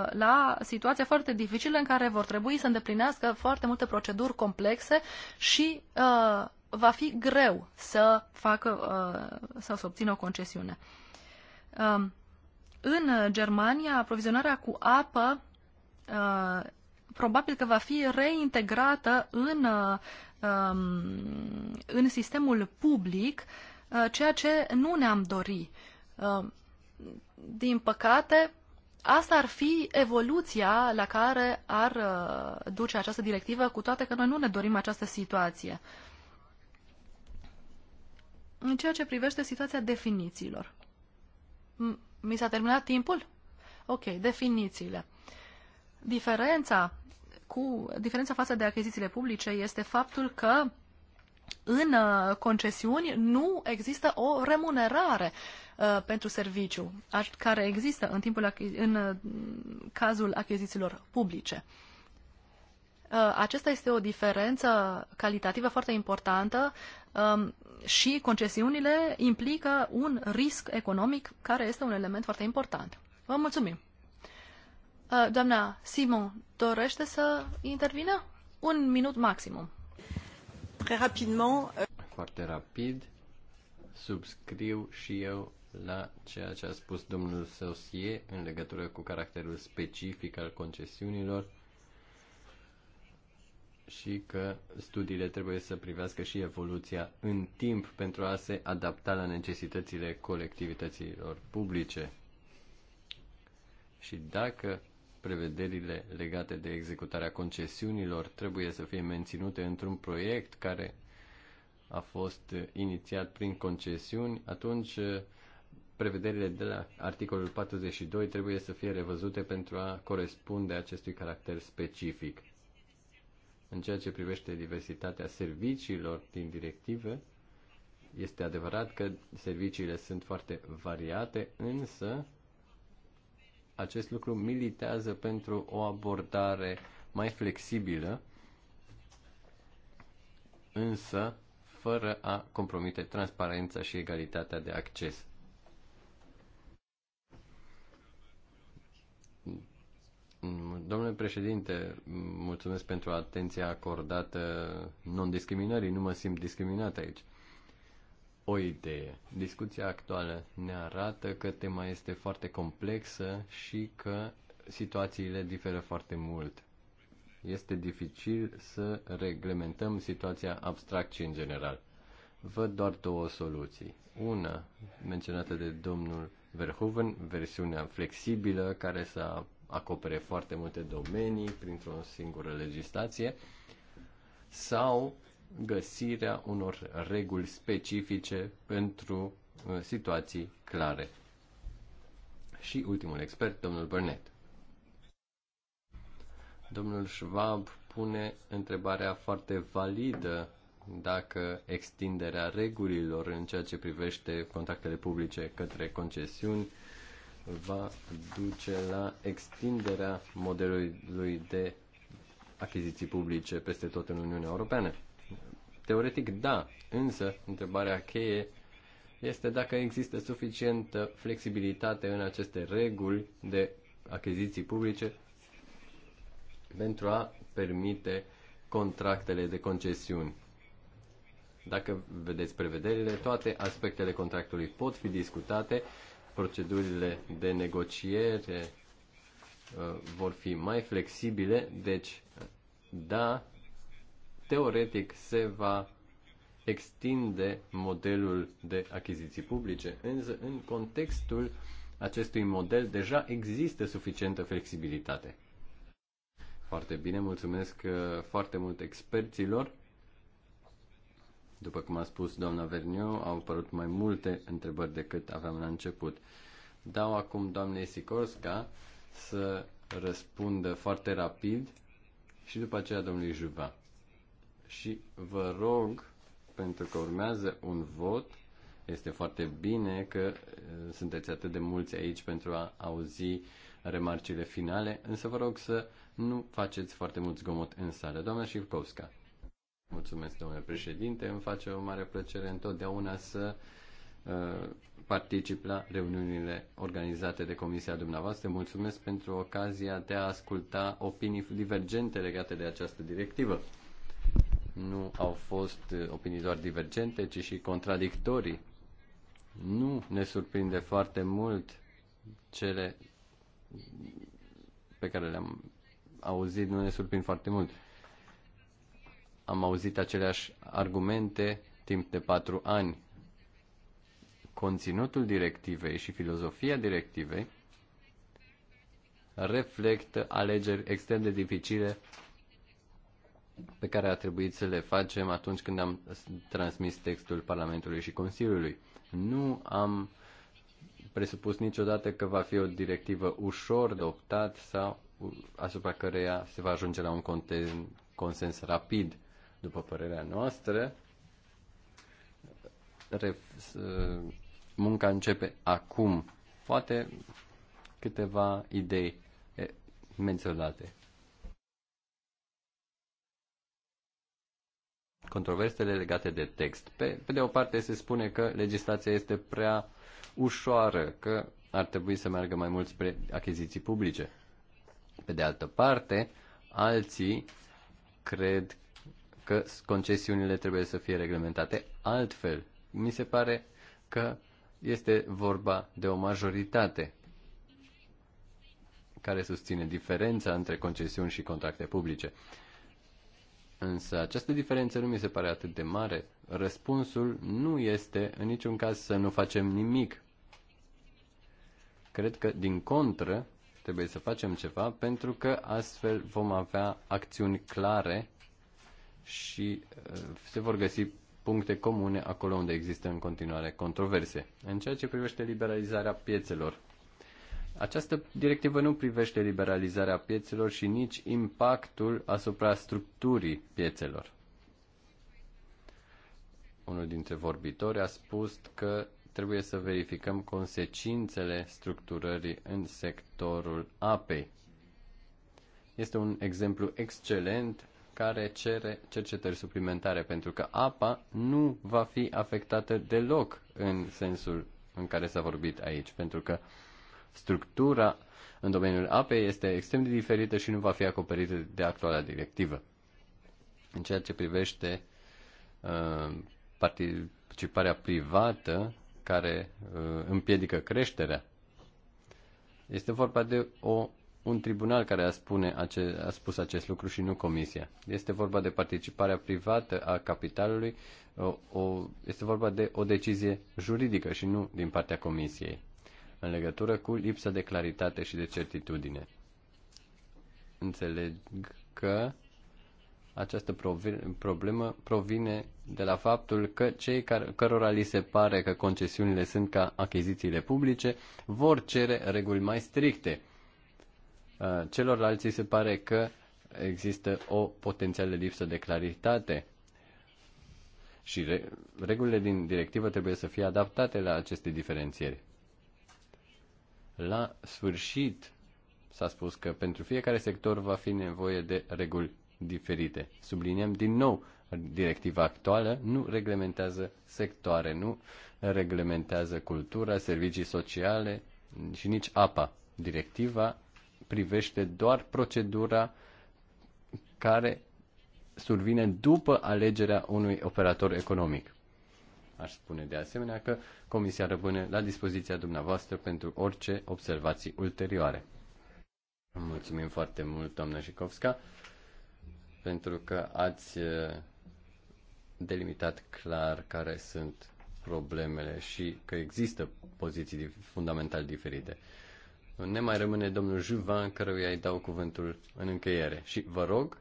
la situația foarte dificilă în care vor trebui să îndeplinească foarte multe proceduri complexe și va fi greu să facă sau să obțină o concesiune. Um, în uh, Germania, aprovizionarea cu apă uh, probabil că va fi reintegrată în, uh, um, în sistemul public, ceea ce nu ne-am dori. Din păcate, asta ar fi evoluția la care ar duce această directivă, cu toate că noi nu ne dorim această situație. În ceea ce privește situația definițiilor. Mi s-a terminat timpul? Ok, definițiile. Diferența, cu, diferența față de achizițiile publice este faptul că în uh, concesiuni nu există o remunerare uh, pentru serviciu, care există în, timpul, în uh, cazul achizițiilor publice. Uh, acesta este o diferență calitativă foarte importantă. Um, și concesiunile implică un risc economic care este un element foarte important. Vă mulțumim! Uh, doamna Simon, dorește să intervină? Un minut maximum. Uh, foarte rapid, subscriu și eu la ceea ce a spus domnul Sosie în legătură cu caracterul specific al concesiunilor și că studiile trebuie să privească și evoluția în timp pentru a se adapta la necesitățile colectivităților publice. Și dacă prevederile legate de executarea concesiunilor trebuie să fie menținute într-un proiect care a fost inițiat prin concesiuni, atunci uh, prevederile de la articolul 42 trebuie să fie revăzute pentru a corespunde acestui caracter specific. În ceea ce privește diversitatea serviciilor din directive, este adevărat că serviciile sunt foarte variate, însă acest lucru militează pentru o abordare mai flexibilă, însă fără a compromite transparența și egalitatea de acces. Mm, domnule președinte, mm, mulțumesc pentru atenția acordată non-discriminării. Nu mă simt discriminat aici. O idee. Discuția actuală ne arată că tema este foarte complexă și că situațiile diferă foarte mult. Este dificil să reglementăm situația abstract și în general. Văd doar două soluții. Una, menționată de domnul Verhoeven, versiunea flexibilă care să acopere foarte multe domenii printr-o singură legislație sau găsirea unor reguli specifice pentru uh, situații clare. Și ultimul expert, domnul Burnett. Domnul Schwab pune întrebarea foarte validă dacă extinderea regulilor în ceea ce privește contactele publice către concesiuni va duce la extinderea modelului de achiziții publice peste tot în Uniunea Europeană? Teoretic, da, însă întrebarea cheie este dacă există suficientă flexibilitate în aceste reguli de achiziții publice pentru a permite contractele de concesiuni. Dacă vedeți prevederile, toate aspectele contractului pot fi discutate, procedurile de negociere uh, vor fi mai flexibile, deci da, teoretic se va extinde modelul de achiziții publice, însă în contextul acestui model deja există suficientă flexibilitate. Foarte bine, mulțumesc uh, foarte mult experților. După cum a spus doamna Verniu, au apărut mai multe întrebări decât aveam la început. Dau acum doamnei Sikorska să răspundă foarte rapid și după aceea domnului Juva. Și vă rog, pentru că urmează un vot, este foarte bine că uh, sunteți atât de mulți aici pentru a auzi remarcile finale, însă vă rog să nu faceți foarte mult zgomot în sală. Doamna Șivkovska. Mulțumesc, domnule președinte. Îmi face o mare plăcere întotdeauna să uh, particip la reuniunile organizate de comisia dumneavoastră. Mulțumesc pentru ocazia de a asculta opinii divergente legate de această directivă. Nu au fost uh, opinii doar divergente, ci și contradictorii. Nu ne surprinde foarte mult cele pe care le-am auzit, nu ne surprind foarte mult. Uh, am auzit aceleași argumente timp de patru ani. Conținutul directivei și filozofia directivei reflectă alegeri extrem de dificile pe care a trebuit să le facem atunci când am transmis textul Parlamentului și Consiliului. Nu am presupus niciodată că va fi o directivă ușor de optat sau asupra căreia se va ajunge la un consens rapid. După părerea noastră, munca începe acum. Poate câteva idei menționate. Controversele legate de text. Pe, pe de o parte se spune că legislația este prea ușoară, că ar trebui să meargă mai mult spre achiziții publice. Pe de altă parte, alții cred că concesiunile trebuie să fie reglementate altfel. Mi se pare că este vorba de o majoritate care susține diferența între concesiuni și contracte publice. Însă această diferență nu mi se pare atât de mare. Răspunsul nu este în niciun caz să nu facem nimic. Cred că, din contră, trebuie să facem ceva pentru că astfel vom avea acțiuni clare și uh, se vor găsi puncte comune acolo unde există în continuare controverse. În ceea ce privește liberalizarea piețelor, această directivă nu privește liberalizarea piețelor și nici impactul asupra structurii piețelor. Unul dintre vorbitori a spus că trebuie să verificăm consecințele structurării în sectorul apei. Este un exemplu excelent care cere cercetări suplimentare, pentru că apa nu va fi afectată deloc în sensul în care s-a vorbit aici, pentru că structura în domeniul apei este extrem de diferită și nu va fi acoperită de actuala directivă. În ceea ce privește uh, participarea privată care uh, împiedică creșterea, este vorba de o un tribunal care a, spune ace- a spus acest lucru și nu comisia. Este vorba de participarea privată a capitalului, o, o, este vorba de o decizie juridică și nu din partea comisiei, în legătură cu lipsa de claritate și de certitudine. Înțeleg că această problemă provine de la faptul că cei care, cărora li se pare că concesiunile sunt ca achizițiile publice vor cere reguli mai stricte Uh, celorlalți se pare că există o potențială lipsă de claritate și re- regulile din directivă trebuie să fie adaptate la aceste diferențieri. La sfârșit, s-a spus că pentru fiecare sector va fi nevoie de reguli diferite. Subliniem din nou, directiva actuală nu reglementează sectoare, nu reglementează cultura, servicii sociale și nici apa. Directiva privește doar procedura care survine după alegerea unui operator economic. Aș spune de asemenea că Comisia rămâne la dispoziția dumneavoastră pentru orice observații ulterioare. Mulțumim foarte mult, doamna Jicovska, pentru că ați eh, delimitat clar care sunt problemele și că există poziții fundamental diferite. Ne mai rămâne domnul Juvan, căruia îi dau cuvântul în încheiere. Și vă rog,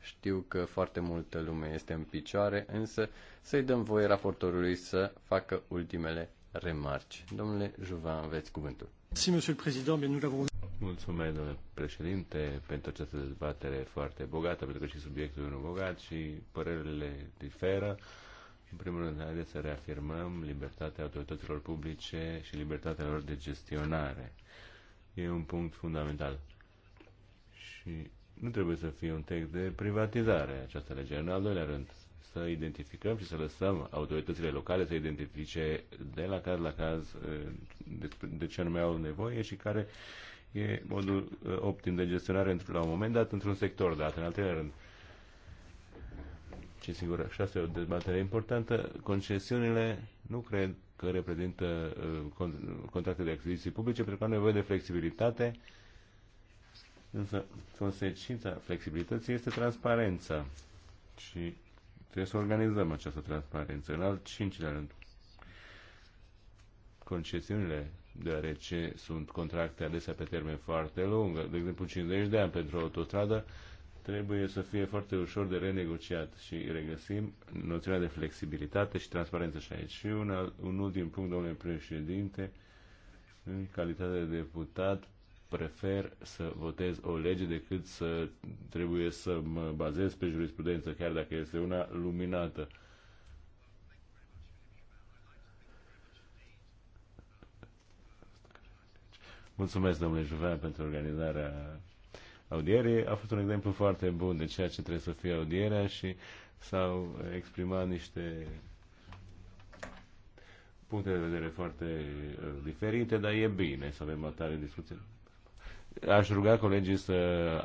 știu că foarte multă lume este în picioare, însă să-i dăm voie raportorului să facă ultimele remarci. Domnule Juvan, aveți cuvântul. Mulțumesc, domnule președinte, pentru această dezbatere foarte bogată, pentru că și subiectul e unul bogat și părerile diferă. În primul rând, haideți să reafirmăm libertatea autorităților publice și libertatea lor de gestionare. E un punct fundamental. Și nu trebuie să fie un text de privatizare această lege. În al doilea rând, să identificăm și să lăsăm autoritățile locale să identifice de la caz la caz eh, de ce anume au nevoie și care e modul eh, optim de gestionare la un moment dat într-un sector dat. În al treilea rând, și sigur, și asta e o dezbatere importantă, concesiunile nu cred că reprezintă uh, contracte de achiziții publice, pentru că au nevoie de flexibilitate, însă consecința flexibilității este transparența și trebuie să organizăm această transparență. În al cincilea rând, concesiunile, deoarece sunt contracte adesea pe termen foarte lung, de exemplu 50 de ani pentru o autostradă, trebuie să fie foarte ușor de renegociat și regăsim noțiunea de flexibilitate și transparență și aici. Și un, alt, un ultim punct, domnule președinte, în calitate de deputat, prefer să votez o lege decât să trebuie să mă bazez pe jurisprudență, chiar dacă este una luminată. Mulțumesc, domnule Juvean, pentru organizarea audierii a fost un exemplu foarte bun de ceea ce trebuie să fie audierea și s-au exprimat niște puncte de vedere foarte uh, diferite, dar e bine să avem atare discuții. Aș ruga colegii să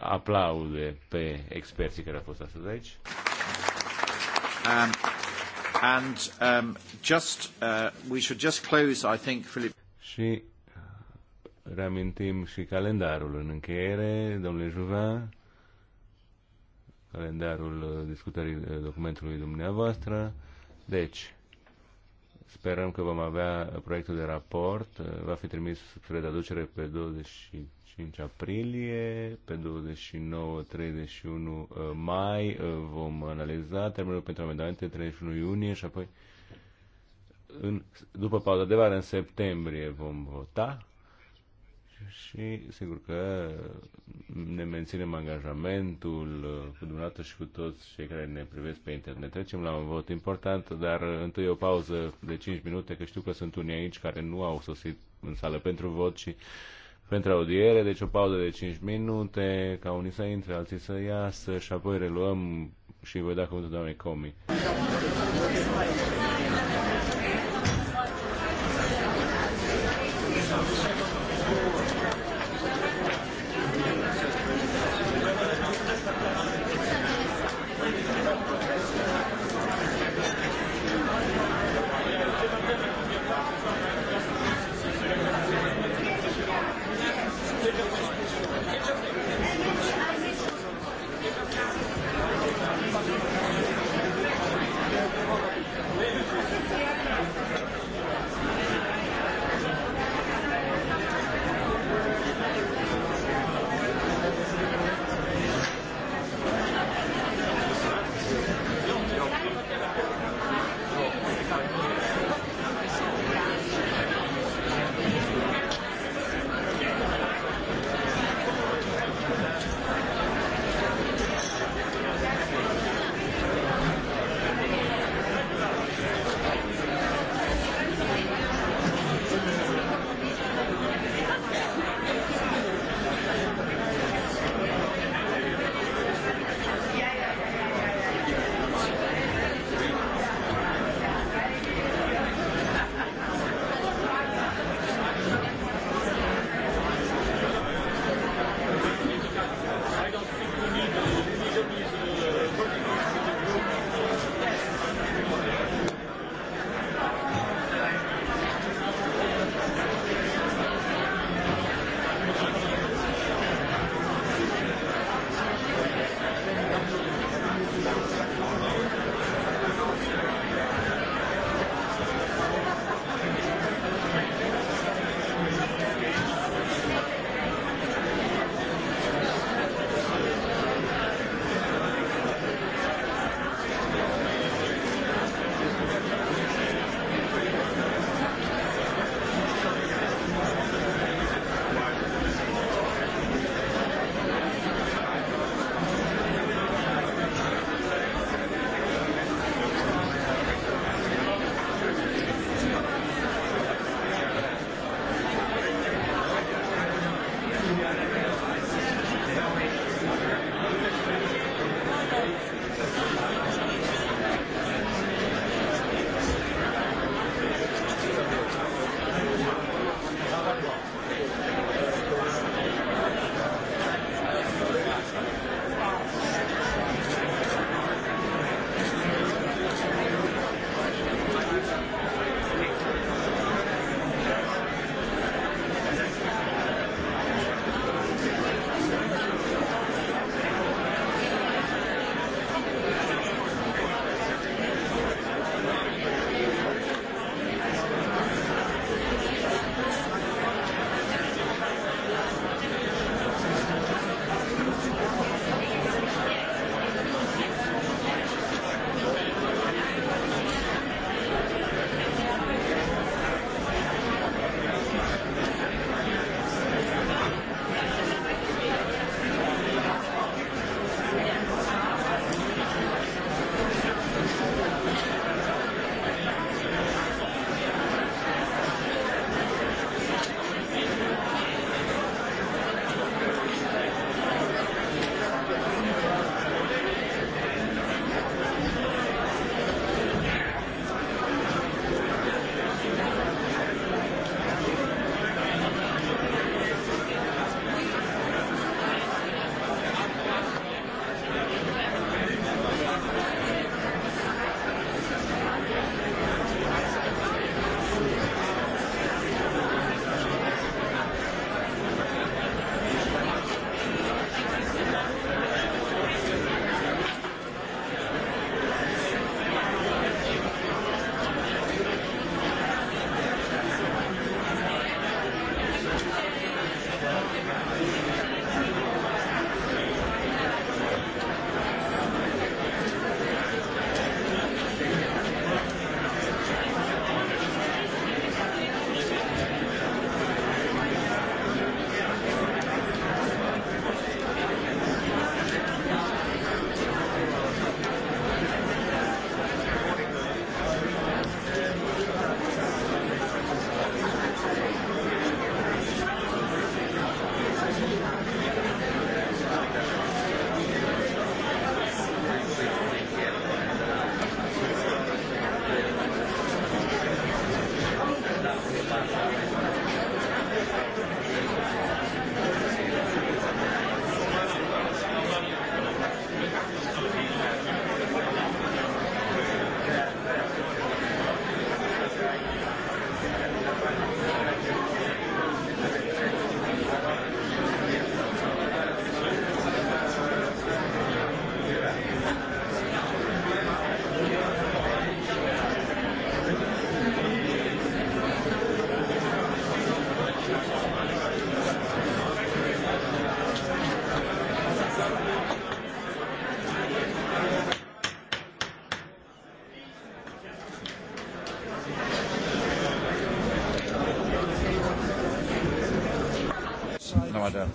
aplaude pe experții care au fost astăzi aici. Um, and um, just, uh, we should just close, I think, Philip reamintim și calendarul în încheiere, domnule Juvin, calendarul uh, discutării uh, documentului dumneavoastră. Deci, sperăm că vom avea proiectul de raport, uh, va fi trimis spre aducere pe 25 aprilie, pe 29-31 mai vom analiza termenul pentru amendamente 31 iunie și apoi în, după pauza de vară, în septembrie, vom vota și sigur că ne menținem angajamentul uh, cu dumneavoastră și cu toți cei care ne privesc pe internet. Trecem la un vot important, dar întâi o pauză de 5 minute, că știu că sunt unii aici care nu au sosit în sală pentru vot și pentru audiere, deci o pauză de 5 minute, ca unii să intre, alții să iasă și apoi reluăm și voi da cuvântul doamnei Comi.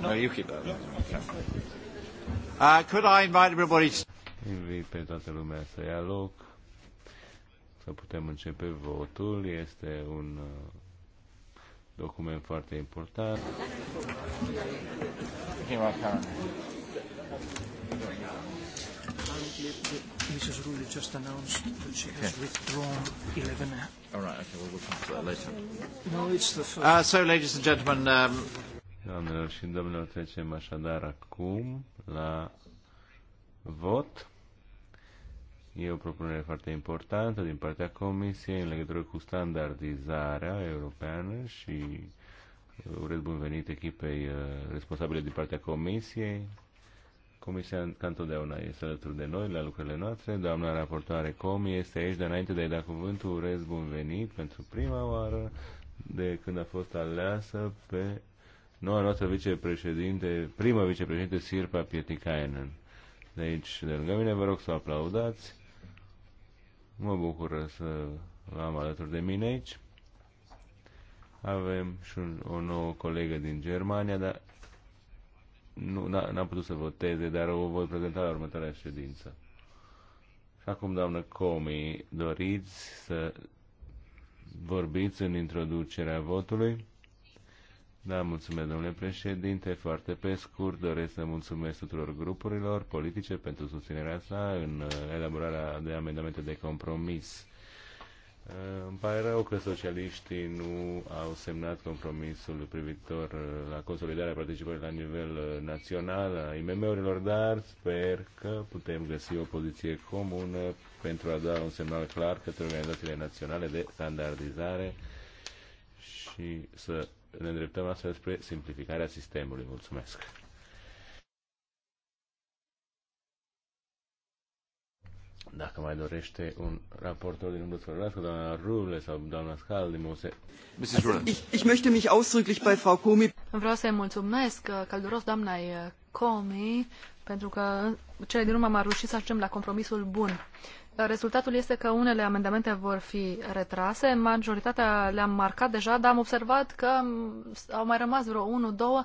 No, you keep that. Uh, could I invite everybody Invit pe toată lumea să ia loc, să putem începe votul. Este un uh, document foarte important. Mrs. Rulli just announced that she has okay. withdrawn 11. All right, okay, well, we'll come to that later. No, it's the first. Uh, so, ladies and gentlemen, um, Doamnelor și domnilor, trecem așadar acum la vot. E o propunere foarte importantă din partea Comisiei în legătură cu standardizarea europeană și urez bun venit echipei uh, responsabile din partea Comisiei. Comisia, ca întotdeauna, este alături de noi la lucrurile noastre. Doamna raportoare Comi este aici, dar înainte de a-i da cuvântul, urez bun venit pentru prima oară de când a fost aleasă pe noua noastră vicepreședinte, prima vicepreședinte Sirpa Pietikainen. De aici, de lângă mine, vă rog să o aplaudați. Mă bucur să vă am alături de mine aici. Avem și un, o nouă colegă din Germania, dar nu, n-am putut să voteze, dar o voi prezenta la următoarea ședință. Și acum, doamnă Comi, doriți să vorbiți în introducerea votului? Da, mulțumesc, domnule președinte. Foarte pe scurt doresc să mulțumesc tuturor grupurilor politice pentru susținerea sa în uh, elaborarea de amendamente de compromis. Uh, îmi pare rău că socialiștii nu au semnat compromisul privitor uh, la consolidarea participării la nivel național a IMM-urilor, dar sper că putem găsi o poziție comună pentru a da un semnal clar către organizațiile naționale de standardizare și să ne îndreptăm astfel spre simplificarea sistemului. Mulțumesc! Dacă mai dorește un raportor din umbră să doamna Rule sau doamna Scal din Mose. ich möchte mich ausdrücklich bei Frau Comi. Vreau să-i mulțumesc călduros doamnei Comi pentru că cele din urmă m-a reușit să ajungem la compromisul bun. Rezultatul este că unele amendamente vor fi retrase, majoritatea le-am marcat deja, dar am observat că au mai rămas vreo 1 două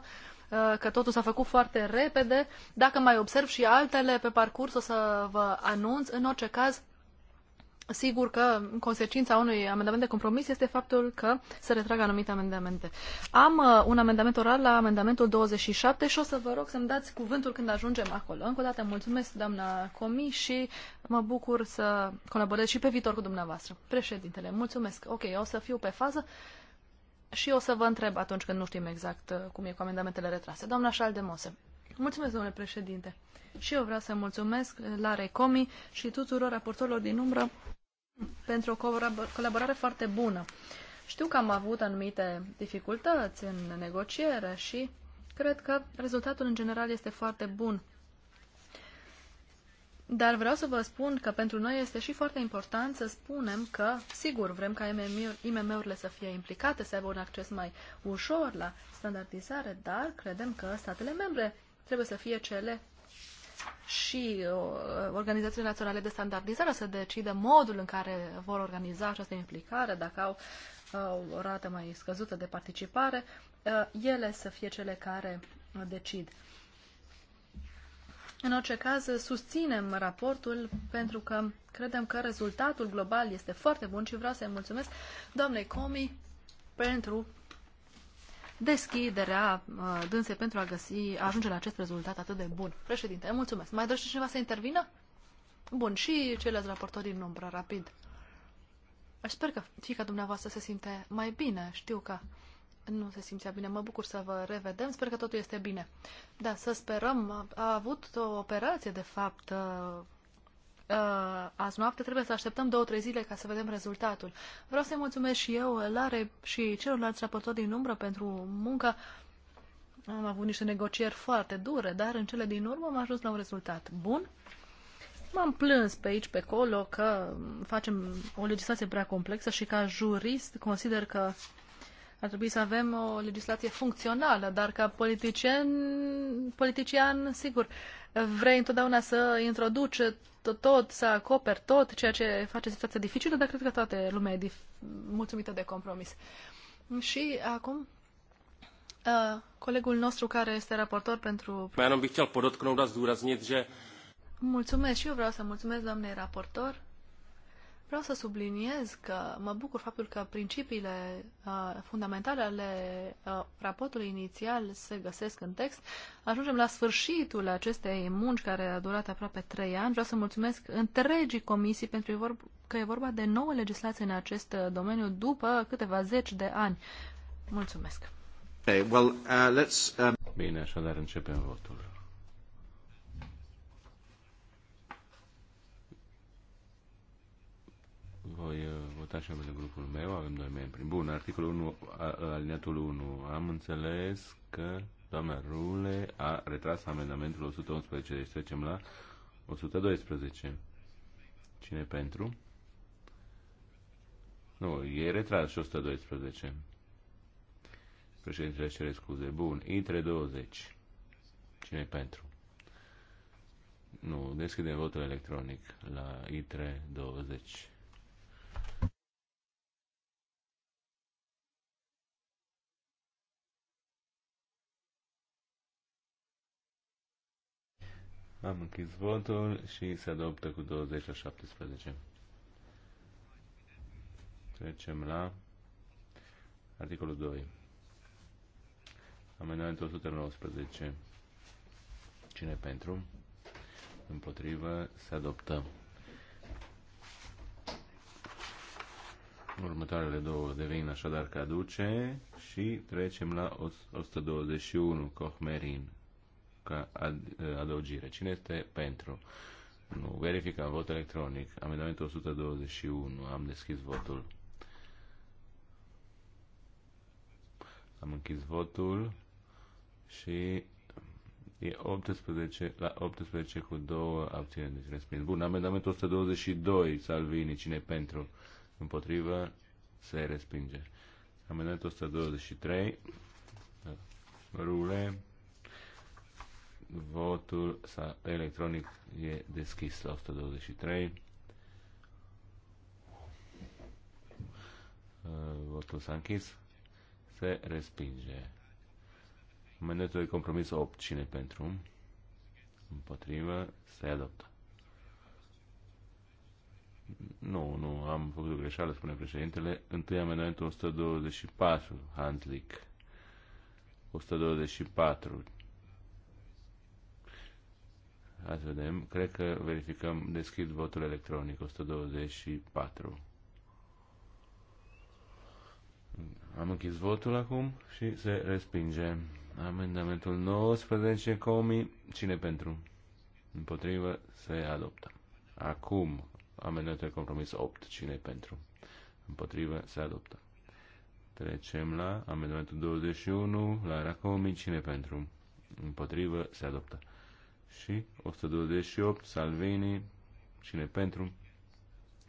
uh, că totul s-a făcut foarte repede. Dacă mai observ și altele pe parcurs, o să vă anunț. În orice caz, Sigur că consecința unui amendament de compromis este faptul că se retrag anumite amendamente. Am uh, un amendament oral la amendamentul 27 și o să vă rog să-mi dați cuvântul când ajungem acolo. Încă o dată mulțumesc, doamna Comi, și mă bucur să colaborez și pe viitor cu dumneavoastră. Președintele, mulțumesc. Ok, o să fiu pe fază și o să vă întreb atunci când nu știm exact uh, cum e cu amendamentele retrase. Doamna Șaldemose. Mulțumesc, domnule președinte. Și eu vreau să mulțumesc uh, la Recomi și tuturor raportorilor din umbră pentru o colaborare foarte bună. Știu că am avut anumite dificultăți în negociere și cred că rezultatul în general este foarte bun. Dar vreau să vă spun că pentru noi este și foarte important să spunem că, sigur, vrem ca IMM-urile să fie implicate, să aibă un acces mai ușor la standardizare, dar credem că statele membre trebuie să fie cele și uh, organizațiile naționale de standardizare să decidă modul în care vor organiza această implicare, dacă au o rată mai scăzută de participare, uh, ele să fie cele care uh, decid. În orice caz, susținem raportul pentru că credem că rezultatul global este foarte bun și vreau să-i mulțumesc doamnei Comi pentru deschiderea uh, dânse pentru a găsi, a ajunge la acest rezultat atât de bun. Președinte, mulțumesc. Mai dorește cineva să intervină? Bun, și ceilalți raportori în umbră, rapid. Aș sper că fica dumneavoastră se simte mai bine. Știu că nu se simțea bine. Mă bucur să vă revedem. Sper că totul este bine. Da, să sperăm. A avut o operație, de fapt, uh, uh, azi noapte, trebuie să așteptăm două-trei zile ca să vedem rezultatul. Vreau să-i mulțumesc și eu, Lare, și celorlalți raportori din umbră pentru muncă. Am avut niște negocieri foarte dure, dar în cele din urmă am ajuns la un rezultat bun. M-am plâns pe aici, pe acolo, că facem o legislație prea complexă și ca jurist consider că ar trebui să avem o legislație funcțională, dar ca politician, politician sigur, uh, vrei întotdeauna să introduci tot, tot, să acoperi tot, ceea ce face situația dificilă, dar cred că toată lumea e mulțumită de compromis. Și acum, uh, colegul nostru care este raportor pentru... Jménem bych chtěl podotknout a zdůraznit, že... Mulțumesc și eu vreau să mulțumesc doamnei raportor Vreau să subliniez că mă bucur faptul că principiile uh, fundamentale ale uh, raportului inițial se găsesc în text. Ajungem la sfârșitul acestei munci care a durat aproape trei ani. Vreau să mulțumesc întregii comisii pentru că e vorba de nouă legislație în acest uh, domeniu după câteva zeci de ani. Mulțumesc! Okay, well, uh, let's, um... Bine, așadar începem votul. voi uh, vota și în grupul meu, avem doi membri. Bun, articolul 1, alineatul 1. Am înțeles că doamna Rule a retras amendamentul 111, deci trecem la 112. Cine pentru? Nu, e retras și 112. Președintele cere scuze. Bun, intre 20. Cine pentru? Nu, deschidem votul electronic la ITRE 20. Am închis votul și se adoptă cu 20 la 17. Trecem la articolul 2. Amendamentul 119. Cine pentru? Împotrivă se adoptă. Următoarele două devin așadar caduce și trecem la 121, Cohmerin ca adăugire. Cine este pentru? Nu. Verificăm. Vot electronic. Amendamentul 121. Am deschis votul. Am închis votul și e 18 la 18 cu 2 abțineri deci respins. Bun, amendamentul 122 Salvini, cine pentru? Împotrivă se respinge. Amendamentul 123 Rule Votul electronic e deschis la 123. Uh, votul s-a închis. Se respinge. Mandatul de compromis 8. Cine pentru? Împotrivă. Se adoptă. Nu, nu, am făcut o greșeală, spune președintele. Întâi amendamentul 124, Hanslick. 124. Hai să vedem. Cred că verificăm. Deschid votul electronic 124. Am închis votul acum și se respinge. Amendamentul 19, comi. Cine pentru? Împotrivă se adoptă. Acum, amendamentul de compromis 8. Cine pentru? Împotrivă se adoptă. Trecem la amendamentul 21, la Racomi. Cine pentru? Împotrivă se adoptă și 128 Salvini, cine pentru,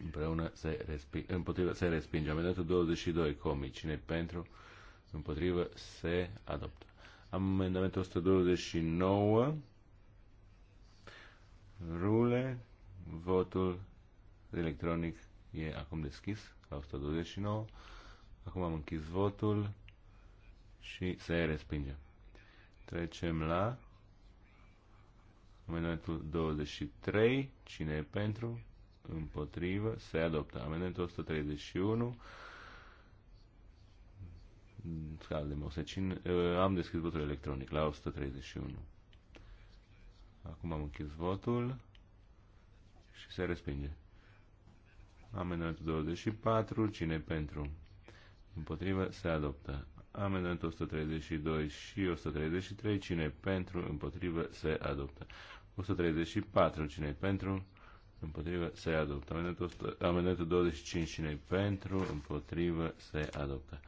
împreună se respinge, împotriva se respinge. Amendamentul 22 Comi, cine pentru, împotrivă se adoptă. Amendamentul 129 Rule, votul electronic e acum deschis la 129. Acum am închis votul și se respinge. Trecem la Amendamentul 23, cine e pentru? Împotrivă, se adoptă. Amendamentul 131, scaldem, uh, am deschis votul electronic la 131. Acum am închis votul și se respinge. Amendamentul 24, cine pentru? Împotrivă, se adoptă. Amendamentul 132 și 133, cine pentru, împotrivă, se adoptă. 134, cine pentru, împotrivă, se adoptă. Amendamentul, amendamentul 25, cine pentru, împotrivă, se adoptă.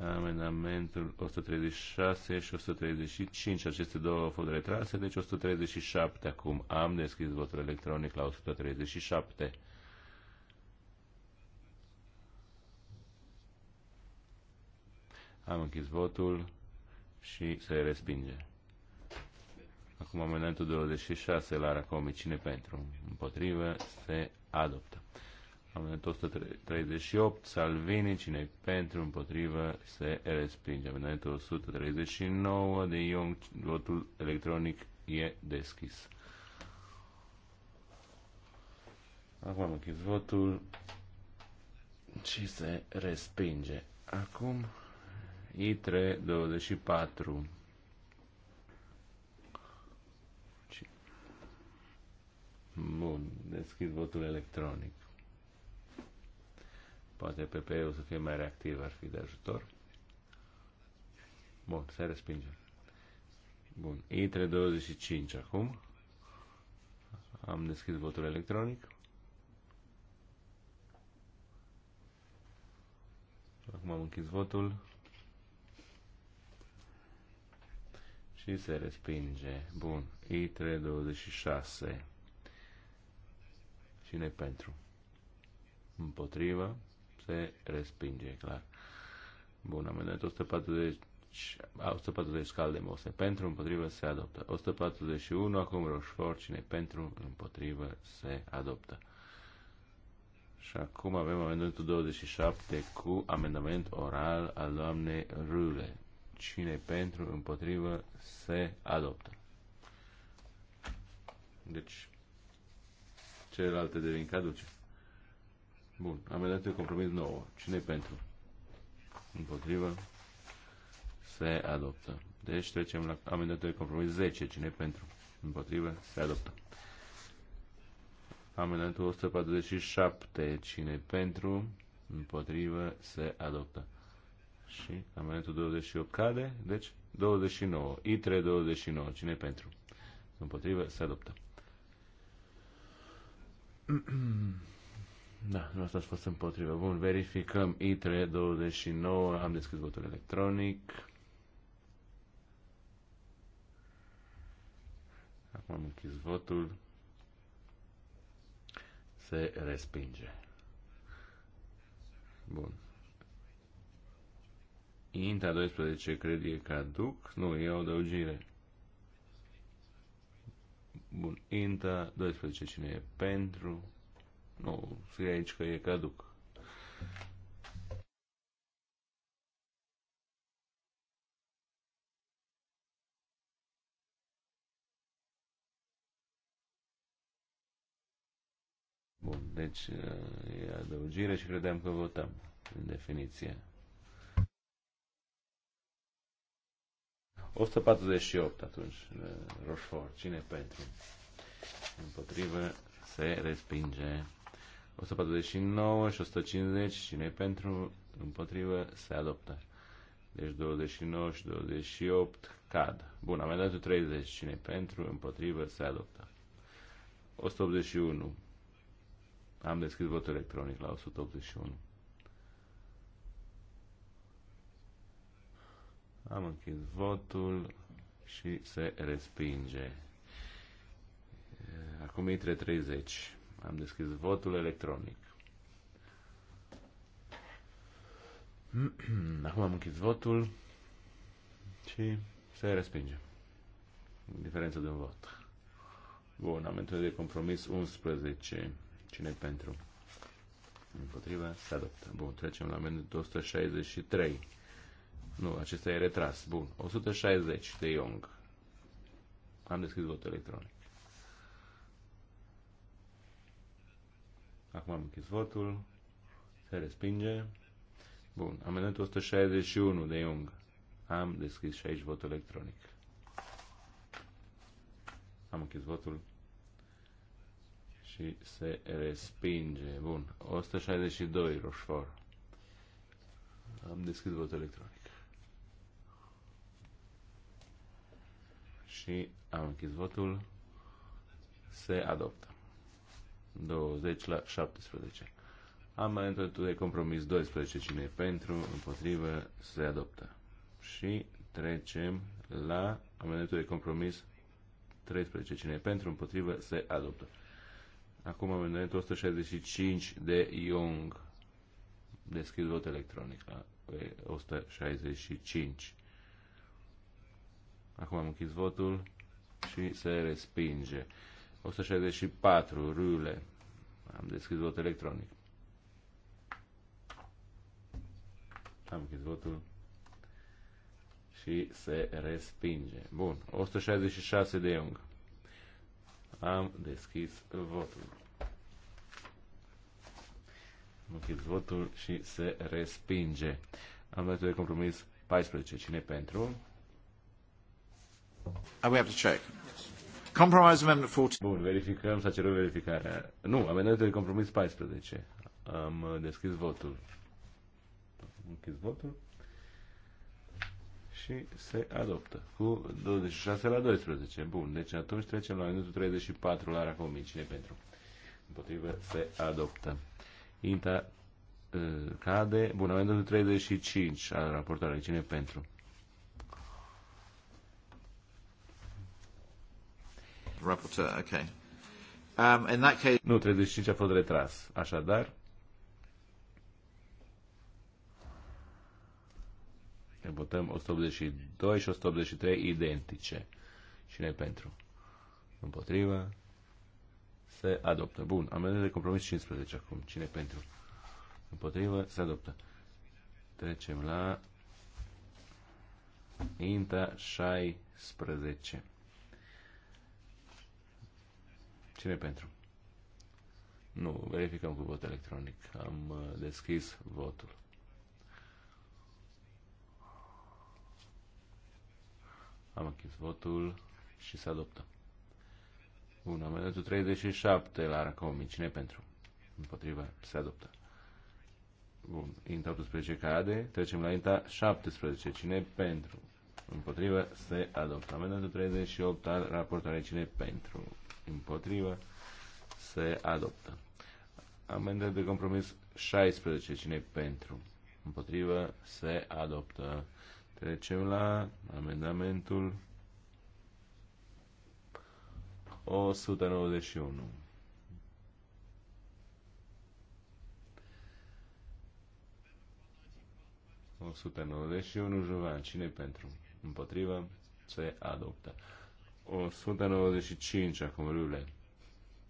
Amendamentul 136 și 135, aceste două au fost retrase, deci 137 acum. Am deschis votul electronic la 137. Am închis votul și se respinge. Acum amendamentul 26 la Racomi. Cine pentru? Împotrivă se adoptă. Amendamentul 138, Salvini, cine pentru, împotrivă, se respinge. Amendamentul 139 de Ion, votul electronic e deschis. Acum am închis votul și se respinge. Acum I I3, 24. Bun, deschid votul electronic. Poate pp o să fie mai reactiv, ar fi de ajutor. Bun, se respinge. Bun, ITRE 25 acum. Am deschis votul electronic. Acum am închis votul. și se respinge. Bun. I326. Cine pentru? Împotrivă. Se respinge, clar. Bun, amendamentul 140 140 de mose pentru, împotrivă se adoptă. 141, acum Roșfort, cine pentru, împotrivă se adoptă. Și acum avem amendamentul 27 cu amendament oral al doamnei Rule cine pentru, împotrivă, se adoptă. Deci, celelalte devin caduce. Bun, am un compromis nou. cine pentru? Împotrivă, se adoptă. Deci trecem la amendamentul de compromis 10. cine pentru? Împotrivă, se adoptă. Amendamentul 147. Cine pentru? Împotrivă, se adoptă și amendamentul 28 cade, deci 29. ITRE 29. Cine pentru? Împotrivă, se adoptă. Da, nu asta a fost împotrivă. Bun, verificăm ITRE 29. Am deschis votul electronic. Acum am închis votul. Se respinge. Bun. Inta 12 cred e caduc. Nu, e o adăugire. Bun, Inta 12 cine e pentru? Nu, scrie aici că e caduc. Bun, deci uh, e adăugire și credeam că votăm în definiție. 148 atunci, Roșfort. Cine pentru? Împotrivă se respinge. 149 și 150. Cine pentru? Împotrivă se adoptă. Deci 29 și 28 cad. Bun, amendatul 30. Cine pentru? Împotrivă se adoptă. 181. Am deschis votul electronic la 181. Am închis votul și se respinge. Acum intre 30. Am deschis votul electronic. Acum am închis votul și se respinge. Diferență de un vot. Bun, amendul de compromis 11. Cine pentru? Împotriva se adoptă. Bun, trecem la amendul 263. Nu, acesta e retras. Bun. 160 de Young. Am deschis votul electronic. Acum am închis votul. Se respinge. Bun. Amendamentul 161 de Young. Am deschis și aici votul electronic. Am închis votul și se respinge. Bun. 162 Roșfor. Am deschis votul electronic. și am închis votul. Se adoptă. 20 la 17. Amendamentul de compromis 12. Cine e pentru? Împotrivă? Se adoptă. Și trecem la amendamentul de compromis 13. Cine e pentru? Împotrivă? Se adoptă. Acum amendamentul 165 de Young. Deschid vot electronic la 165. Acum am închis votul și se respinge. 164 râule. Am deschis vot electronic. Am închis votul și se respinge. Bun. 166 de Young. Am deschis votul. Am închis votul și se respinge. Am dat de compromis 14. Cine pentru? And ah, we have to check. Compromise amendment 14. Bun, verificăm, s-a cerut verificarea. Nu, amendamentul de compromis 14. Am uh, deschis votul. Am închis votul. Și se adoptă cu 26 la 12. Bun, deci atunci trecem la amendamentul 34 la Racomi. Cine pentru? Împotrivă se adoptă. Inta uh, cade. Bun, amendamentul 35 al raportului. Cine pentru? Rapporteur, okay. Um, in that case... Nu, 35 a fost retras. Așadar, ne votăm 182 și 183 identice. Cine pentru? Împotrivă? Se adoptă. Bun, amendele de compromis 15 acum. Cine pentru? Împotrivă? Se adoptă. Trecem la Inta 16. Cine pentru? Nu, verificăm cu vot electronic. Am uh, deschis votul. Am închis votul și se adoptă. Bun, amendamentul 37 la Racomi. Cine pentru? Împotriva. Se adoptă. Bun, INTA 18 cade. Trecem la INTA 17. Cine pentru? Împotriva. Se adoptă. Amendamentul 38 al raportului. Cine pentru? împotrivă, se adoptă. Amendă de compromis 16, cine pentru, împotrivă, se adoptă. Trecem la amendamentul 191. O 191 Juvan, cine pentru? Împotrivă, se adoptă. 195 acum râule.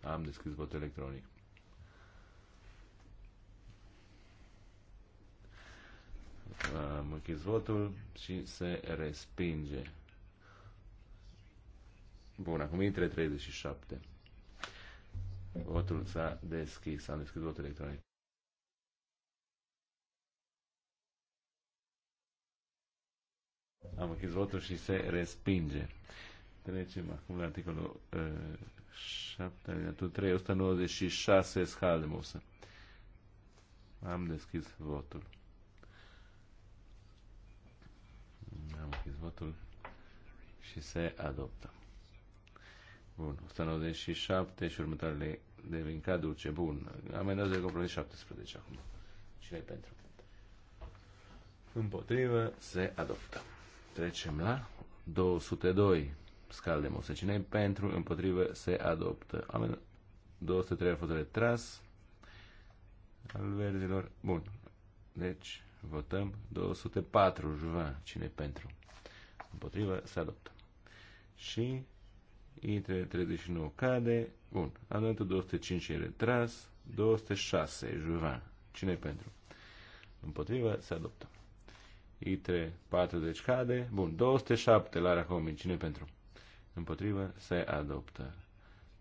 Am deschis votul electronic. Am închis votul și se respinge. Bun, acum intre 37. Votul s-a deschis. Am deschis votul electronic. Am închis votul și se respinge. Trecem acum la articolul uh, 7, alineatul 3, 196, Schaldemose. Am deschis votul. Am deschis votul și se adoptă. Bun, 197 și următoarele devin caduce. Bun, amendează de compromis 17 acum. Și Cine pentru? Împotrivă se adoptă. Trecem la 202 de Mosecine pentru, împotrivă, se adoptă. Am 203 a fost retras al verzilor. Bun. Deci, votăm 204 juva. Cine pentru? Împotrivă, se adoptă. Și între 39 cade. Bun. Amendamentul 205 e retras. 206 juva. Cine pentru? Împotrivă, se adoptă. Între 40 cade. Bun, 207 la Rahomin. Cine pentru? împotrivă, se adoptă.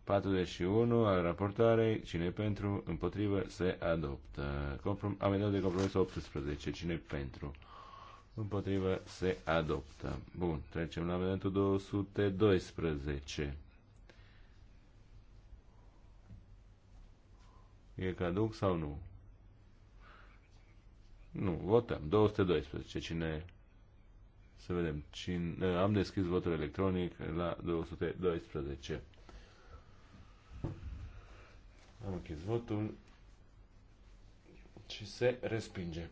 41 al raportoarei, cine pentru, împotrivă, se adoptă. Comprom- amendament de compromis 18, cine pentru, împotrivă, se adoptă. Bun, trecem la amendamentul 212. E caduc sau nu? Nu, votăm. 212. Cine să vedem. Cine... Eh, am deschis votul electronic la 212. Am închis votul și se respinge.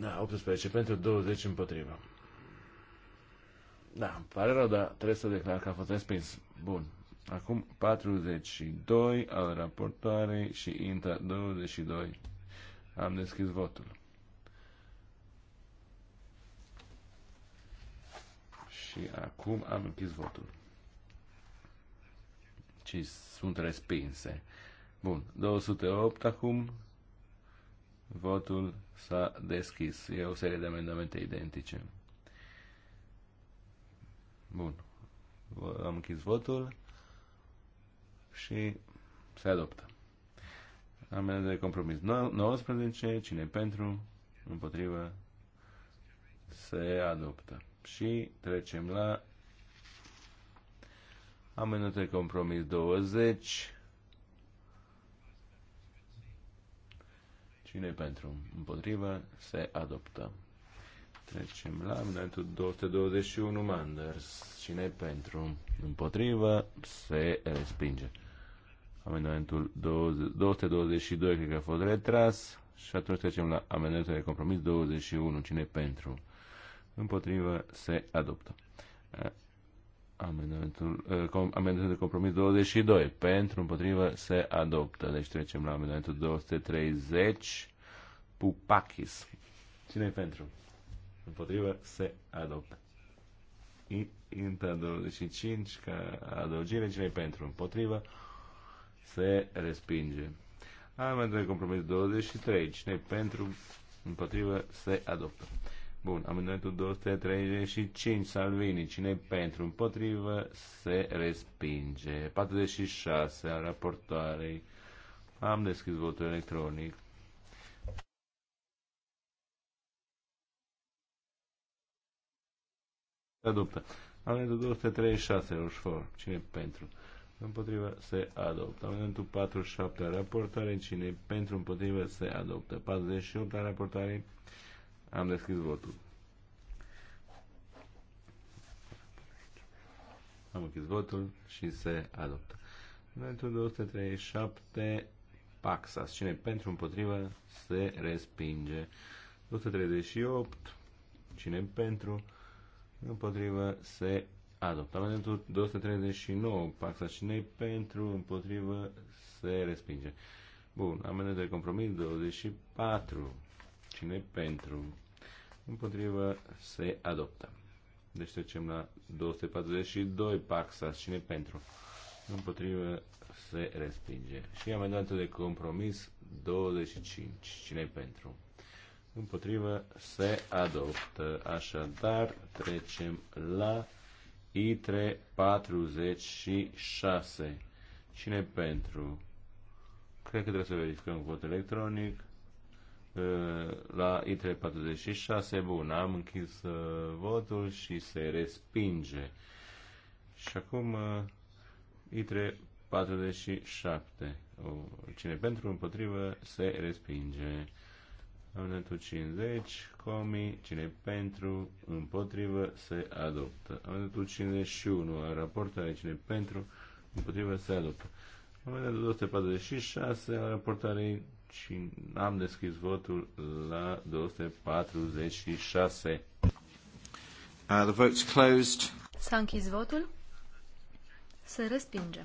Da, 18 pentru 20 împotriva. Da, îmi pare rău, dar trebuie să declar că a fost respins. Bun. Acum 42 al raportoarei și intră 22. Am deschis votul. Și acum am închis votul. Ci sunt respinse. Bun, 208 acum. Votul s-a deschis. E o serie de amendamente identice. Bun. Am închis votul și se adoptă. Amendă de compromis 19. Cine pentru? Împotrivă? Se adoptă. Și trecem la amendamentul compromis 20. Cine pentru? Împotrivă? Se adoptă. Trecem la amendamentul 221 Manders. Cine pentru? Împotrivă? Se respinge. Amendamentul 222 cred că a fost retras. Și atunci trecem la amendamentul de compromis 21. Cine pentru? împotrivă, se adoptă. Amendamentul, amendamentul de compromis 22, pentru, împotrivă, se adoptă. Deci trecem la amendamentul 230, Pupakis. Cine e pentru? Împotrivă, se adoptă. Inta 25, ca adăugire, cine e pentru? Împotrivă, se respinge. Amendamentul de compromis 23, cine e pentru? Împotrivă, se adoptă. Bun, amendamentul 235, Salvini, cine pentru, împotrivă, se respinge. 46, al raportoarei. Am deschis votul electronic. Adoptă. Amendamentul 236, Roșfor, cine pentru? împotrivă, se adoptă. Amendamentul 47 al raportoarei, cine pentru împotrivă, se adoptă. 48 al raportoarei, am deschis votul. Am închis votul și se adoptă. Momentul 237 Paxas. Cine pentru împotrivă se respinge. 238. Cine pentru împotrivă se adoptă. Momentul 239 Paxas. Cine pentru împotrivă se respinge. Bun. Amendamentul de compromis 24. Cine pentru împotrivă se adoptă. Deci trecem la 242 Paxas. Cine pentru? Împotrivă se respinge. Și amendamentul de compromis 25. cine pentru? Împotrivă se adoptă. Așadar, trecem la I346. cine pentru? Cred că trebuie să verificăm vot electronic. Eh, la I346. Bun, am închis eh, votul și se respinge. Și acum eh, I347. Cine pentru, împotrivă, se respinge. Amendamentul 50, comi, cine pentru, împotrivă, se adoptă. Amendamentul 51, a raportare, cine pentru, împotrivă, se adoptă. Amendamentul 246, a raportare și am deschis votul la 246. Uh, the vote's closed. S-a închis votul. Se respinge.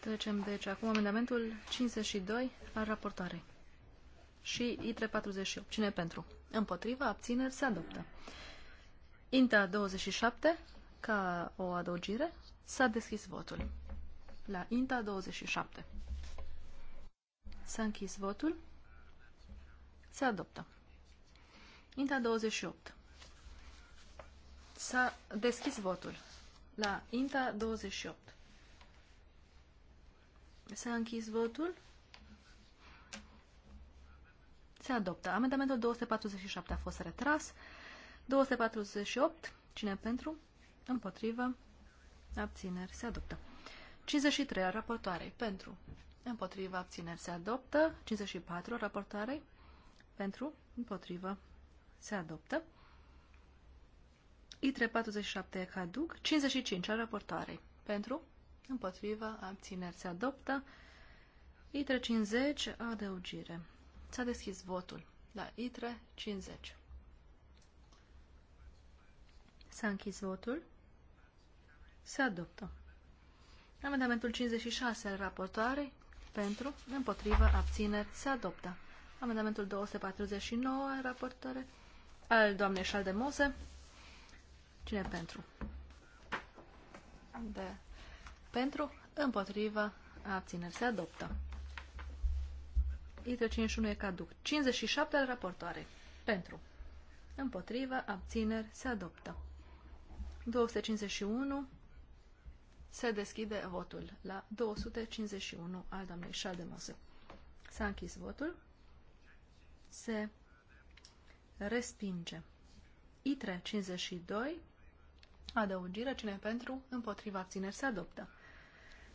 Trecem, deci, acum amendamentul 52 al raportoarei. Și I348. Cine pentru? Împotriva, abțineri, se adoptă. INTA 27, ca o adăugire, s-a deschis votul. La INTA 27. S-a închis votul. Se adoptă. Inta 28. S-a deschis votul la Inta 28. S-a închis votul. Se adoptă. Amendamentul 247 a fost retras. 248. Cine pentru? Împotrivă. Abțineri. Se adoptă. 53 a raportoarei. Pentru împotriva, abțineri se adoptă. 54, raportare, pentru, împotriva, se adoptă. I347 caduc, 55 a raportarei, pentru, împotriva, abțineri se adoptă. I350 adăugire. S-a deschis votul la I350. S-a închis votul. Se adoptă. Amendamentul 56 al raportoarei pentru, împotrivă, abțineri, se adoptă. Amendamentul 249, raportare, al doamnei Mose Cine pentru? De. Pentru, împotrivă, abțineri, se adoptă. Litre 51 e caduc. 57 al raportoare. Pentru. Împotrivă, abțineri, se adoptă. 251 se deschide votul la 251 al doamnei Șademose. S-a închis votul. Se respinge. ITRE 52, adăugire, cine pentru, împotriva abțineri, se adoptă.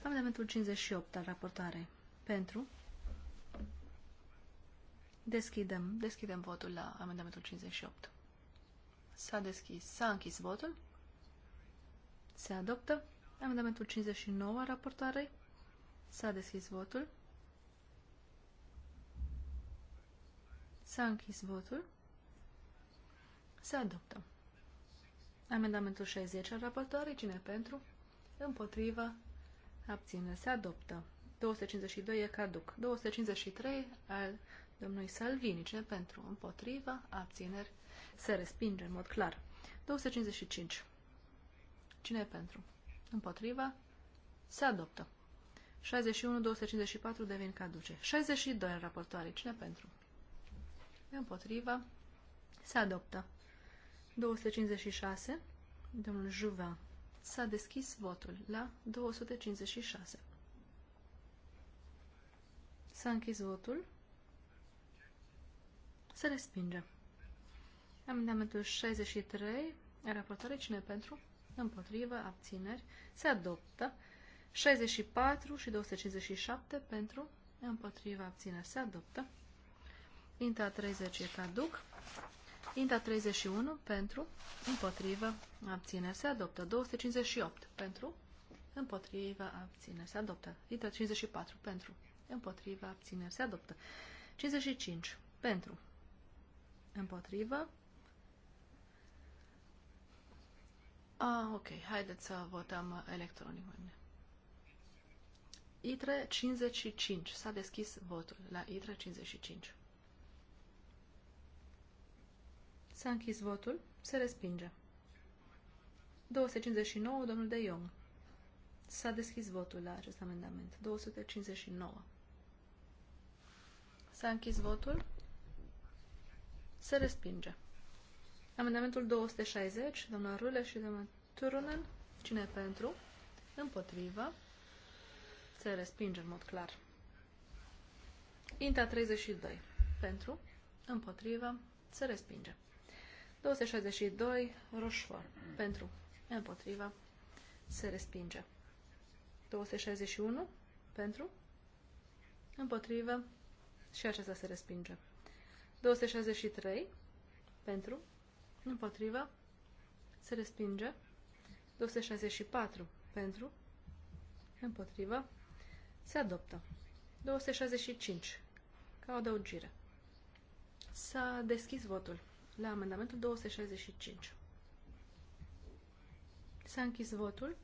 Amendamentul 58 al raportarei. Pentru. Deschidem, deschidem votul la amendamentul 58. S-a deschis, s-a închis votul. Se adoptă. Amendamentul 59 a raportarei. S-a deschis votul. S-a închis votul. Se adoptă. Amendamentul 60 al raportoarei. Cine pentru? Împotrivă. Abține. Se adoptă. 252 e caduc. 253 al domnului Salvini. Cine pentru? Împotrivă. Abțineri. Se respinge în mod clar. 255. Cine pentru? Împotriva. Se adoptă. 61-254 devin caduce. 62 în raportoare. Cine pentru? Împotriva. Se adoptă. 256. Domnul Juva. S-a deschis votul la 256. S-a închis votul. Se respinge. Amendamentul 63. Raportare cine pentru? împotrivă, abțineri, se adoptă. 64 și 257 pentru, împotrivă, abțineri, se adoptă. Inta 30 e caduc. Inta 31 pentru, împotrivă, abțineri, se adoptă. 258 pentru, împotrivă, abțineri, se adoptă. Inta 54 pentru, împotrivă, abțineri, se adoptă. 55 pentru, împotrivă, Ah, ok. Haideți să votăm electronic. ITRE 55. S-a deschis votul la ITRE 55. S-a închis votul. Se respinge. 259, domnul De Jong. S-a deschis votul la acest amendament. 259. S-a închis votul. Se respinge. Amendamentul 260, doamna Rule și doamna Turunen. Cine pentru? Împotrivă. Se respinge în mod clar. Inta 32. Pentru. Împotrivă. Se respinge. 262. Roșfor. Pentru. Împotrivă. Se respinge. 261. Pentru. Împotrivă. Și acesta se respinge. 263. Pentru. Împotrivă. Se respinge. 264 pentru. Împotrivă. Se adoptă. 265. Ca o adăugire. S-a deschis votul la amendamentul 265. S-a închis votul.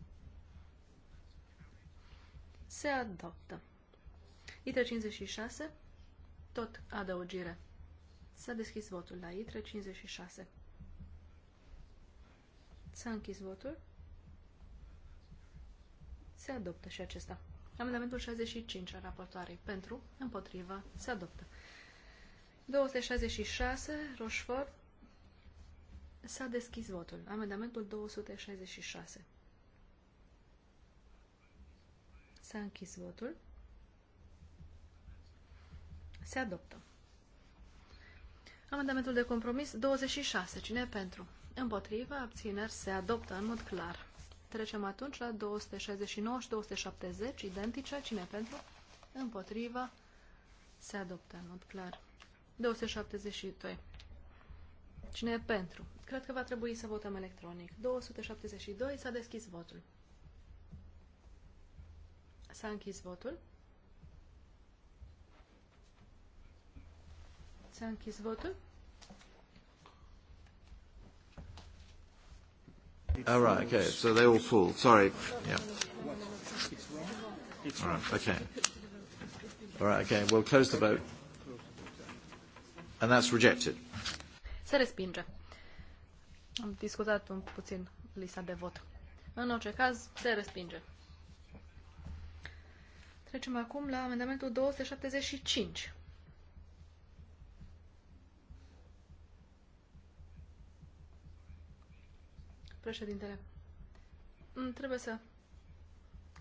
Se adoptă. ITRE 56. Tot adăugire. S-a deschis votul la ITRE 56. S-a închis votul. Se adoptă și acesta. Amendamentul 65 al raportoarei. Pentru, împotriva, se adoptă. 266, Roșfort. S-a deschis votul. Amendamentul 266. S-a închis votul. Se adoptă. Amendamentul de compromis 26. Cine e pentru? împotrivă, abțineri se adoptă în mod clar. Trecem atunci la 269 și 270, identice, cine pentru, împotrivă, se adoptă în mod clar. 272. Cine e pentru? Cred că va trebui să votăm electronic. 272 s-a deschis votul. S-a închis votul. S-a închis votul. All oh, right, okay, so they all fall. Sorry. Yeah. All right, okay. All right, okay, we'll close the vote. And that's rejected. Se respinge. Am discutat un puțin lista de vot. În orice caz, se respinge. Trecem acum la amendamentul 275. Președintele, mm, trebuie să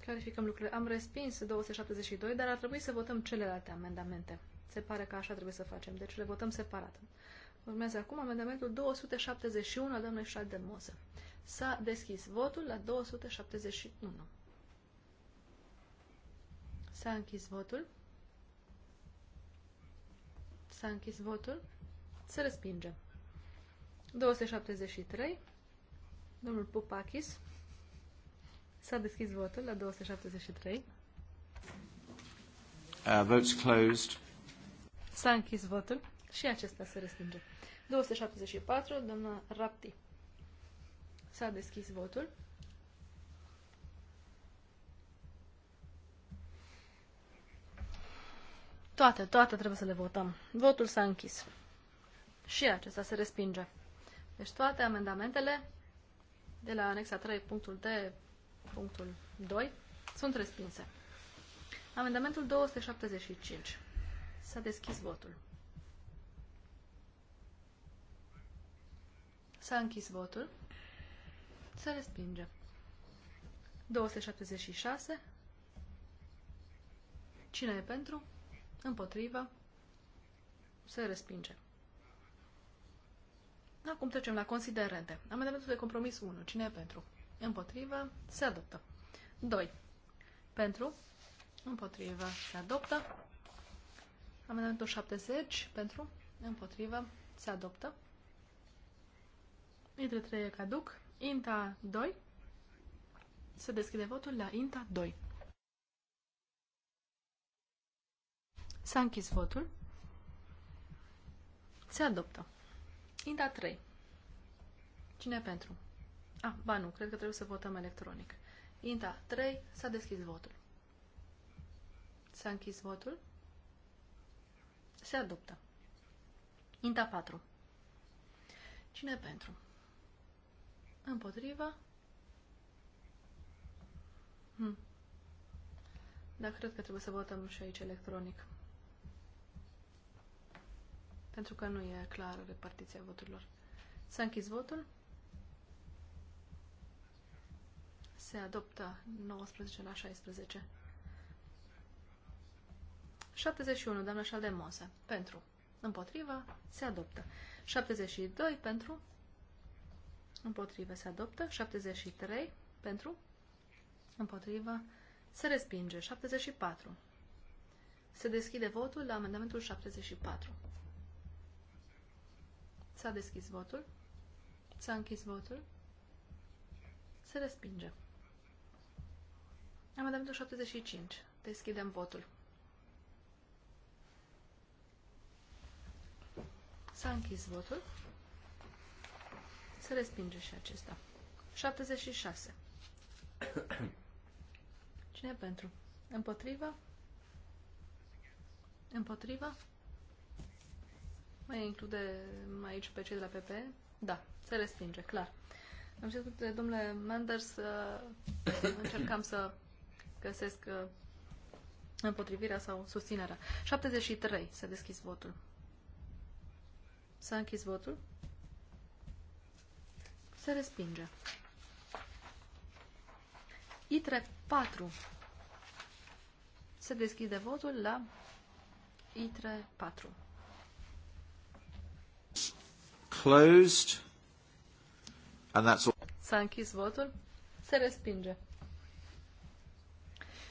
clarificăm lucrurile. Am respins 272, dar ar trebui să votăm celelalte amendamente. Se pare că așa trebuie să facem, deci le votăm separat. Urmează acum amendamentul 271 al doamnei Schaldemose. S-a deschis votul la 271. S-a închis votul. S-a închis votul. Se respinge. 273. Domnul Popakis. S-a deschis votul la 273. Uh, votes closed. S-a închis votul și acesta se respinge. 274, doamna Rapti. S-a deschis votul. Toate, toate trebuie să le votăm. Votul s-a închis. Și acesta se respinge. Deci toate amendamentele de la anexa 3, punctul D, punctul 2, sunt respinse. Amendamentul 275. S-a deschis votul. S-a închis votul. Se respinge. 276. Cine e pentru? Împotrivă? Se respinge. Acum trecem la considerente. Amendamentul de compromis 1. Cine e pentru? Împotrivă. Se adoptă. 2. Pentru. Împotrivă. Se adoptă. Amendamentul 70. Pentru. Împotrivă. Se adoptă. Între 3 e caduc. INTA 2. Se deschide votul la INTA 2. S-a închis votul. Se adoptă. Inta 3. Cine pentru? Ah, ba nu, cred că trebuie să votăm electronic. Inta 3, s-a deschis votul. S-a închis votul. Se adoptă. Inta 4. Cine pentru? Împotriva. Hm. Da, cred că trebuie să votăm și aici electronic pentru că nu e clară repartiția voturilor. S-a închis votul. Se adoptă 19 la 16. 71, doamna Șaldemose, pentru. Împotrivă, se adoptă. 72, pentru. Împotrivă, se adoptă. 73, pentru. Împotrivă, se respinge. 74. Se deschide votul la amendamentul 74. S-a deschis votul. S-a închis votul. Se respinge. Amendamentul 75. Deschidem votul. S-a închis votul. Se respinge și acesta. 76. Cine pentru? Împotriva? Împotriva? Mai include aici pe cei de la PP? Da, se respinge, clar. Am cerut de domnule Manders să încercam să găsesc uh, împotrivirea sau susținerea. 73. S-a deschis votul. S-a închis votul. Se respinge. ITRE 4. Se deschide votul la ITRE 4 closed. And that's all. S-a închis votul. Se respinge.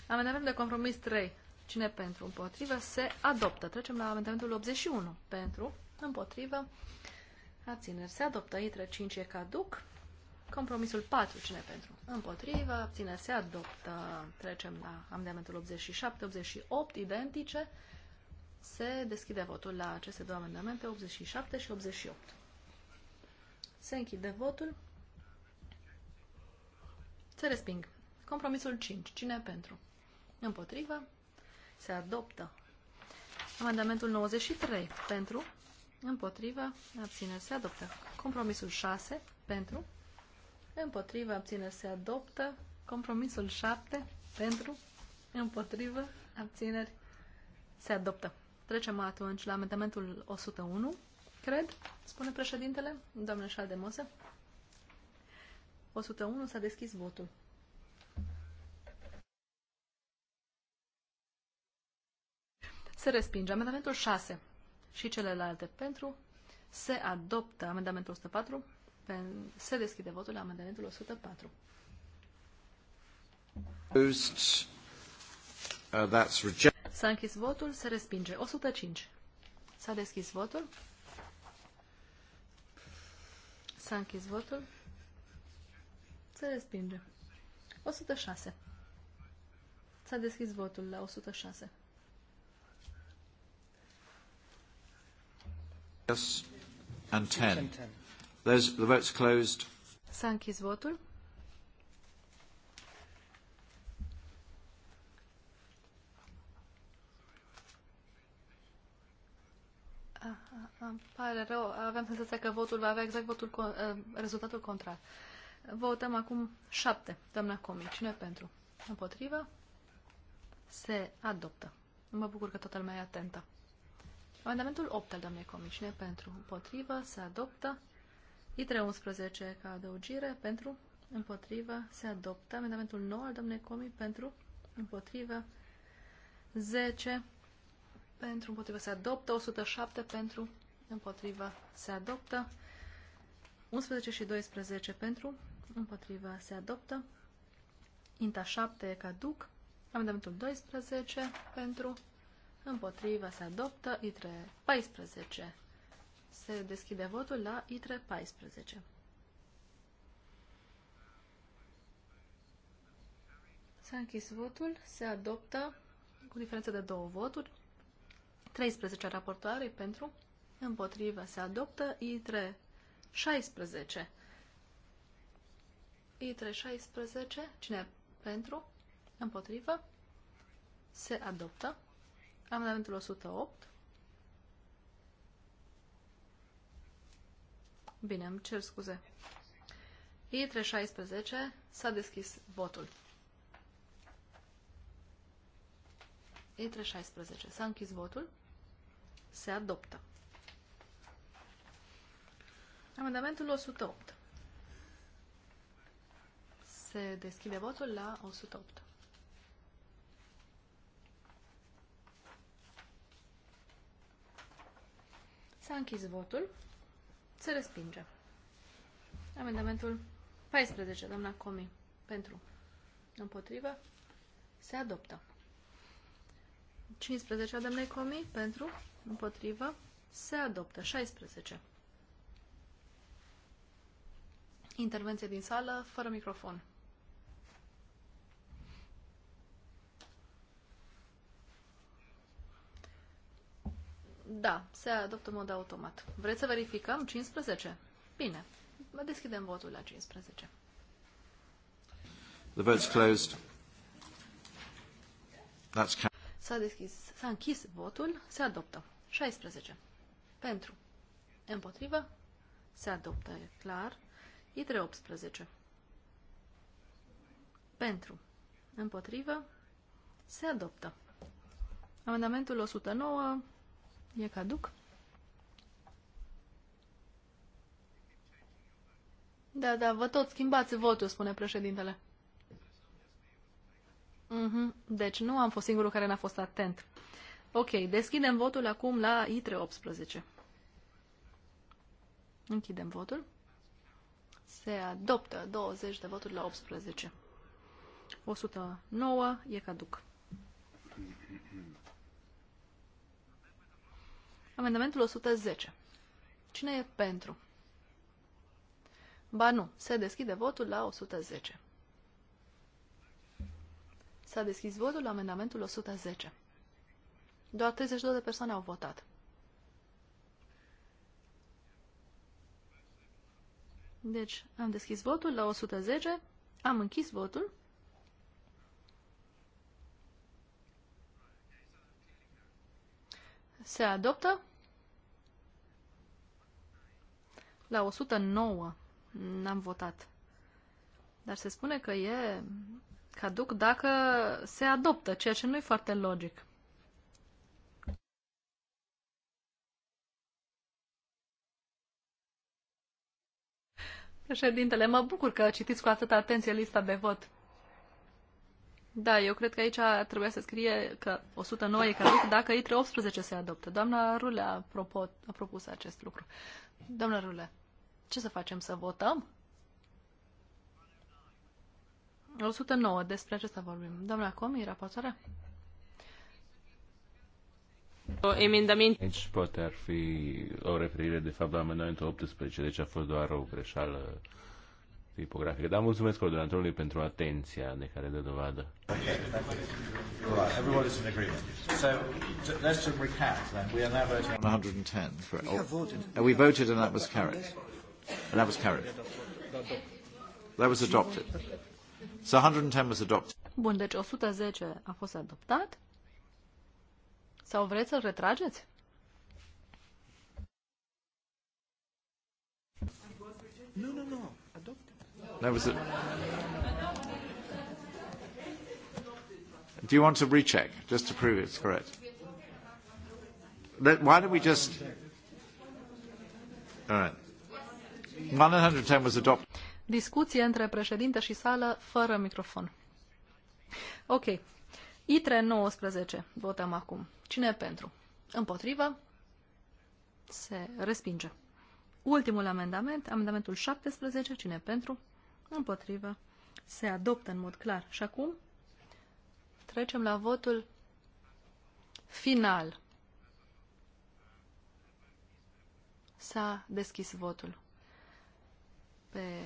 Amendamentul de compromis 3. Cine pentru împotrivă se adoptă. Trecem la amendamentul 81. Pentru împotrivă abțineri se adoptă. Intră 5 e caduc. Compromisul 4. Cine pentru împotrivă abțineri se adoptă. Trecem la amendamentul 87-88 identice. Se deschide votul la aceste două amendamente 87 și 88. Se închide votul. Se resping. Compromisul 5. Cine pentru? Împotrivă. Se adoptă. Amendamentul 93. Pentru. Împotrivă. Abțineri. Se adoptă. Compromisul 6. Pentru. Împotrivă. Abțineri. Se adoptă. Compromisul 7. Pentru. Împotrivă. Abțineri. Se adoptă. Trecem atunci la amendamentul 101 cred, spune președintele, de Șaldemose. 101 s-a deschis votul. Se respinge amendamentul 6 și celelalte pentru. Se adoptă amendamentul 104. se deschide votul la amendamentul 104. Uh, s-a închis votul, se respinge. 105. S-a deschis votul. S-a închis votul. Se respinge. 106. S-a deschis votul la 106. Yes. And 10. There's, the vote's closed. S-a închis votul. Îmi pare rău, aveam senzația că votul va avea exact votul, eh, rezultatul contrar. Votăm acum șapte, doamna Comi. Cine pentru? Împotrivă? Se adoptă. Mă bucur că toată lumea e atentă. Amendamentul 8 al doamnei Comi. Cine pentru? Împotrivă? Se adoptă. I311 ca adăugire pentru? Împotrivă? Se adoptă. Amendamentul 9 al doamnei Comi pentru? Împotrivă? 10 pentru, împotrivă se adoptă, 107 pentru, împotriva se adoptă. 11 și 12 pentru, împotriva se adoptă. Inta 7 e caduc. Amendamentul 12 pentru, împotriva se adoptă. ITRE 14 se deschide votul la ITRE 14. S-a închis votul, se adoptă cu diferență de două voturi. 13 raportoare pentru, împotrivă, se adoptă. I3, 16. I3, 16, cine pentru, împotrivă, se adoptă. Amendamentul 108. Bine, îmi cer scuze. i 3 16, s-a deschis votul. i 3 16, s-a închis votul. Se adoptă. Amendamentul 108. Se deschide votul la 108. S-a închis votul. Se respinge. Amendamentul 14, doamna Comi, pentru. Împotrivă. Se adoptă. 15 a doamnei Comi, pentru. Împotrivă. Se adoptă. 16. Intervenție din sală, fără microfon. Da, se adoptă în mod automat. Vreți să verificăm? 15. Bine. Deschidem votul la 15. The vote's closed. That's S-a deschis, s-a închis votul, se adoptă. 16. Pentru. Împotrivă. Se adoptă, clar. ITRE 18. Pentru. Împotrivă. Se adoptă. Amendamentul 109 e caduc. Da, da, vă tot schimbați votul, spune președintele. Mm -hmm. Deci nu am fost singurul care n-a fost atent. Ok, deschidem votul acum la ITRE 18. Închidem votul se adoptă 20 de voturi la 18. 109 e caduc. Amendamentul 110. Cine e pentru? Ba nu, se deschide votul la 110. S-a deschis votul la amendamentul 110. Doar 32 de persoane au votat. Deci am deschis votul la 110, am închis votul. Se adoptă la 109. N-am votat. Dar se spune că e caduc dacă se adoptă, ceea ce nu e foarte logic. Președintele, mă bucur că citiți cu atâta atenție lista de vot. Da, eu cred că aici trebuie să scrie că 109 e caduc dacă ITRE 18 se adoptă. Doamna Rulea a, a propus acest lucru. Doamna Rulea, ce să facem? Să votăm? 109, despre acesta vorbim. Doamna Comi, raportoarea? Emendament. Deci poate ar fi o referire de fapt la amendamentul 18, deci a fost doar o greșeală tipografică. Dar mulțumesc coordonatorului pentru atenția de care dă dovadă. Okay. Right, in agreement. So, let's recap then. We are now voting 110 for We have oh, voted and that was carried. And that was carried. That was adopted. So 110 was adopted. Bun, deci 110 a fost adoptat. Sau vreți să-l retrageți? Nu, nu, nu. Adopt. That was a... Do you want to recheck just to prove it's correct? Let, why don't we just? All right. 110 was adopted. Discuție între președinte și sală fără microfon. Ok, ITRE 19. Votăm acum. Cine e pentru? Împotrivă? Se respinge. Ultimul amendament, amendamentul 17. Cine e pentru? Împotrivă. Se adoptă în mod clar. Și acum trecem la votul final. S-a deschis votul pe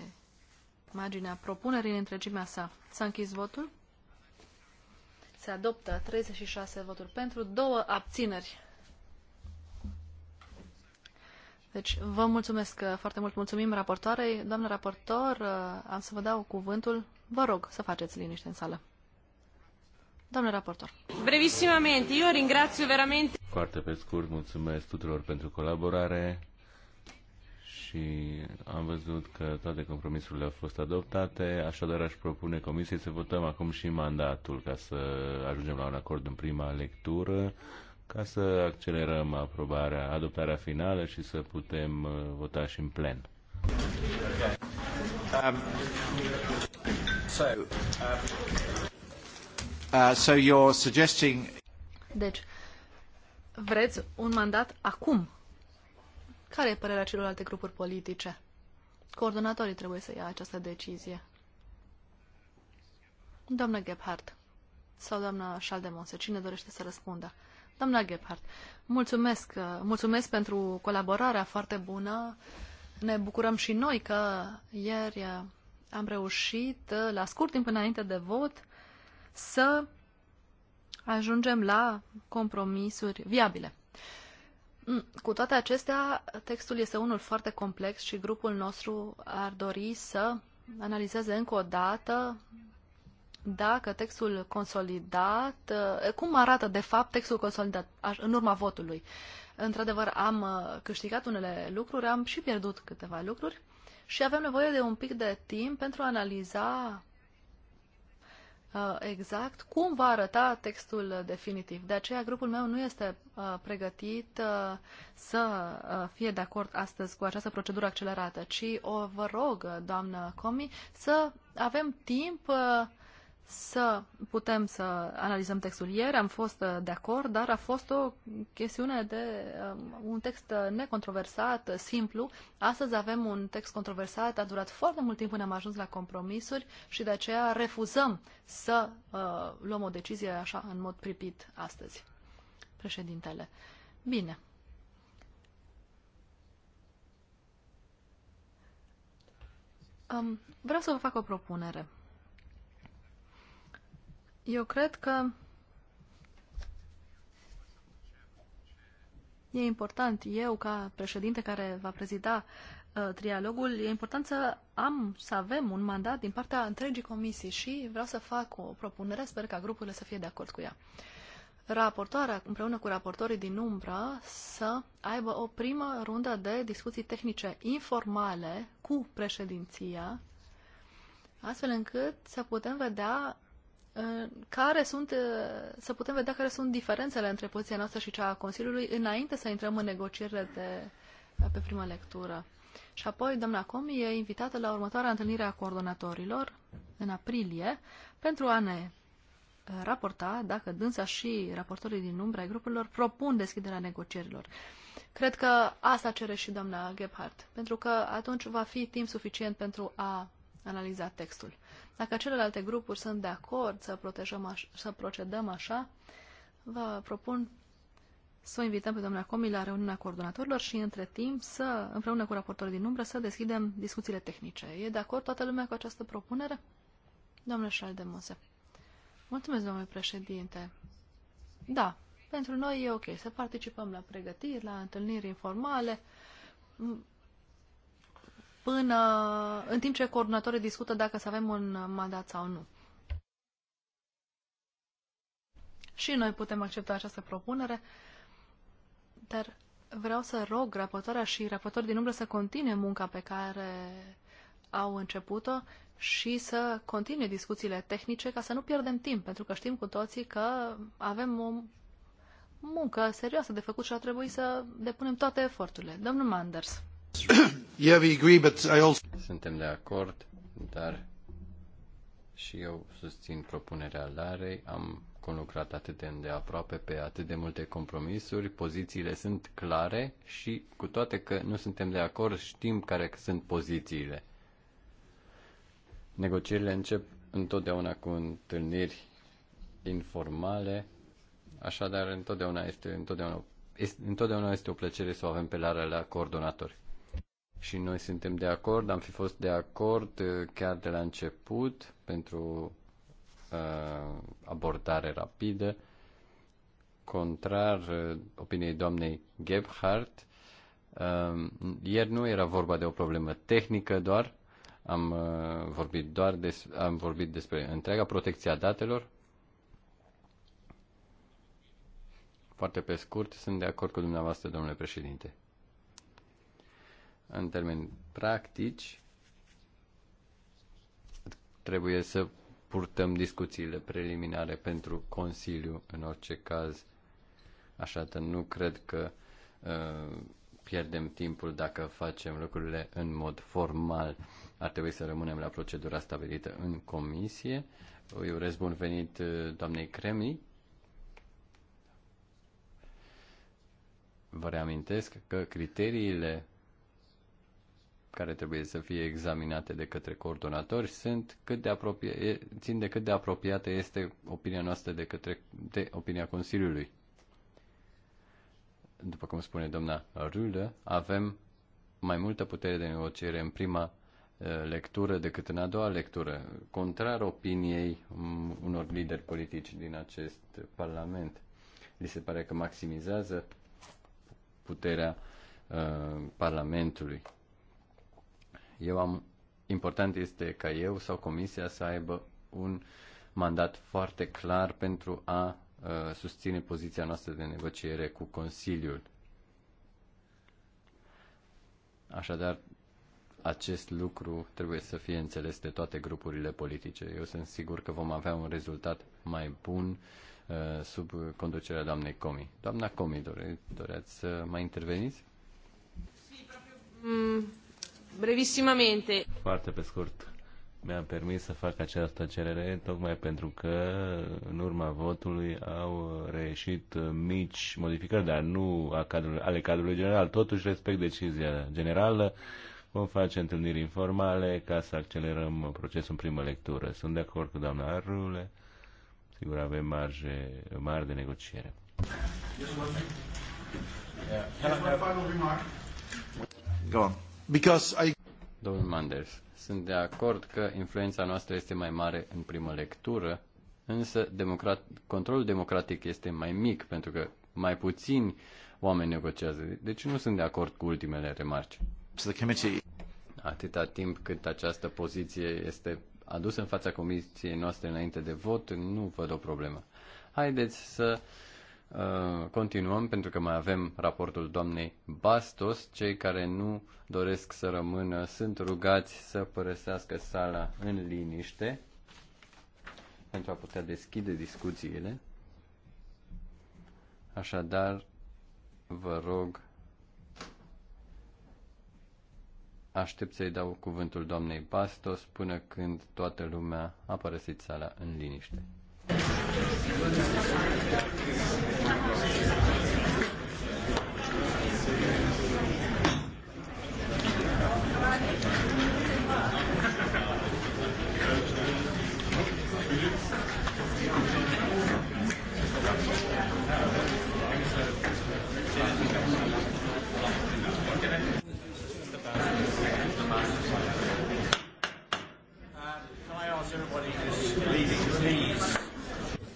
marginea propunerii în întregimea sa. S-a închis votul se adoptă 36 voturi pentru, două abțineri. Deci vă mulțumesc uh, foarte mult, mulțumim raportoarei. Doamnă raportor, uh, am să vă dau cuvântul. Vă rog să faceți liniște în sală. Doamnă raportor. Brevisimamente, eu ringrazio veramente. Foarte pe scurt, mulțumesc tuturor pentru colaborare și am văzut că toate compromisurile au fost adoptate, așadar aș propune Comisiei să votăm acum și mandatul ca să ajungem la un acord în prima lectură, ca să accelerăm aprobarea, adoptarea finală și să putem uh, vota și în plen. Um, um, uh, deci, vreți un mandat acum care e părerea celorlalte grupuri politice? Coordonatorii trebuie să ia această decizie. Doamna Gebhardt sau doamna Schaldemose, cine dorește să răspundă? Doamna Gebhardt, mulțumesc, mulțumesc pentru colaborarea foarte bună. Ne bucurăm și noi că ieri am reușit, la scurt timp înainte de vot, să ajungem la compromisuri viabile. Mm, cu toate acestea, textul este unul foarte complex și grupul nostru ar dori să analizeze încă o dată dacă textul consolidat, eh, cum arată de fapt textul consolidat în urma votului. Într-adevăr, am eh, câștigat unele lucruri, am și pierdut câteva lucruri și avem nevoie de un pic de timp pentru a analiza Uh, exact cum va arăta textul definitiv. De aceea, grupul meu nu este uh, pregătit uh, să fie de acord astăzi cu această procedură accelerată, ci o vă rog, doamnă Comi, să avem timp să putem să analizăm textul ieri, am fost uh, de acord, dar a fost o chestiune de um, un text uh, necontroversat, uh, simplu. Astăzi avem un text controversat, a durat foarte mult timp până am ajuns la compromisuri și de aceea refuzăm să uh, luăm o decizie așa în mod pripit astăzi. Președintele. Bine. Um, vreau să vă fac o propunere. Eu cred că e important, eu ca președinte care va prezida uh, trialogul, e important să am, să avem un mandat din partea întregii comisii și vreau să fac o propunere, sper ca grupurile să fie de acord cu ea. Raportoarea, împreună cu raportorii din umbră, să aibă o primă rundă de discuții tehnice informale cu președinția, astfel încât să putem vedea care sunt, uh, să putem vedea care sunt diferențele între poziția noastră și cea a Consiliului înainte să intrăm în negocierile de, pe prima lectură. Și apoi doamna Comi e invitată la următoarea întâlnire a coordonatorilor în aprilie pentru a ne uh, raporta dacă dânsa și raportorii din umbra ai grupurilor propun deschiderea negocierilor. Cred că asta cere și doamna Gebhardt, pentru că atunci va fi timp suficient pentru a analiza textul. Dacă celelalte grupuri sunt de acord să, protejăm aș, să procedăm așa, vă propun să o invităm pe doamna Comi la reuniunea coordonatorilor și între timp să, împreună cu raportorii din umbră, să deschidem discuțiile tehnice. E de acord toată lumea cu această propunere? Doamne Șaldemose. Mulțumesc, domnule președinte. Da, pentru noi e ok să participăm la pregătiri, la întâlniri informale până în timp ce coordonatorii discută dacă să avem un mandat sau nu. Și noi putem accepta această propunere, dar vreau să rog raportoarea și raportorii din umbră să continue munca pe care au început-o și să continue discuțiile tehnice ca să nu pierdem timp, pentru că știm cu toții că avem o muncă serioasă de făcut și ar trebui să depunem toate eforturile. Domnul Manders. Suntem de acord, dar și eu susțin propunerea Larei. Am conlucrat atât de îndeaproape pe atât de multe compromisuri, pozițiile sunt clare și cu toate că nu suntem de acord, știm care sunt pozițiile. Negocierile încep întotdeauna cu întâlniri informale, așadar întotdeauna este, întotdeauna, este, întotdeauna este o plăcere să o avem pe Lara la coordonatori și noi suntem de acord, am fi fost de acord uh, chiar de la început pentru uh, abordare rapidă. Contrar uh, opiniei doamnei Gebhardt, uh, ieri nu era vorba de o problemă tehnică doar, am uh, vorbit doar des, am vorbit despre întreaga protecție a datelor. Foarte pe scurt, sunt de acord cu dumneavoastră, domnule președinte. În termeni practici, trebuie să purtăm discuțiile preliminare pentru Consiliu în orice caz. Așa că nu cred că uh, pierdem timpul dacă facem lucrurile în mod formal. Ar trebui să rămânem la procedura stabilită în comisie. Îi urez bun venit uh, doamnei Cremi. Vă reamintesc că criteriile care trebuie să fie examinate de către coordonatori sunt cât de apropie, țin de cât de apropiată este opinia noastră de, către, de opinia Consiliului. După cum spune doamna Rulă, avem mai multă putere de negociere în prima lectură decât în a doua lectură, contrar opiniei unor lideri politici din acest Parlament. Li se pare că maximizează puterea uh, Parlamentului. Eu am, important este ca eu sau comisia să aibă un mandat foarte clar pentru a uh, susține poziția noastră de negociere cu Consiliul. Așadar, acest lucru trebuie să fie înțeles de toate grupurile politice. Eu sunt sigur că vom avea un rezultat mai bun uh, sub conducerea doamnei Comi. Doamna Comi, dore, doreați să mai interveniți? Mm brevissimamente. Foarte pe scurt. Mi-am permis să fac această cerere tocmai pentru că în urma votului au reieșit mici modificări, dar nu a cadrului, ale cadrului general. Totuși respect decizia generală. Vom face întâlniri informale ca să accelerăm procesul în primă lectură. Sunt de acord cu doamna Arule. Sigur, avem marge mari de negociere. Go on. Because I... Domnul Manders, sunt de acord că influența noastră este mai mare în primă lectură, însă democrat, controlul democratic este mai mic, pentru că mai puțini oameni negociază. Deci nu sunt de acord cu ultimele remarci. Atâta timp cât această poziție este adusă în fața comisiei noastre înainte de vot, nu văd o problemă. Haideți să uh, Uh, continuăm pentru că mai avem raportul doamnei Bastos. Cei care nu doresc să rămână sunt rugați să părăsească sala în liniște pentru a putea deschide discuțiile. Așadar, vă rog, aștept să-i dau cuvântul doamnei Bastos până când toată lumea a părăsit sala în liniște.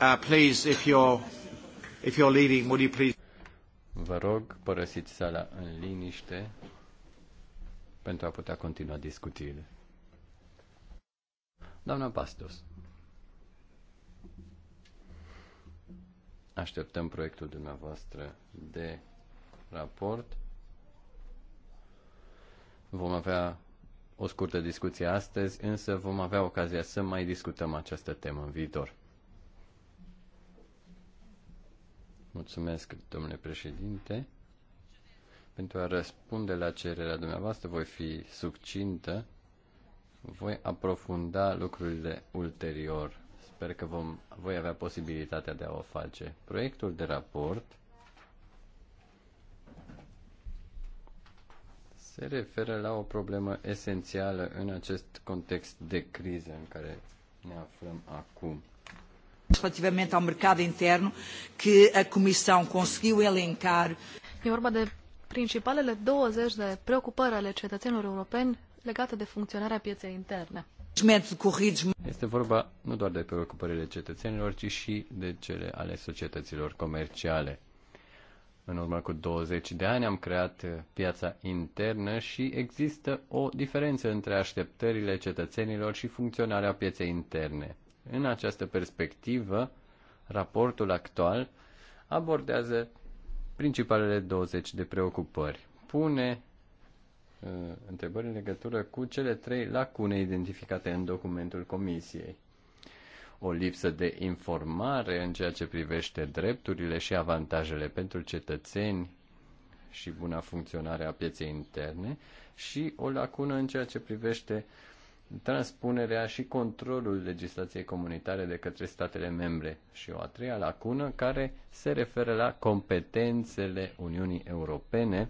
Uh, please, if you're, if you're would you please... Vă rog, părăsiți sala în liniște pentru a putea continua discuțiile. Doamna Pastos, așteptăm proiectul dumneavoastră de raport. Vom avea o scurtă discuție astăzi, însă vom avea ocazia să mai discutăm această temă în viitor. Mulțumesc, domnule președinte. Pentru a răspunde la cererea dumneavoastră, voi fi succintă. Voi aprofunda lucrurile ulterior. Sper că vom, voi avea posibilitatea de a o face. Proiectul de raport se referă la o problemă esențială în acest context de criză în care ne aflăm acum. Relativamente ao mercado interno, que a Comissão conseguiu elencar. E vorba de principalele 20 de preocupări ale cetățenilor europeni legate de funcționarea pieței interne. Este vorba nu doar de preocupările cetățenilor, ci și de cele ale societăților comerciale. În urmă cu 20 de ani am creat piața internă și există o diferență între așteptările cetățenilor și funcționarea pieței interne. În această perspectivă, raportul actual abordează principalele 20 de preocupări. Pune uh, întrebări în legătură cu cele trei lacune identificate în documentul Comisiei. O lipsă de informare în ceea ce privește drepturile și avantajele pentru cetățeni și buna funcționare a pieței interne și o lacună în ceea ce privește uh, transpunerea și controlul legislației comunitare de către statele membre și o a treia lacună care se referă la competențele Uniunii Europene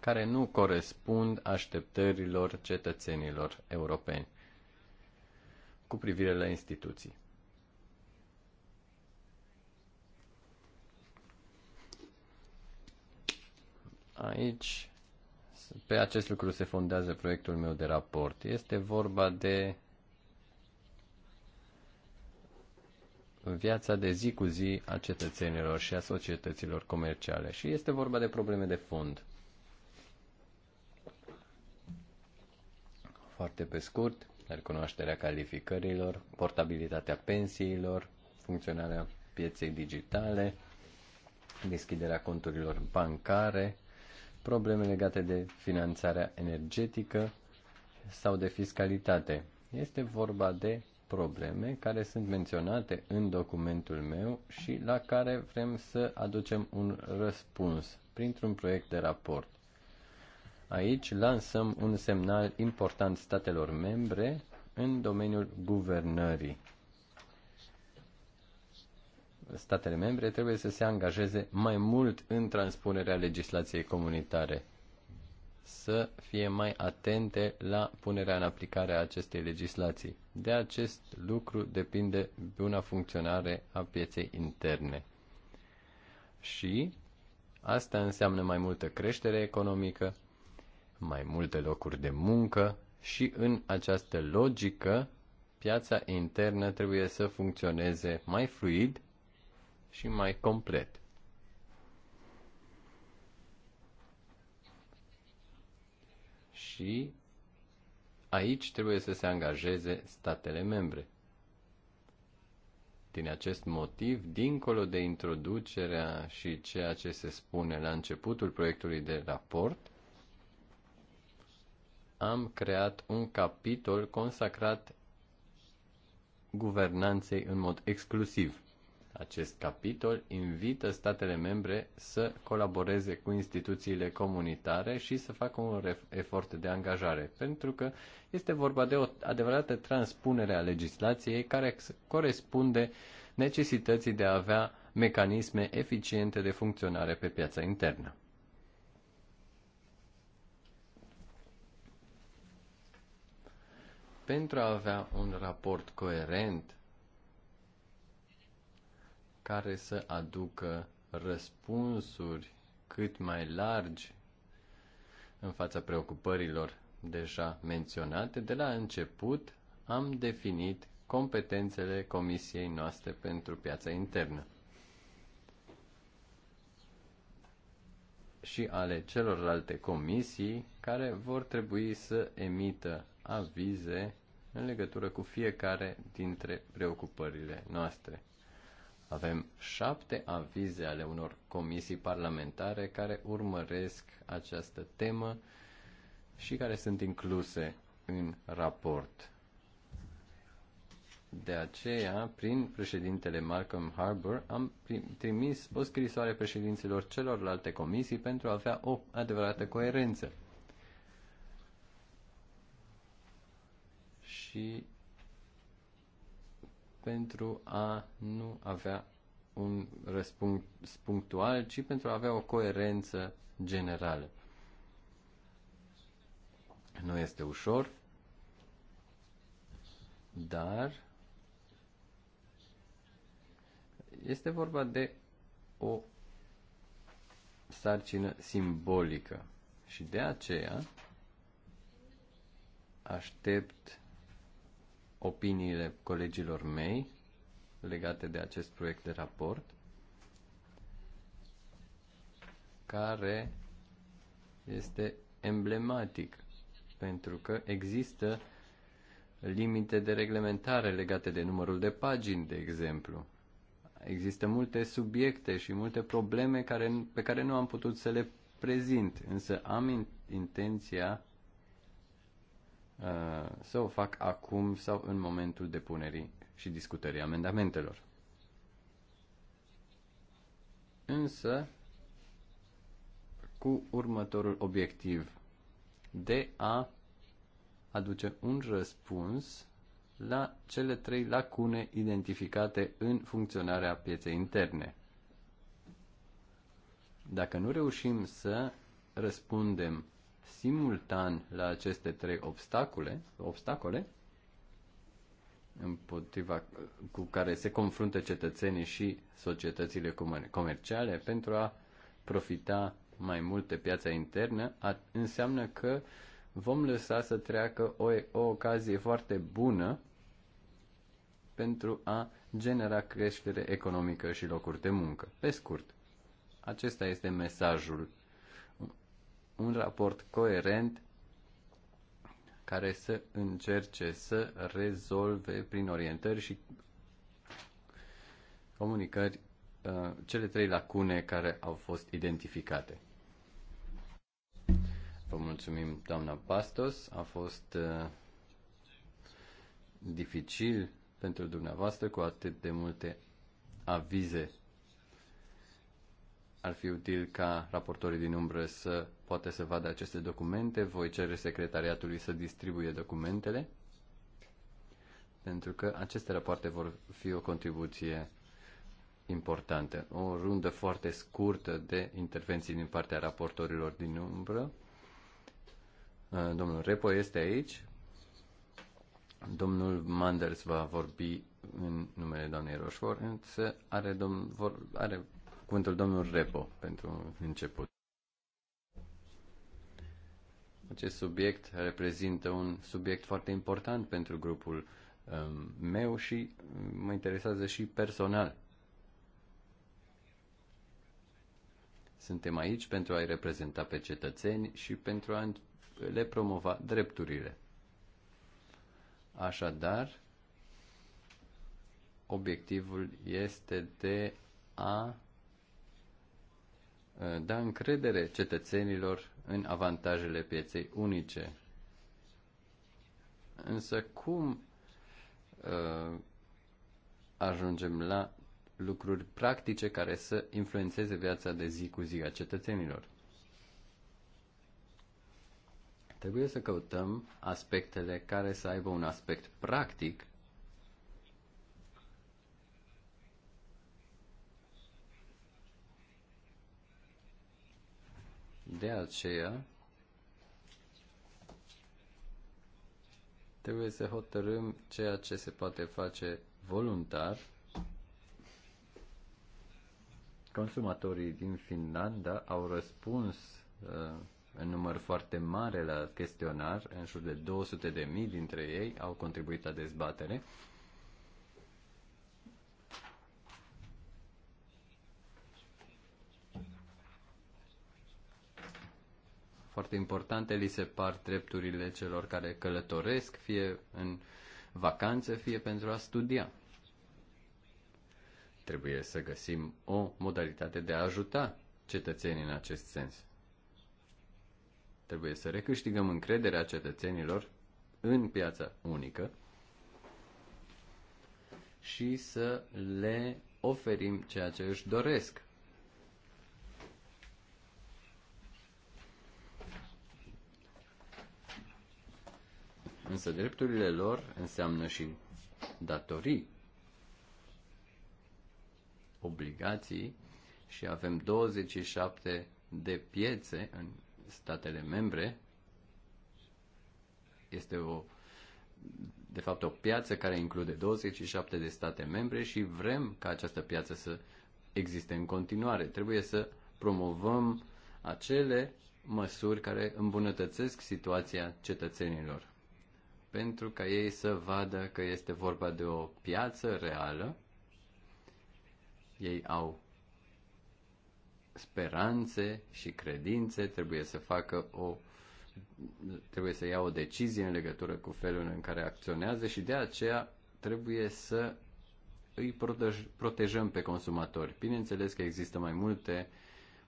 care nu corespund așteptărilor cetățenilor europeni cu privire la instituții. Aici pe acest lucru se fondează proiectul meu de raport. Este vorba de viața de zi cu zi a cetățenilor și a societăților comerciale și este vorba de probleme de fond. Foarte pe scurt, recunoașterea calificărilor, portabilitatea pensiilor, funcționarea pieței digitale, deschiderea conturilor bancare, probleme legate de finanțarea energetică sau de fiscalitate. Este vorba de probleme care sunt menționate în documentul meu și la care vrem să aducem un răspuns printr-un proiect de raport. Aici lansăm un semnal important statelor membre în domeniul guvernării statele membre trebuie să se angajeze mai mult în transpunerea legislației comunitare, să fie mai atente la punerea în aplicare a acestei legislații. De acest lucru depinde buna funcționare a pieței interne. Și asta înseamnă mai multă creștere economică, mai multe locuri de muncă și în această logică piața internă trebuie să funcționeze mai fluid și mai complet. Și aici trebuie să se angajeze statele membre. Din acest motiv, dincolo de introducerea și ceea ce se spune la începutul proiectului de raport, am creat un capitol consacrat guvernanței în mod exclusiv. Acest capitol invită statele membre să colaboreze cu instituțiile comunitare și să facă un efort de angajare, pentru că este vorba de o adevărată transpunere a legislației care corespunde necesității de a avea mecanisme eficiente de funcționare pe piața internă. Pentru a avea un raport coerent care să aducă răspunsuri cât mai largi în fața preocupărilor deja menționate. De la început am definit competențele Comisiei noastre pentru piața internă și ale celorlalte comisii care vor trebui să emită avize în legătură cu fiecare dintre preocupările noastre. Avem șapte avize ale unor comisii parlamentare care urmăresc această temă și care sunt incluse în raport. De aceea, prin președintele Malcolm Harbour, am trimis o scrisoare președinților celorlalte comisii pentru a avea o adevărată coerență. Și pentru a nu avea un răspuns punctual, ci pentru a avea o coerență generală. Nu este ușor, dar este vorba de o sarcină simbolică și de aceea aștept opiniile colegilor mei legate de acest proiect de raport, care este emblematic, pentru că există limite de reglementare legate de numărul de pagini, de exemplu. Există multe subiecte și multe probleme care, pe care nu am putut să le prezint, însă am intenția Uh, să o fac acum sau în momentul depunerii și discutării amendamentelor. Însă, cu următorul obiectiv de a aduce un răspuns la cele trei lacune identificate în funcționarea pieței interne. Dacă nu reușim să răspundem simultan la aceste trei obstacole, obstacole împotriva, cu care se confruntă cetățenii și societățile comerciale pentru a profita mai mult de piața internă, a, înseamnă că vom lăsa să treacă o, o ocazie foarte bună pentru a genera creștere economică și locuri de muncă. Pe scurt, acesta este mesajul un raport coerent care să încerce să rezolve prin orientări și comunicări uh, cele trei lacune care au fost identificate. Vă mulțumim, doamna Bastos. A fost uh, dificil pentru dumneavoastră cu atât de multe avize. Ar fi util ca raportorii din umbră să poate să vadă aceste documente. Voi cere secretariatului să distribuie documentele, pentru că aceste rapoarte vor fi o contribuție importantă. O rundă foarte scurtă de intervenții din partea raportorilor din umbră. Uh, domnul Repo este aici. Domnul Manders va vorbi în numele doamnei Roșfor, însă are, domn, vor, are cuvântul domnul Repo pentru început. Acest subiect reprezintă un subiect foarte important pentru grupul um, meu și um, mă interesează și personal. Suntem aici pentru a-i reprezenta pe cetățeni și pentru a le promova drepturile. Așadar, obiectivul este de a uh, da încredere cetățenilor în avantajele pieței unice. Însă cum uh, ajungem la lucruri practice care să influențeze viața de zi cu zi a cetățenilor? Trebuie să căutăm aspectele care să aibă un aspect practic De aceea, trebuie să hotărâm ceea ce se poate face voluntar. Consumatorii din Finlanda au răspuns uh, în număr foarte mare la chestionar, în jur de 200 de mii dintre ei au contribuit la dezbatere foarte importante li se par drepturile celor care călătoresc, fie în vacanță, fie pentru a studia. Trebuie să găsim o modalitate de a ajuta cetățenii în acest sens. Trebuie să recâștigăm încrederea cetățenilor în piața unică și să le oferim ceea ce își doresc Însă drepturile lor înseamnă și datorii, obligații și avem 27 de piețe în statele membre. Este o de fapt o piață care include 27 de state membre și vrem ca această piață să existe în continuare. Trebuie să promovăm acele măsuri care îmbunătățesc situația cetățenilor pentru ca ei să vadă că este vorba de o piață reală. Ei au speranțe și credințe, trebuie să facă o trebuie să ia o decizie în legătură cu felul în care acționează și de aceea trebuie să îi protejăm pe consumatori. Bineînțeles că există mai multe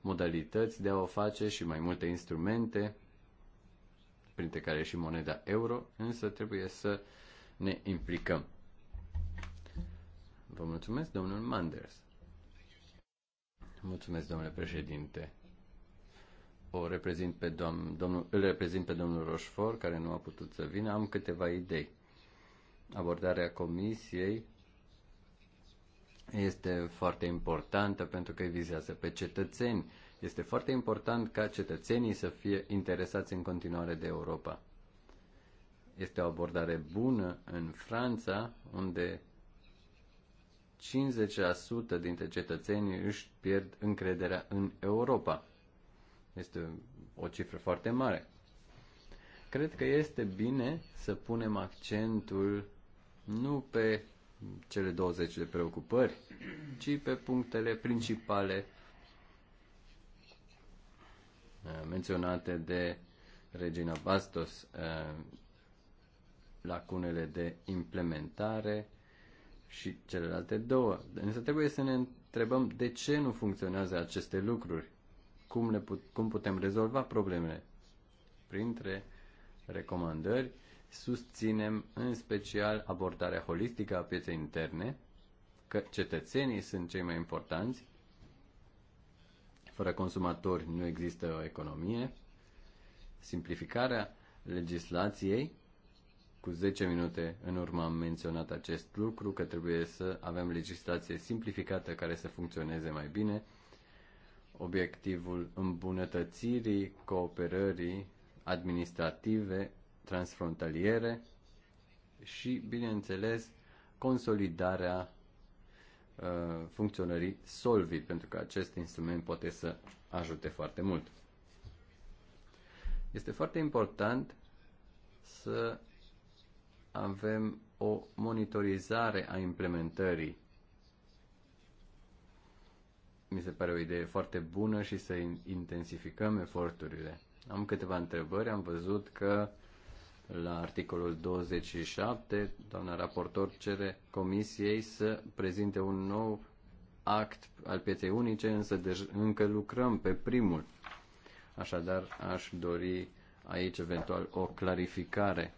modalități de a o face și mai multe instrumente printre care și moneda euro, însă trebuie să ne implicăm. Vă mulțumesc, domnul Manders. Mulțumesc, domnule președinte. O reprezint pe doam, domnul, îl reprezint pe domnul Roșfor, care nu a putut să vină. Am câteva idei. Abordarea comisiei este foarte importantă pentru că vizează pe cetățeni este foarte important ca cetățenii să fie interesați în continuare de Europa. Este o abordare bună în Franța, unde 50% dintre cetățenii își pierd încrederea în Europa. Este o cifră foarte mare. Cred că este bine să punem accentul nu pe cele 20 de preocupări, ci pe punctele principale Uh, menționate de Regina Bastos, uh, lacunele de implementare și celelalte două. Însă trebuie să ne întrebăm de ce nu funcționează aceste lucruri, cum, le put, cum putem rezolva problemele. Printre recomandări, susținem în special abordarea holistică a pieței interne, că cetățenii sunt cei mai importanți fără consumatori nu există o economie. Simplificarea legislației, cu 10 minute în urmă am menționat acest lucru, că trebuie să avem legislație simplificată care să funcționeze mai bine. Obiectivul îmbunătățirii cooperării administrative transfrontaliere și, bineînțeles, consolidarea Uh, funcționării Solvit, pentru că acest instrument poate să ajute foarte mult. Este foarte important să avem o monitorizare a implementării. Mi se pare o idee foarte bună și să intensificăm eforturile. Am câteva întrebări, am văzut că uh, la articolul 27, doamna raportor cere Comisiei să prezinte un nou act al pieței unice, însă deci încă lucrăm pe primul. Așadar, aș dori aici eventual o clarificare.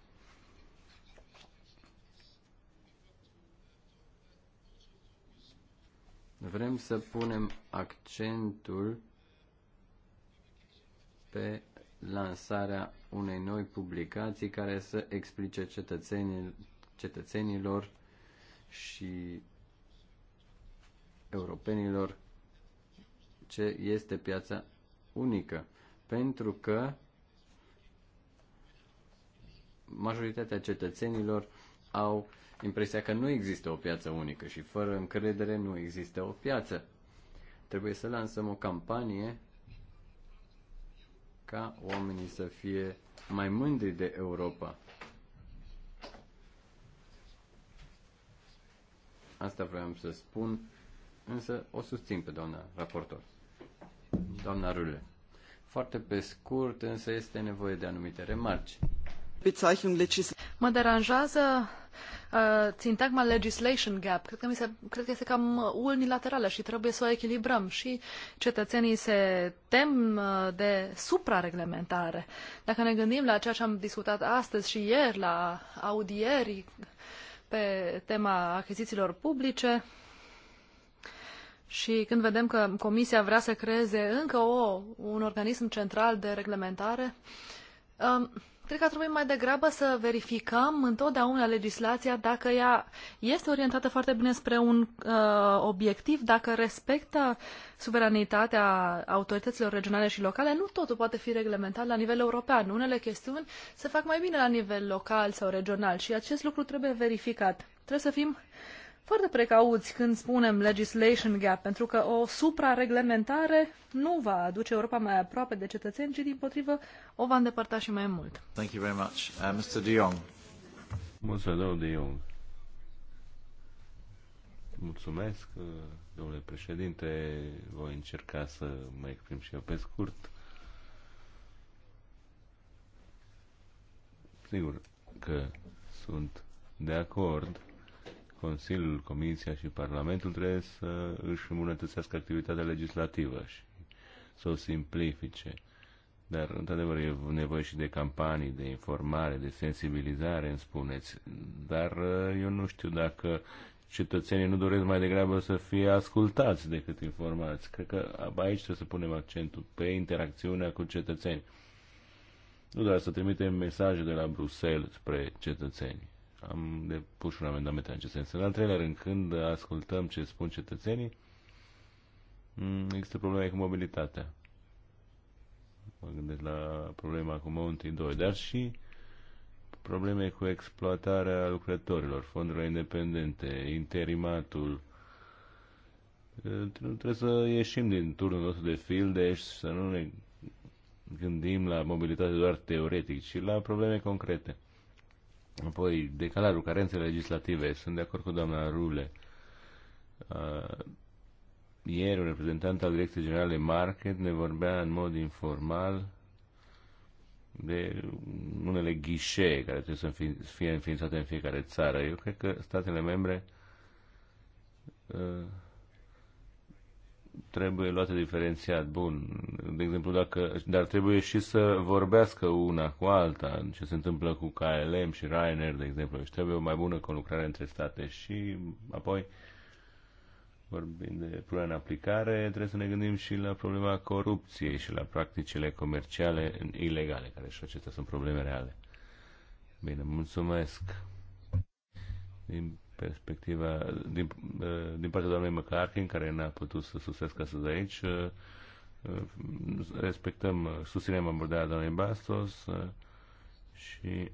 Vrem să punem accentul pe lansarea unei noi publicații care să explice cetățenii, cetățenilor și europenilor ce este piața unică. Pentru că majoritatea cetățenilor au impresia că nu există o piață unică și fără încredere nu există o piață. Trebuie să lansăm o campanie ca oamenii să fie mai mândri de Europa. Asta vreau să spun, însă o susțin pe doamna raportor. Doamna Rule. Foarte pe scurt, însă este nevoie de anumite remarci. Mă deranjează uh, sintagma legislation gap. Cred că, mi se, cred că este cam unilaterală și trebuie să o echilibrăm. Și cetățenii se tem uh, de suprareglementare. Dacă ne gândim la ceea ce am discutat astăzi și ieri la audieri pe tema achizițiilor publice, și când vedem că Comisia vrea să creeze încă o, un organism central de reglementare, um, Cred că ar trebui mai degrabă să verificăm întotdeauna legislația dacă ea este orientată foarte bine spre un uh, obiectiv, dacă respectă suveranitatea autorităților regionale și locale. Nu totul poate fi reglementat la nivel european. Unele chestiuni se fac mai bine la nivel local sau regional și acest lucru trebuie verificat. Trebuie să fim uh, foarte precauți când spunem legislation gap, pentru că o suprareglementare nu va aduce Europa mai aproape de cetățeni, ci din potrivă o va îndepărta și mai mult. Thank you very much. Uh, Mr. De Jong. Mulțumesc, De Jong. Mulțumesc, uh, domnule președinte. Voi încerca să mă exprim și eu pe scurt. Sigur că sunt de acord Consiliul, Comisia și Parlamentul trebuie să își îmbunătățească activitatea legislativă și să o simplifice. Dar, într-adevăr, e nevoie și de campanii, de informare, de sensibilizare, îmi spuneți. Dar uh, eu nu știu dacă cetățenii nu doresc mai degrabă să fie ascultați decât informați. Cred că aici trebuie să punem accentul pe interacțiunea cu cetățenii. Nu doar să trimitem mesaje de la Bruxelles spre cetățeni am depus un amendament în acest sens. În al treilea rând, când ascultăm ce spun cetățenii, mm, există probleme cu mobilitatea. Mă gândesc la problema cu Mountain 2, dar și probleme cu exploatarea lucrătorilor, fondurile independente, interimatul. Trebuie să ieșim din turnul nostru de fildeș, să nu ne gândim la mobilitate doar teoretic, ci la probleme concrete. Apoi, decalarul, carențe legislative. Sunt de acord cu doamna Rule. Uh, ieri, un reprezentant al Direcției Generale Market ne vorbea în mod informal de unele ghișee care trebuie să fie înființate în fiecare țară. Eu cred că statele membre uh, trebuie luate diferențiat. Bun, de exemplu, dacă, dar trebuie și să vorbească una cu alta, ce se întâmplă cu KLM și Ryanair, de exemplu, și deci trebuie o mai bună conlucrare între state și apoi vorbind de problema în aplicare, trebuie să ne gândim și la problema corupției și la practicile comerciale ilegale, care și acestea sunt probleme reale. Bine, mulțumesc. Din perspectiva din, din partea doamnei McCarthy, care n-a putut să susțească astăzi aici. Uh, uh, respectăm, uh, susținem abordarea doamnei Bastos și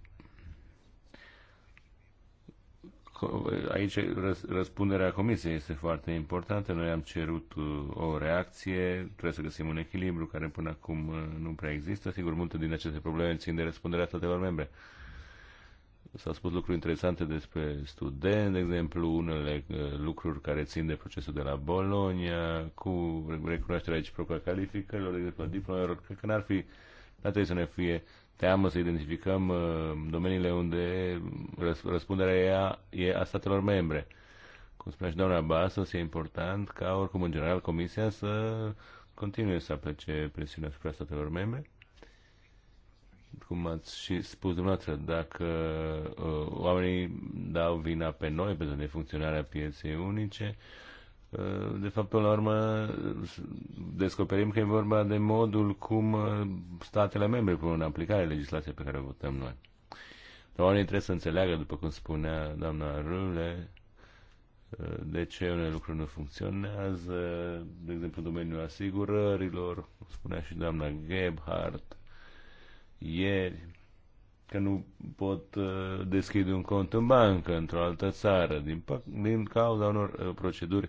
aici răspunderea comisiei este foarte importantă. Noi am cerut o reacție, trebuie să găsim un echilibru care până acum nu prea există. Sigur, multe din aceste probleme țin de răspunderea statelor membre s-au spus lucruri interesante despre studenți, de exemplu, unele uh, lucruri care țin de procesul de la Bologna, cu recunoașterea aici propria calificărilor, de exemplu, diplomelor. Cred că n-ar fi, n trebui să ne fie teamă să identificăm uh, domeniile unde răspunderea ea a, e a statelor membre. Cum spunea și doamna Basos, e important ca, oricum, în general, Comisia să continue să aplece presiunea asupra statelor membre cum ați și spus dumneavoastră, dacă uh, oamenii dau vina pe noi pentru nefuncționarea pieței unice, uh, de fapt, până la urmă, descoperim că e vorba de modul cum uh, statele membre pun în aplicare legislația pe care o votăm noi. Dar oamenii trebuie să înțeleagă, după cum spunea doamna Râle, uh, de ce unele lucruri nu funcționează, de exemplu domeniul asigurărilor, spunea și doamna Gebhardt, ieri că nu pot uh, deschide un cont în bancă într-o altă țară din, din cauza unor uh, proceduri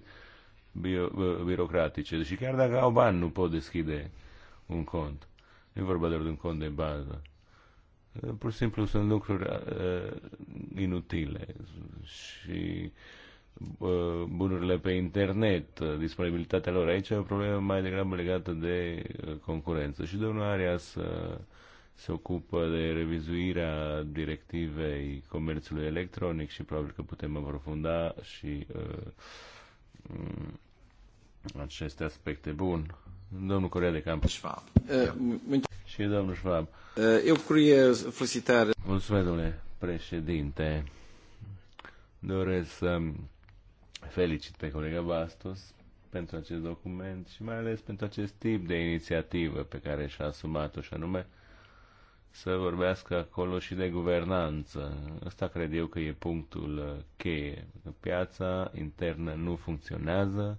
bio, uh, birocratice. Deci chiar dacă au bani nu pot deschide un cont. Nu e vorba doar de un cont de bază. Pur și simplu sunt lucruri inutile și bunurile pe internet, disponibilitatea lor. Aici e o problemă mai degrabă legată de concurență. Și domnul Arias se ocupă de revizuirea directivei comerțului electronic și probabil că putem aprofunda și uh, mm, aceste aspecte. Bun. Domnul Corea de Campos. Schwab. Uh, și domnul Schwab. Uh, eu curie felicitar. Mulțumesc, domnule președinte. Doresc să felicit pe colega Bastos pentru acest document și mai ales pentru acest tip de inițiativă pe care și-a asumat-o și anume să vorbească acolo și de guvernanță. Ăsta cred eu că e punctul uh, cheie. Piața internă nu funcționează.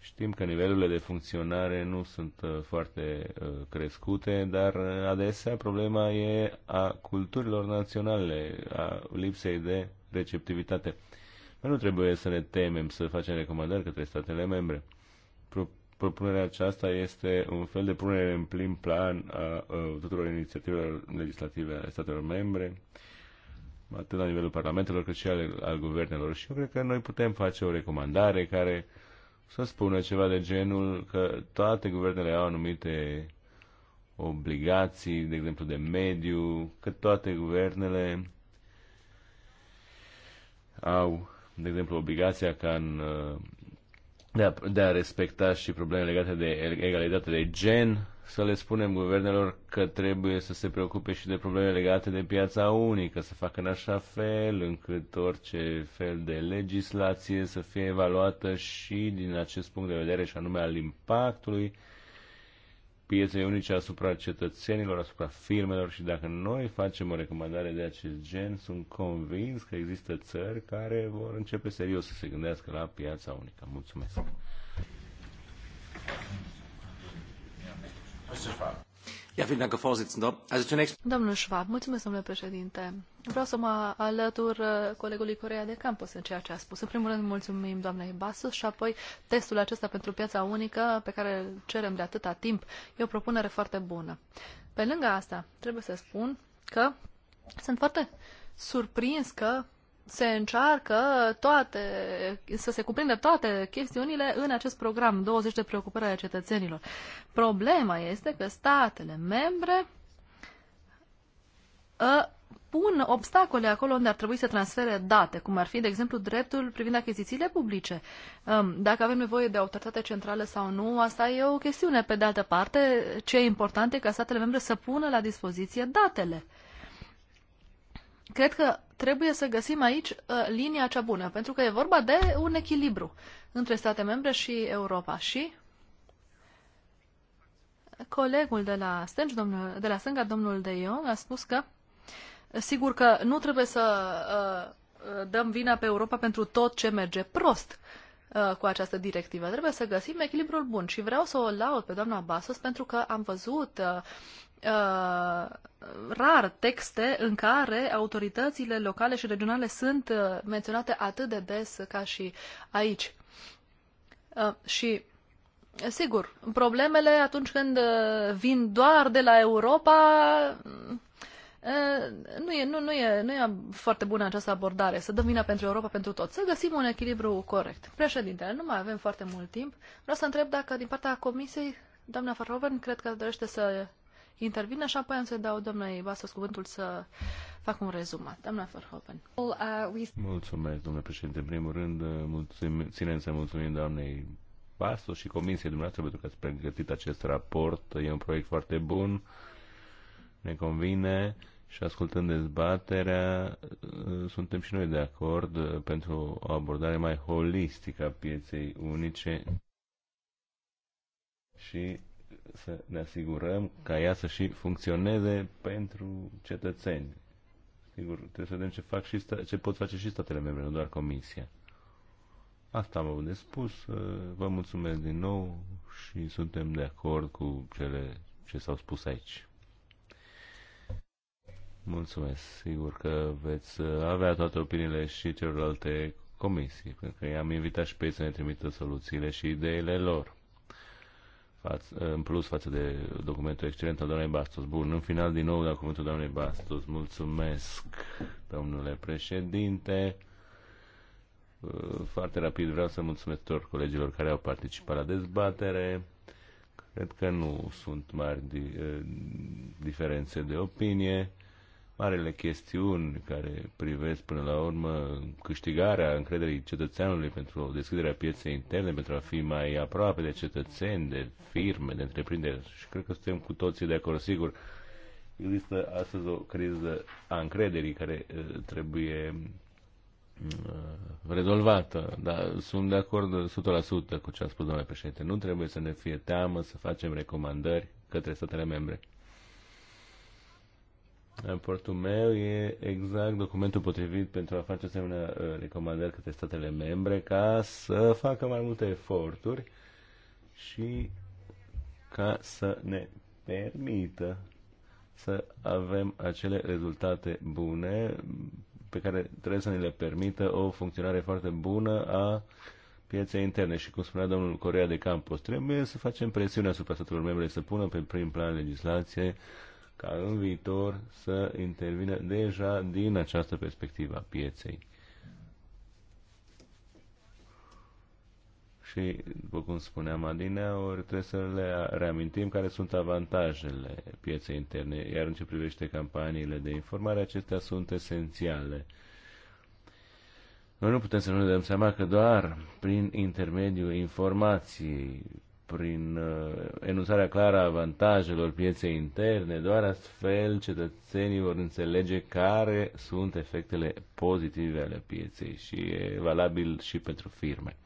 Știm că nivelurile de funcționare nu sunt uh, foarte uh, crescute, dar adesea problema e a culturilor naționale, a lipsei de receptivitate. Noi nu trebuie să ne temem să facem recomandări către statele membre propunerea aceasta este un fel de punere în plin plan a, a tuturor inițiativelor legislative ale statelor membre, atât la nivelul parlamentelor cât și al, al guvernelor. Și eu cred că noi putem face o recomandare care să spună ceva de genul că toate guvernele au anumite obligații, de exemplu de mediu, că toate guvernele au, de exemplu, obligația ca în uh, de a, de a respecta și probleme legate de egalitate de gen, să le spunem guvernelor că trebuie să se preocupe și de probleme legate de piața unică, să facă în așa fel încât orice fel de legislație să fie evaluată și din acest punct de vedere și anume al impactului pieței unice asupra cetățenilor, asupra firmelor și dacă noi facem o recomandare de acest gen, sunt convins că există țări care vor începe serios să se gândească la piața unică. Mulțumesc! Mr. Fowler. Domnul Schwab, mulțumesc, domnule președinte. Vreau să mă alătur uh, colegului Corea de Campos în ceea ce a spus. În primul rând, mulțumim doamnei Basus și apoi testul acesta pentru piața unică pe care îl cerem de atâta timp e o propunere foarte bună. Pe lângă asta, trebuie să spun că sunt foarte surprins că se încearcă toate, să se cuprindă toate chestiunile în acest program 20 de preocupări ale cetățenilor. Problema este că statele membre uh, pun obstacole acolo unde ar trebui să transfere date, cum ar fi, de exemplu, dreptul privind achizițiile publice. Dacă avem nevoie de autoritate centrală sau nu, asta e o chestiune. Pe de altă parte, ce e important e ca statele membre să pună la dispoziție datele cred că trebuie să găsim aici uh, linia cea bună, pentru că e vorba de un echilibru între state membre și Europa. Și colegul de la, Stenge, domnul, de la stânga, domnul De Jong, a spus că sigur că nu trebuie să uh, dăm vina pe Europa pentru tot ce merge prost uh, cu această directivă. Trebuie să găsim echilibrul bun și vreau să o laud pe doamna Basos pentru că am văzut uh, Uh, rar texte în care autoritățile locale și regionale sunt uh, menționate atât de des ca și aici. Uh, și Sigur, problemele atunci când vin doar de la Europa, nu e, nu, nu, e, nu e foarte bună această abordare, să dăm vina pentru Europa, pentru tot, să găsim un echilibru corect. Președintele, nu mai avem foarte mult timp. Vreau să întreb dacă din partea Comisiei, doamna Farhoven, cred că dorește să intervină și apoi am să dau domnului Vasos cuvântul să fac un rezumat. Doamna Verhoeven. Uh, Mulțumesc, domnule președinte. În primul rând, uh, mulțumim, ținem să mulțumim doamnei Vasos și comisiei dumneavoastră pentru că ați pregătit acest raport. E un proiect foarte bun, ne convine și ascultând dezbaterea, uh, suntem și noi de acord pentru o abordare mai holistică a pieței unice și să ne asigurăm ca ea să și funcționeze pentru cetățeni. Sigur, trebuie să vedem ce, fac și sta- ce pot face și statele membre, nu doar Comisia. Asta am avut de spus. Uh, vă mulțumesc din nou și suntem de acord cu cele ce s-au spus aici. Mulțumesc. Sigur că veți uh, avea toate opiniile și celorlalte comisii, pentru că i-am invitat și pe ei să ne trimită soluțiile și ideile lor în plus față de documentul excelent al doamnei Bastos. Bun, în final din nou la cuvântul doamnei Bastos. Mulțumesc, domnule președinte. Uh, foarte rapid vreau să mulțumesc tuturor colegilor care au participat la dezbatere. Cred că nu sunt mari uh, diferențe de opinie marele chestiuni care privesc până la urmă câștigarea încrederii cetățeanului pentru deschiderea pieței interne, pentru a fi mai aproape de cetățeni, de firme, de întreprinderi. Și cred că suntem cu toții de acord, sigur. Există astăzi o criză a încrederii care eh, trebuie eh, rezolvată, dar sunt de acord 100% cu ce a spus domnule președinte. Nu trebuie să ne fie teamă să facem recomandări către statele membre Raportul meu e exact documentul potrivit pentru a face asemenea uh, recomandări către statele membre ca să facă mai multe eforturi și ca să ne permită să avem acele rezultate bune pe care trebuie să ne le permită o funcționare foarte bună a pieței interne. Și cum spunea domnul Corea de Campos, trebuie să facem presiune asupra statelor membre să pună pe prim plan legislație ca în viitor să intervină deja din această perspectivă a pieței. Și, după cum spuneam adineaori, trebuie să le reamintim care sunt avantajele pieței interne, iar în ce privește campaniile de informare, acestea sunt esențiale. Noi nu putem să nu ne dăm seama că doar prin intermediul informației prin uh, enunțarea clară a avantajelor pieței interne, doar astfel cetățenii vor înțelege care sunt efectele pozitive ale pieței și e valabil și pentru firme.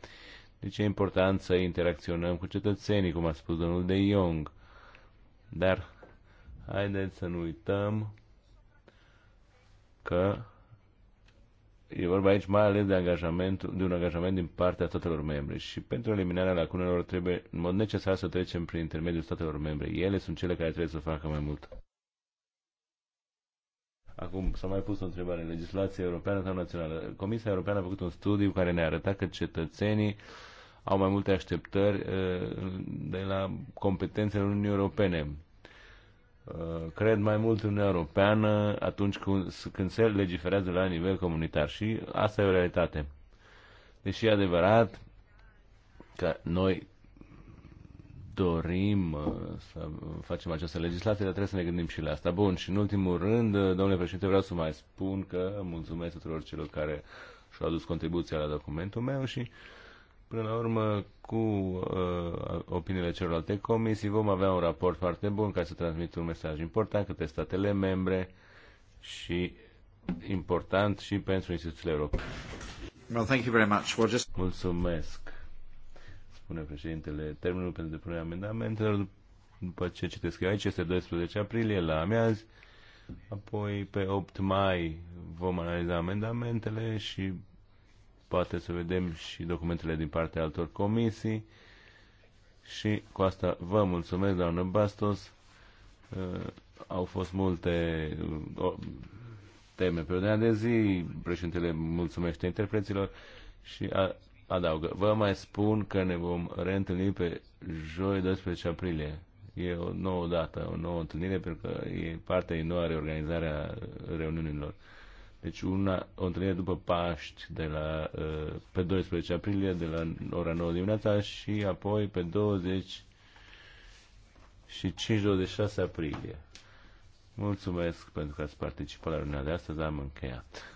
Deci e important să interacționăm cu cetățenii, cum a spus domnul De Jong. Dar haideți să nu uităm că E vorba aici mai ales de, angajamentul, de un angajament din partea statelor membre și pentru eliminarea lacunelor trebuie în mod necesar să trecem prin intermediul statelor membre. Ele sunt cele care trebuie să facă mai mult. Acum s-a mai pus o întrebare. Legislația europeană sau națională? Comisia Europeană a făcut un studiu care ne-a arătat că cetățenii au mai multe așteptări eh, de la competențele Uniunii Europene Uh, cred mai mult în Uniunea Europeană atunci când se legiferează la nivel comunitar și asta e o realitate. Deși e adevărat că noi dorim uh, să facem această legislație, dar trebuie să ne gândim și la asta. Bun, și în ultimul rând, uh, domnule președinte, vreau să mai spun că mulțumesc tuturor celor care și-au adus contribuția la documentul meu și uh, Până la urmă, cu uh, opiniile celorlalte comisii, vom avea un raport foarte bun ca să transmit un mesaj important către statele membre și important și pentru instituțiile europene. Well, thank you very much. We'll just... Mulțumesc, spune președintele. Termenul pentru depunerea amendamentelor, după ce citesc eu aici, este 12 aprilie la amiaz. Apoi, pe 8 mai, vom analiza amendamentele și poate să vedem și documentele din partea altor comisii. Și cu asta vă mulțumesc, doamnă Bastos. Uh, au fost multe uh, teme pe ordinea de zi, președintele mulțumește interpreților și a, adaugă. Vă mai spun că ne vom reîntâlni pe joi 12 aprilie. E o nouă dată, o nouă întâlnire, pentru că e parte din noua reorganizare a reuniunilor. Deci una, o întâlnire după Paști de la, uh, pe 12 aprilie de la ora 9 dimineața și apoi pe 20 și 5-26 aprilie. Mulțumesc pentru că ați participat la reuniunea de astăzi, am încheiat.